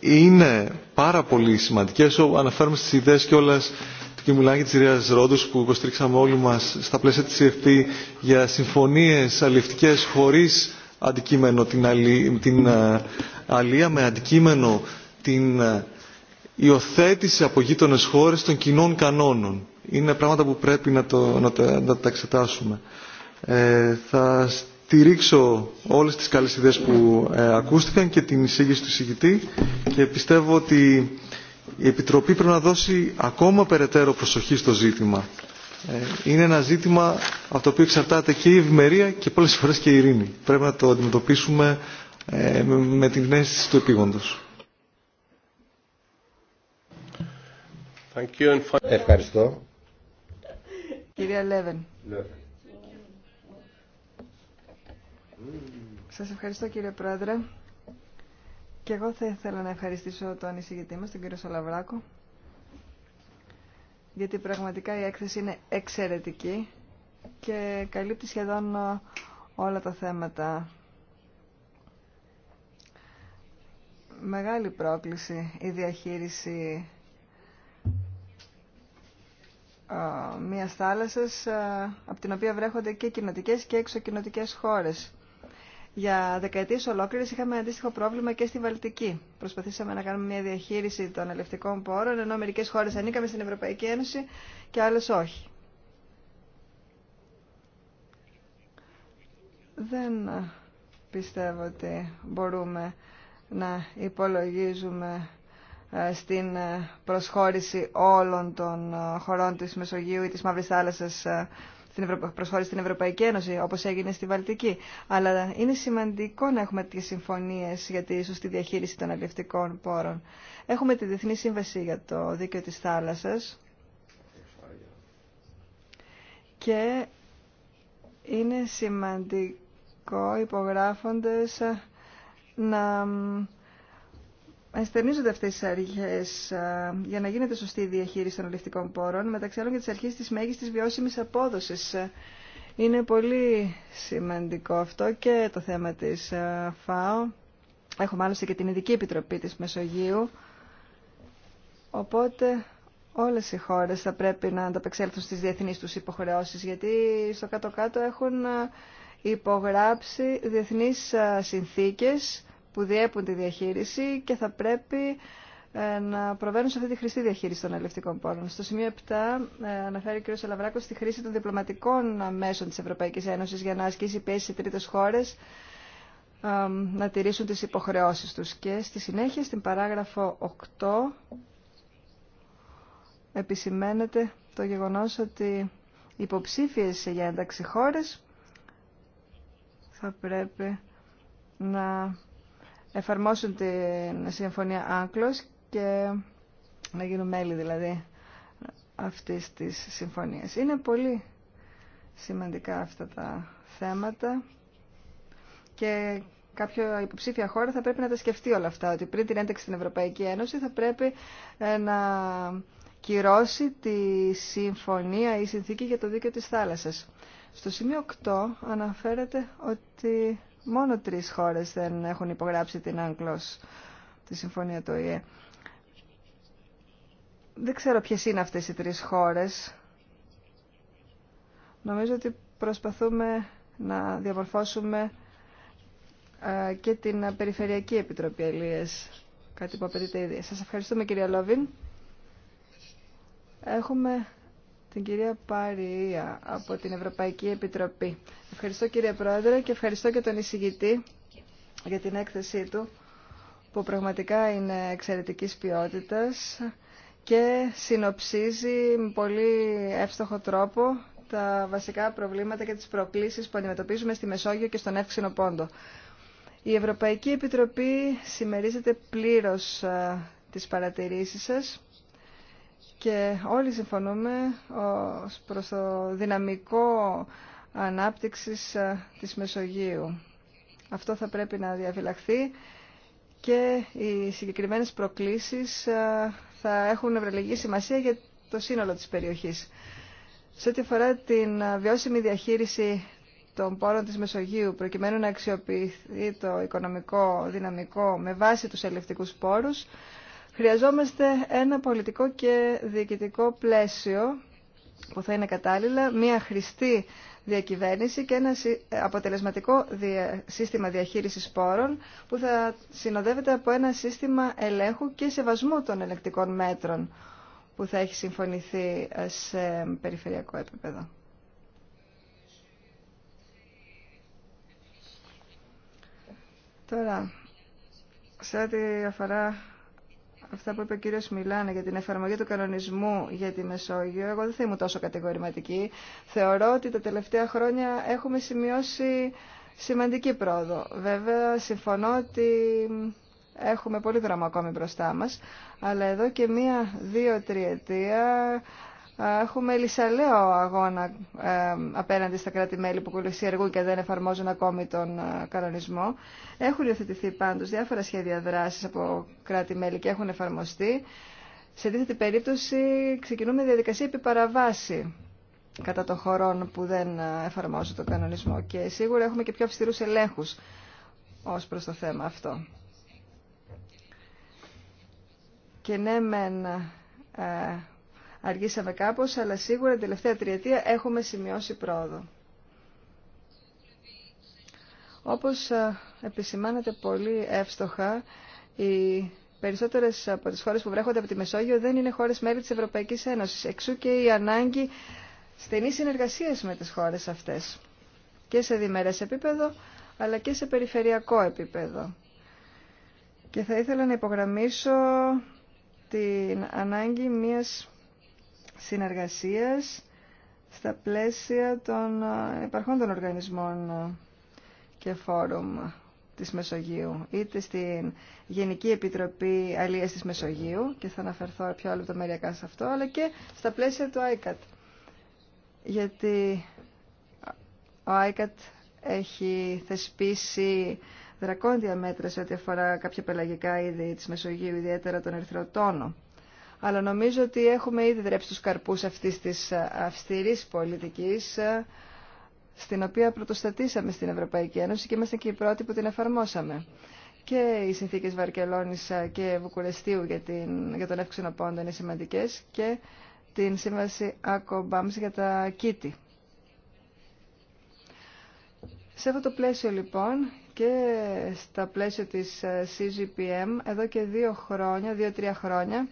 είναι πάρα πολύ σημαντικές. Αναφέρουμε στις ιδέες κιόλας του κ. Μιλάνα και της Ρίας Ρόντους που υποστήριξαμε όλοι μας στα πλαίσια της ΕΦΤ για συμφωνίες αλληλευτικές χωρίς αντικείμενο την, αλη, την ε, με αντικείμενο την ε, υιοθέτηση από γείτονες χώρες των κοινών κανόνων είναι πράγματα που πρέπει να, το, τα, εξετάσουμε. Ε, θα στηρίξω όλες τις καλές ιδέες που ε, ακούστηκαν και την εισήγηση του συγκητή και πιστεύω ότι η Επιτροπή πρέπει να δώσει ακόμα περαιτέρω προσοχή στο ζήτημα. Ε, είναι ένα ζήτημα από το οποίο εξαρτάται και η ευημερία και πολλές φορές και η ειρήνη. Πρέπει να το αντιμετωπίσουμε με, την αίσθηση του επίγοντος. Ευχαριστώ. Κυρία Λέβεν. Σας ευχαριστώ κύριε Πρόεδρε. Και εγώ θα ήθελα να ευχαριστήσω τον εισηγητή μας, τον κύριο Σολαβράκο, γιατί πραγματικά η έκθεση είναι εξαιρετική και καλύπτει σχεδόν όλα τα θέματα. Μεγάλη πρόκληση η διαχείριση μια θάλασσα από την οποία βρέχονται και κοινοτικέ και εξωκοινοτικέ χώρες. Για δεκαετίε ολόκληρε είχαμε αντίστοιχο πρόβλημα και στη Βαλτική. Προσπαθήσαμε να κάνουμε μια διαχείριση των ελευτικών πόρων, ενώ μερικέ χώρες ανήκαμε στην Ευρωπαϊκή Ένωση και άλλες όχι. Δεν πιστεύω ότι μπορούμε να υπολογίζουμε ε, στην ε, προσχώρηση όλων των ε, χωρών της Μεσογείου ή της Μαύρης Θάλασσας στην προσχώρηση στην Ευρωπαϊκή Ένωση, όπως έγινε στη Βαλτική. Αλλά είναι σημαντικό να έχουμε τις συμφωνίες για τη σωστή διαχείριση των αλληλευτικών πόρων. Έχουμε τη Διεθνή Σύμβαση για το Δίκαιο της Θάλασσας και είναι σημαντικό υπογράφοντες να ενστερνίζονται αυτέ τι αρχέ για να γίνεται σωστή η διαχείριση των ολιστικών πόρων, μεταξύ άλλων και τη αρχή τη μέγιστης βιώσιμη απόδοση. Είναι πολύ σημαντικό αυτό και το θέμα τη ΦΑΟ. Έχω μάλιστα και την Ειδική Επιτροπή της Μεσογείου. Οπότε όλες οι χώρες θα πρέπει να ανταπεξέλθουν στις διεθνείς τους υποχρεώσεις, γιατί στο κάτω-κάτω έχουν υπογράψει διεθνείς συνθήκες που διέπουν τη διαχείριση και θα πρέπει ε, να προβαίνουν σε αυτή τη χρηστή διαχείριση των αλληλευτικών πόρων. Στο σημείο 7 ε, αναφέρει ο κ. Σαλαβράκος τη χρήση των διπλωματικών μέσων της Ευρωπαϊκής Ένωσης για να ασκήσει πίεση σε τρίτε χώρε να τηρήσουν τις υποχρεώσεις τους. Και στη συνέχεια, στην παράγραφο 8, επισημαίνεται το γεγονός ότι υποψήφιες για ένταξη χώρες θα πρέπει να εφαρμόσουν τη συμφωνία Άγκλος και να γίνουν μέλη δηλαδή αυτής της συμφωνίας. Είναι πολύ σημαντικά αυτά τα θέματα και κάποια υποψήφια χώρα θα πρέπει να τα σκεφτεί όλα αυτά, ότι πριν την ένταξη στην Ευρωπαϊκή Ένωση θα πρέπει ε, να κυρώσει τη συμφωνία ή συνθήκη για το δίκαιο της θάλασσας. Στο σημείο 8 αναφέρεται ότι Μόνο τρεις χώρες δεν έχουν υπογράψει την Άγγλος, τη συμφωνία του ΟΗΕ. Δεν ξέρω ποιες είναι αυτές οι τρεις χώρες. Νομίζω ότι προσπαθούμε να διαμορφώσουμε ε, και την Περιφερειακή Επιτροπή Ελίες, κάτι που απαιτείται ήδη. Σας ευχαριστούμε κυρία Λόβιν. Έχουμε την κυρία Παρία από την Ευρωπαϊκή Επιτροπή. Ευχαριστώ κύριε Πρόεδρε και ευχαριστώ και τον εισηγητή για την έκθεσή του που πραγματικά είναι εξαιρετικής ποιότητας και συνοψίζει με πολύ εύστοχο τρόπο τα βασικά προβλήματα και τις προκλήσεις που αντιμετωπίζουμε στη Μεσόγειο και στον Εύξηνο Πόντο. Η Ευρωπαϊκή Επιτροπή συμμερίζεται πλήρως ε, τις παρατηρήσεις σας και όλοι συμφωνούμε ως προς το δυναμικό ανάπτυξης ε, της Μεσογείου. Αυτό θα πρέπει να διαφυλαχθεί και οι συγκεκριμένες προκλήσεις ε, θα έχουν ευρελεγγύη σημασία για το σύνολο της περιοχής. Σε ό,τι αφορά την ε, βιώσιμη διαχείριση των πόρων της Μεσογείου προκειμένου να αξιοποιηθεί το οικονομικό δυναμικό με βάση τους ελευτικούς πόρους, Χρειαζόμαστε ένα πολιτικό και διοικητικό πλαίσιο που θα είναι κατάλληλα, μια χρηστή διακυβέρνηση και ένα αποτελεσματικό σύστημα διαχείρισης πόρων που θα συνοδεύεται από ένα σύστημα ελέγχου και σεβασμού των ελεκτικών μέτρων που θα έχει συμφωνηθεί ε, σε περιφερειακό επίπεδο. Τώρα, σε ό,τι αφορά αυτά που είπε ο κύριο Μιλάνε για την εφαρμογή του κανονισμού για τη Μεσόγειο, εγώ δεν θα ήμουν τόσο κατηγορηματική. Θεωρώ ότι τα τελευταία χρόνια έχουμε σημειώσει σημαντική πρόοδο. Βέβαια, συμφωνώ ότι έχουμε πολύ δρόμο ακόμη μπροστά μας, αλλά εδώ και μία-δύο τριετία έχουμε λησαλέο αγώνα ε, απέναντι στα κράτη-μέλη που κολυσιεργούν και δεν εφαρμόζουν ακόμη τον ε, κανονισμό. Έχουν υιοθετηθεί πάντως διάφορα σχέδια δράσης από κράτη-μέλη και έχουν εφαρμοστεί. Σε αντίθετη περίπτωση ξεκινούμε διαδικασία επιπαραβάση κατά των χωρών που δεν ε, εφαρμόζουν τον κανονισμό και σίγουρα έχουμε και πιο αυστηρούς ελέγχους ως προς το θέμα αυτό. Και ναι, μεν, ε, Αργήσαμε κάπως, αλλά σίγουρα την τελευταία τριετία έχουμε σημειώσει πρόοδο. Όπως επισημάνατε πολύ εύστοχα, οι περισσότερε από τι χώρε που βρέχονται από τη Μεσόγειο δεν είναι χώρε μέλη τη Ευρωπαϊκή Ένωση. Εξού και η ανάγκη στενή συνεργασία με τι χώρε αυτέ. Και σε διμερές επίπεδο, αλλά και σε περιφερειακό επίπεδο. Και θα ήθελα να υπογραμμίσω την ανάγκη μιας συνεργασίας στα πλαίσια των ε, υπαρχών των οργανισμών ε, και φόρουμ της Μεσογείου, είτε στην Γενική Επιτροπή Αλίας της Μεσογείου, και θα αναφερθώ πιο λεπτομεριακά σε αυτό, αλλά και στα πλαίσια του ICAT. Γιατί ο ICAT έχει θεσπίσει δρακόντια μέτρα σε ό,τι αφορά κάποια πελαγικά είδη της Μεσογείου, ιδιαίτερα τον ερθροτόνο αλλά νομίζω ότι έχουμε ήδη δρέψει τους καρπούς αυτής της αυστηρής πολιτικής ε, στην οποία πρωτοστατήσαμε στην Ευρωπαϊκή Ένωση και είμαστε και οι πρώτοι που την εφαρμόσαμε. Και οι συνθήκες Βαρκελόνης ε, και Βουκουρεστίου για, την, για τον εύξηνο πόντο είναι σημαντικές και την σύμβαση ΑΚΟΜΠΑΜΣ για τα ΚΙΤΗ. Σε αυτό το πλαίσιο λοιπόν και στα πλαίσια της ε, CGPM εδώ και δύο χρόνια, δύο-τρία χρόνια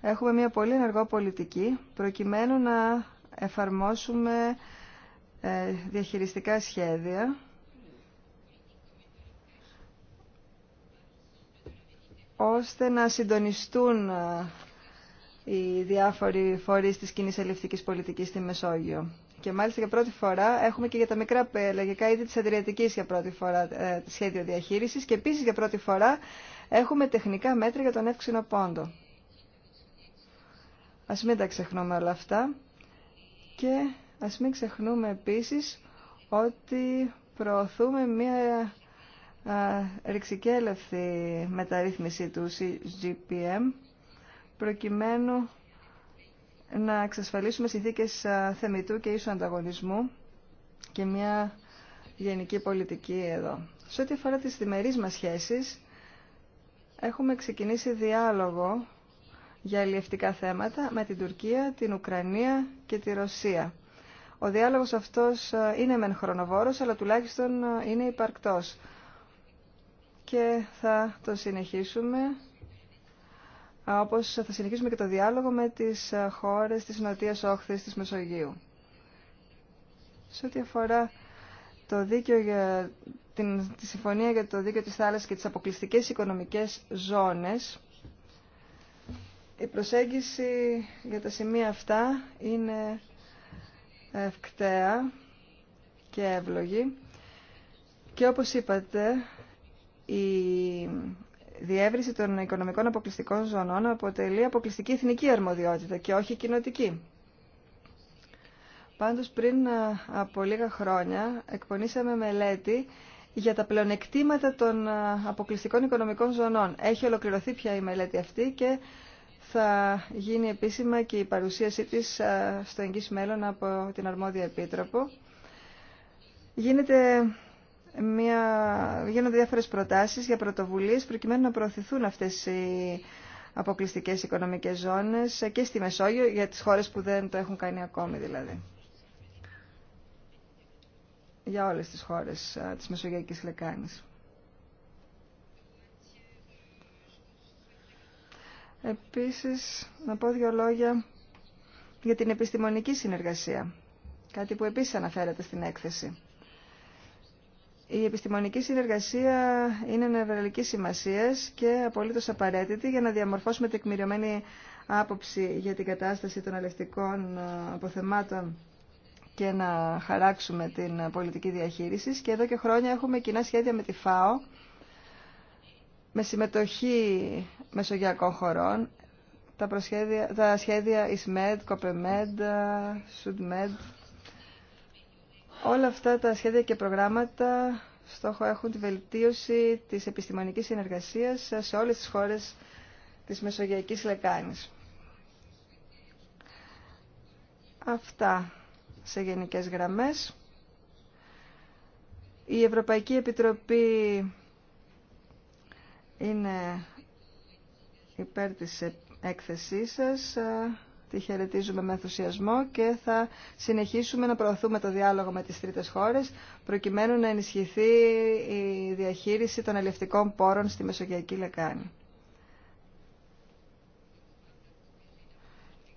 έχουμε μια πολύ ενεργό πολιτική προκειμένου να εφαρμόσουμε ε, διαχειριστικά σχέδια ώστε να συντονιστούν ε, οι διάφοροι φορείς της κοινή ελευθερικής πολιτικής στη Μεσόγειο. Και μάλιστα για πρώτη φορά έχουμε και για τα μικρά πελαγικά είδη της Αδριατικής για πρώτη φορά ε, σχέδιο διαχείρισης και επίσης για πρώτη φορά έχουμε τεχνικά μέτρα για τον εύξηνο πόντο. Ας μην τα ξεχνούμε όλα αυτά και ας μην ξεχνούμε επίσης ότι προωθούμε μία ρηξικέλευθη μεταρρύθμιση του CGPM προκειμένου να εξασφαλίσουμε συνθήκες θεμητού και ίσου ανταγωνισμού και μια γενική πολιτική εδώ. Σε ό,τι αφορά τις διμερείς μας σχέσεις, έχουμε ξεκινήσει διάλογο για αλληλευτικά θέματα με την Τουρκία, την Ουκρανία και τη Ρωσία. Ο διάλογος αυτός ε, είναι μεν χρονοβόρος, αλλά τουλάχιστον ε, είναι υπαρκτός. Και θα το συνεχίσουμε, ε, όπως θα συνεχίσουμε και το διάλογο με τις χώρες της Νοτίας Όχθης της Μεσογείου. Σε ό,τι αφορά το δίκαιο για την, τη συμφωνία για το δίκαιο της θάλασσας και τις αποκλειστικές οικονομικές ζώνες, η προσέγγιση για τα σημεία αυτά είναι ευκταία και εύλογη και όπως είπατε η διεύρυνση των οικονομικών αποκλειστικών ζωνών αποτελεί αποκλειστική εθνική αρμοδιότητα και όχι κοινοτική. Πάντως πριν από λίγα χρόνια εκπονήσαμε μελέτη για τα πλεονεκτήματα των αποκλειστικών οικονομικών ζωνών. Έχει ολοκληρωθεί πια η μελέτη αυτή και θα γίνει επίσημα και η παρουσίασή της ε, στο εγγύς μέλλον από την Αρμόδια Επίτροπο. Γίνεται μια, γίνονται διάφορες προτάσεις για πρωτοβουλίες προκειμένου να προωθηθούν αυτές οι αποκλειστικές οικονομικές ζώνες και στη Μεσόγειο για τις χώρες που δεν το έχουν κάνει ακόμη δηλαδή. Για όλες τις χώρες ε, της Μεσογειακής Λεκάνης. Επίσης, να πω δύο λόγια για την επιστημονική συνεργασία, κάτι που επίσης αναφέρατε στην έκθεση. Η επιστημονική συνεργασία είναι νευραλική σημασία και απολύτω απαραίτητη για να διαμορφώσουμε τεκμηριωμένη άποψη για την κατάσταση των αλευτικών ε, αποθεμάτων και να χαράξουμε την πολιτική διαχείριση. Και εδώ και χρόνια έχουμε κοινά σχέδια με τη ΦΑΟ με συμμετοχή μεσογειακών χωρών, τα, τα σχέδια ISMED, COPEMED, SUDMED, όλα αυτά τα σχέδια και προγράμματα στόχο έχουν τη βελτίωση της επιστημονικής συνεργασίας σε όλες τις χώρες της Μεσογειακής Λεκάνης. Αυτά σε γενικές γραμμές. Η Ευρωπαϊκή Επιτροπή είναι υπέρ της έκθεσής σας. Τη χαιρετίζουμε με ενθουσιασμό και θα συνεχίσουμε να προωθούμε το διάλογο με τις τρίτες χώρες προκειμένου να ενισχυθεί η διαχείριση των αλληλευτικών πόρων στη Μεσογειακή Λεκάνη.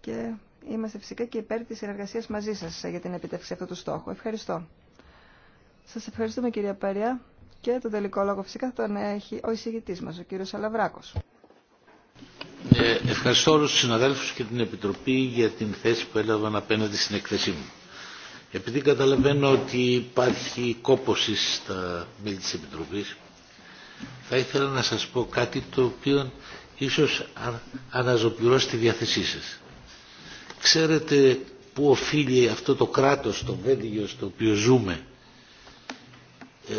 Και είμαστε φυσικά και υπέρ της συνεργασίας μαζί σας για την επιτεύξη αυτού του στόχου. Ευχαριστώ. Σας ευχαριστούμε κυρία Παριά. Και τον τελικό λόγο φυσικά θα τον έχει ο εισηγητή μα, ο κύριος Αλαβράκο. Ε, ευχαριστώ όλου του συναδέλφους και την Επιτροπή για την θέση που έλαβαν απέναντι στην εκθεσή μου. Επειδή καταλαβαίνω ότι υπάρχει κόποση στα μέλη της Επιτροπής, θα ήθελα να σας πω κάτι το οποίο ίσως αναζωπηρώσει τη διάθεσή σας. Ξέρετε πού οφείλει αυτό το κράτος, το Βέλγιο, στο οποίο ζούμε, ε,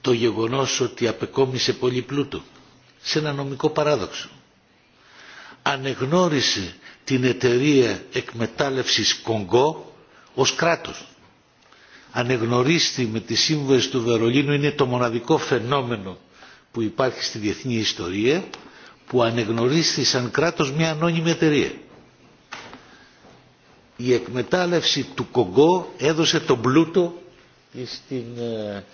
το γεγονός ότι απεκόμισε πολύ πλούτο σε ένα νομικό παράδοξο. Ανεγνώρισε την εταιρεία εκμετάλλευσης Κονγκό ως κράτος. Ανεγνωρίστη με τις σύμβαση του Βερολίνου είναι το μοναδικό φαινόμενο που υπάρχει στη διεθνή ιστορία που ανεγνωρίστη σαν κράτος μια ανώνυμη εταιρεία. Η εκμετάλλευση του Κονγκό έδωσε τον πλούτο στην ε,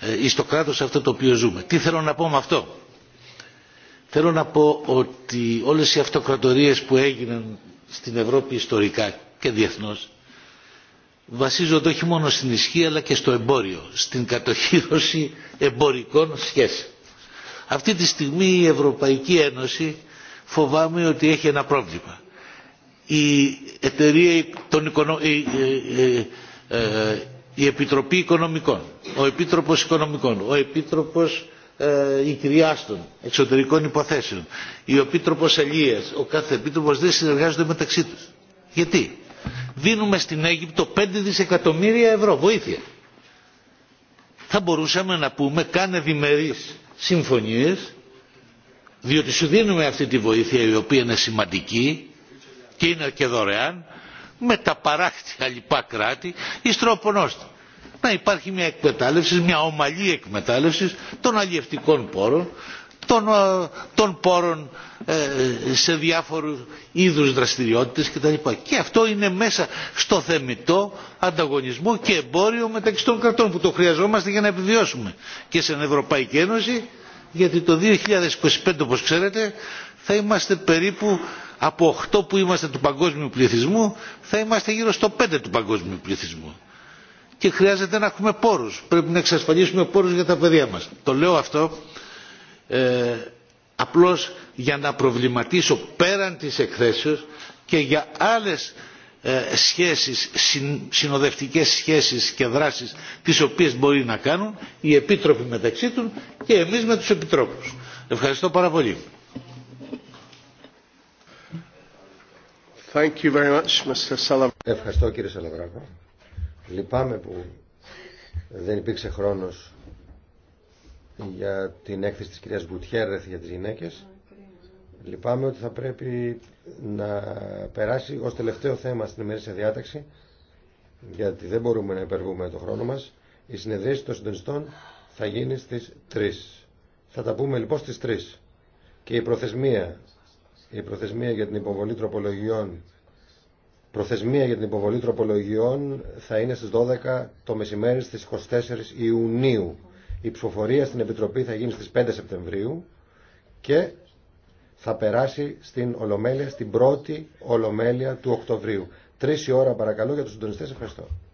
ή ε, στο κράτος αυτό το οποίο ζούμε. Τι θέλω να πω με αυτό. Θέλω να πω ότι όλες οι αυτοκρατορίες που έγιναν στην Ευρώπη ιστορικά και διεθνώς βασίζονται όχι μόνο στην ισχύ αλλά και στο εμπόριο, στην κατοχήρωση εμπορικών σχέσεων. Αυτή τη στιγμή η Ευρωπαϊκή Ένωση φοβάμαι ότι έχει ένα πρόβλημα. Η εταιρεία των ε, ε, η Επιτροπή Οικονομικών, ο Επίτροπος Οικονομικών, ο Επίτροπος ε, Εξωτερικών Υποθέσεων, ο Επίτροπος Ελίας, ο κάθε Επίτροπος δεν συνεργάζονται μεταξύ τους. Γιατί. Δίνουμε στην Αίγυπτο 5 δισεκατομμύρια ευρώ βοήθεια. Θα μπορούσαμε να πούμε κάνε διμερείς συμφωνίες διότι σου δίνουμε αυτή τη βοήθεια η οποία είναι σημαντική και είναι και δωρεάν με τα παράκτια λοιπά κράτη εις τρόπον να υπάρχει μια εκμετάλλευση, μια ομαλή εκμετάλλευση των αλλιευτικών πόρων, των, ε, πόρων ε, σε διάφορους είδους δραστηριότητες κτλ. Και αυτό είναι μέσα στο θεμητό ανταγωνισμό και εμπόριο μεταξύ των κρατών που το χρειαζόμαστε για να επιβιώσουμε και στην Ευρωπαϊκή Ένωση γιατί το 2025 όπως ξέρετε θα είμαστε περίπου από 8 που είμαστε του παγκόσμιου πληθυσμού θα είμαστε γύρω στο 5 του παγκόσμιου πληθυσμού. Και χρειάζεται να έχουμε πόρους. Πρέπει να εξασφαλίσουμε πόρους για τα παιδιά μας. Το λέω αυτό ε, απλώς για να προβληματίσω πέραν της εκθέσεως και για άλλες ε, σχέσεις, συνοδευτικές σχέσεις και δράσεις τις οποίες μπορεί να κάνουν οι επίτροποι μεταξύ τους και εμείς με τους επιτρόπους. Ευχαριστώ πάρα πολύ. Ευχαριστώ κύριε Σαλαβράκο. Λυπάμαι που δεν υπήρξε χρόνος για την έκθεση της κυρίας Γκουτιέρδεθ για τις γυναίκες. Λυπάμαι ότι θα πρέπει να περάσει ως τελευταίο θέμα στην ημερήσια διάταξη γιατί δεν μπορούμε να υπερβούμε το χρόνο μας. Η συνεδρίαση των συντονιστών θα γίνει στις 3. Θα τα πούμε λοιπόν στις 3. Και η προθεσμία η προθεσμία για την υποβολή τροπολογιών προθεσμία για την υποβολή τροπολογιών θα είναι στις 12 το μεσημέρι στις 24 Ιουνίου. Η ψηφοφορία στην Επιτροπή θα γίνει στις 5 Σεπτεμβρίου και θα περάσει στην Ολομέλεια, στην πρώτη Ολομέλεια του Οκτωβρίου. Τρεις η ώρα παρακαλώ για τους συντονιστές. Ευχαριστώ.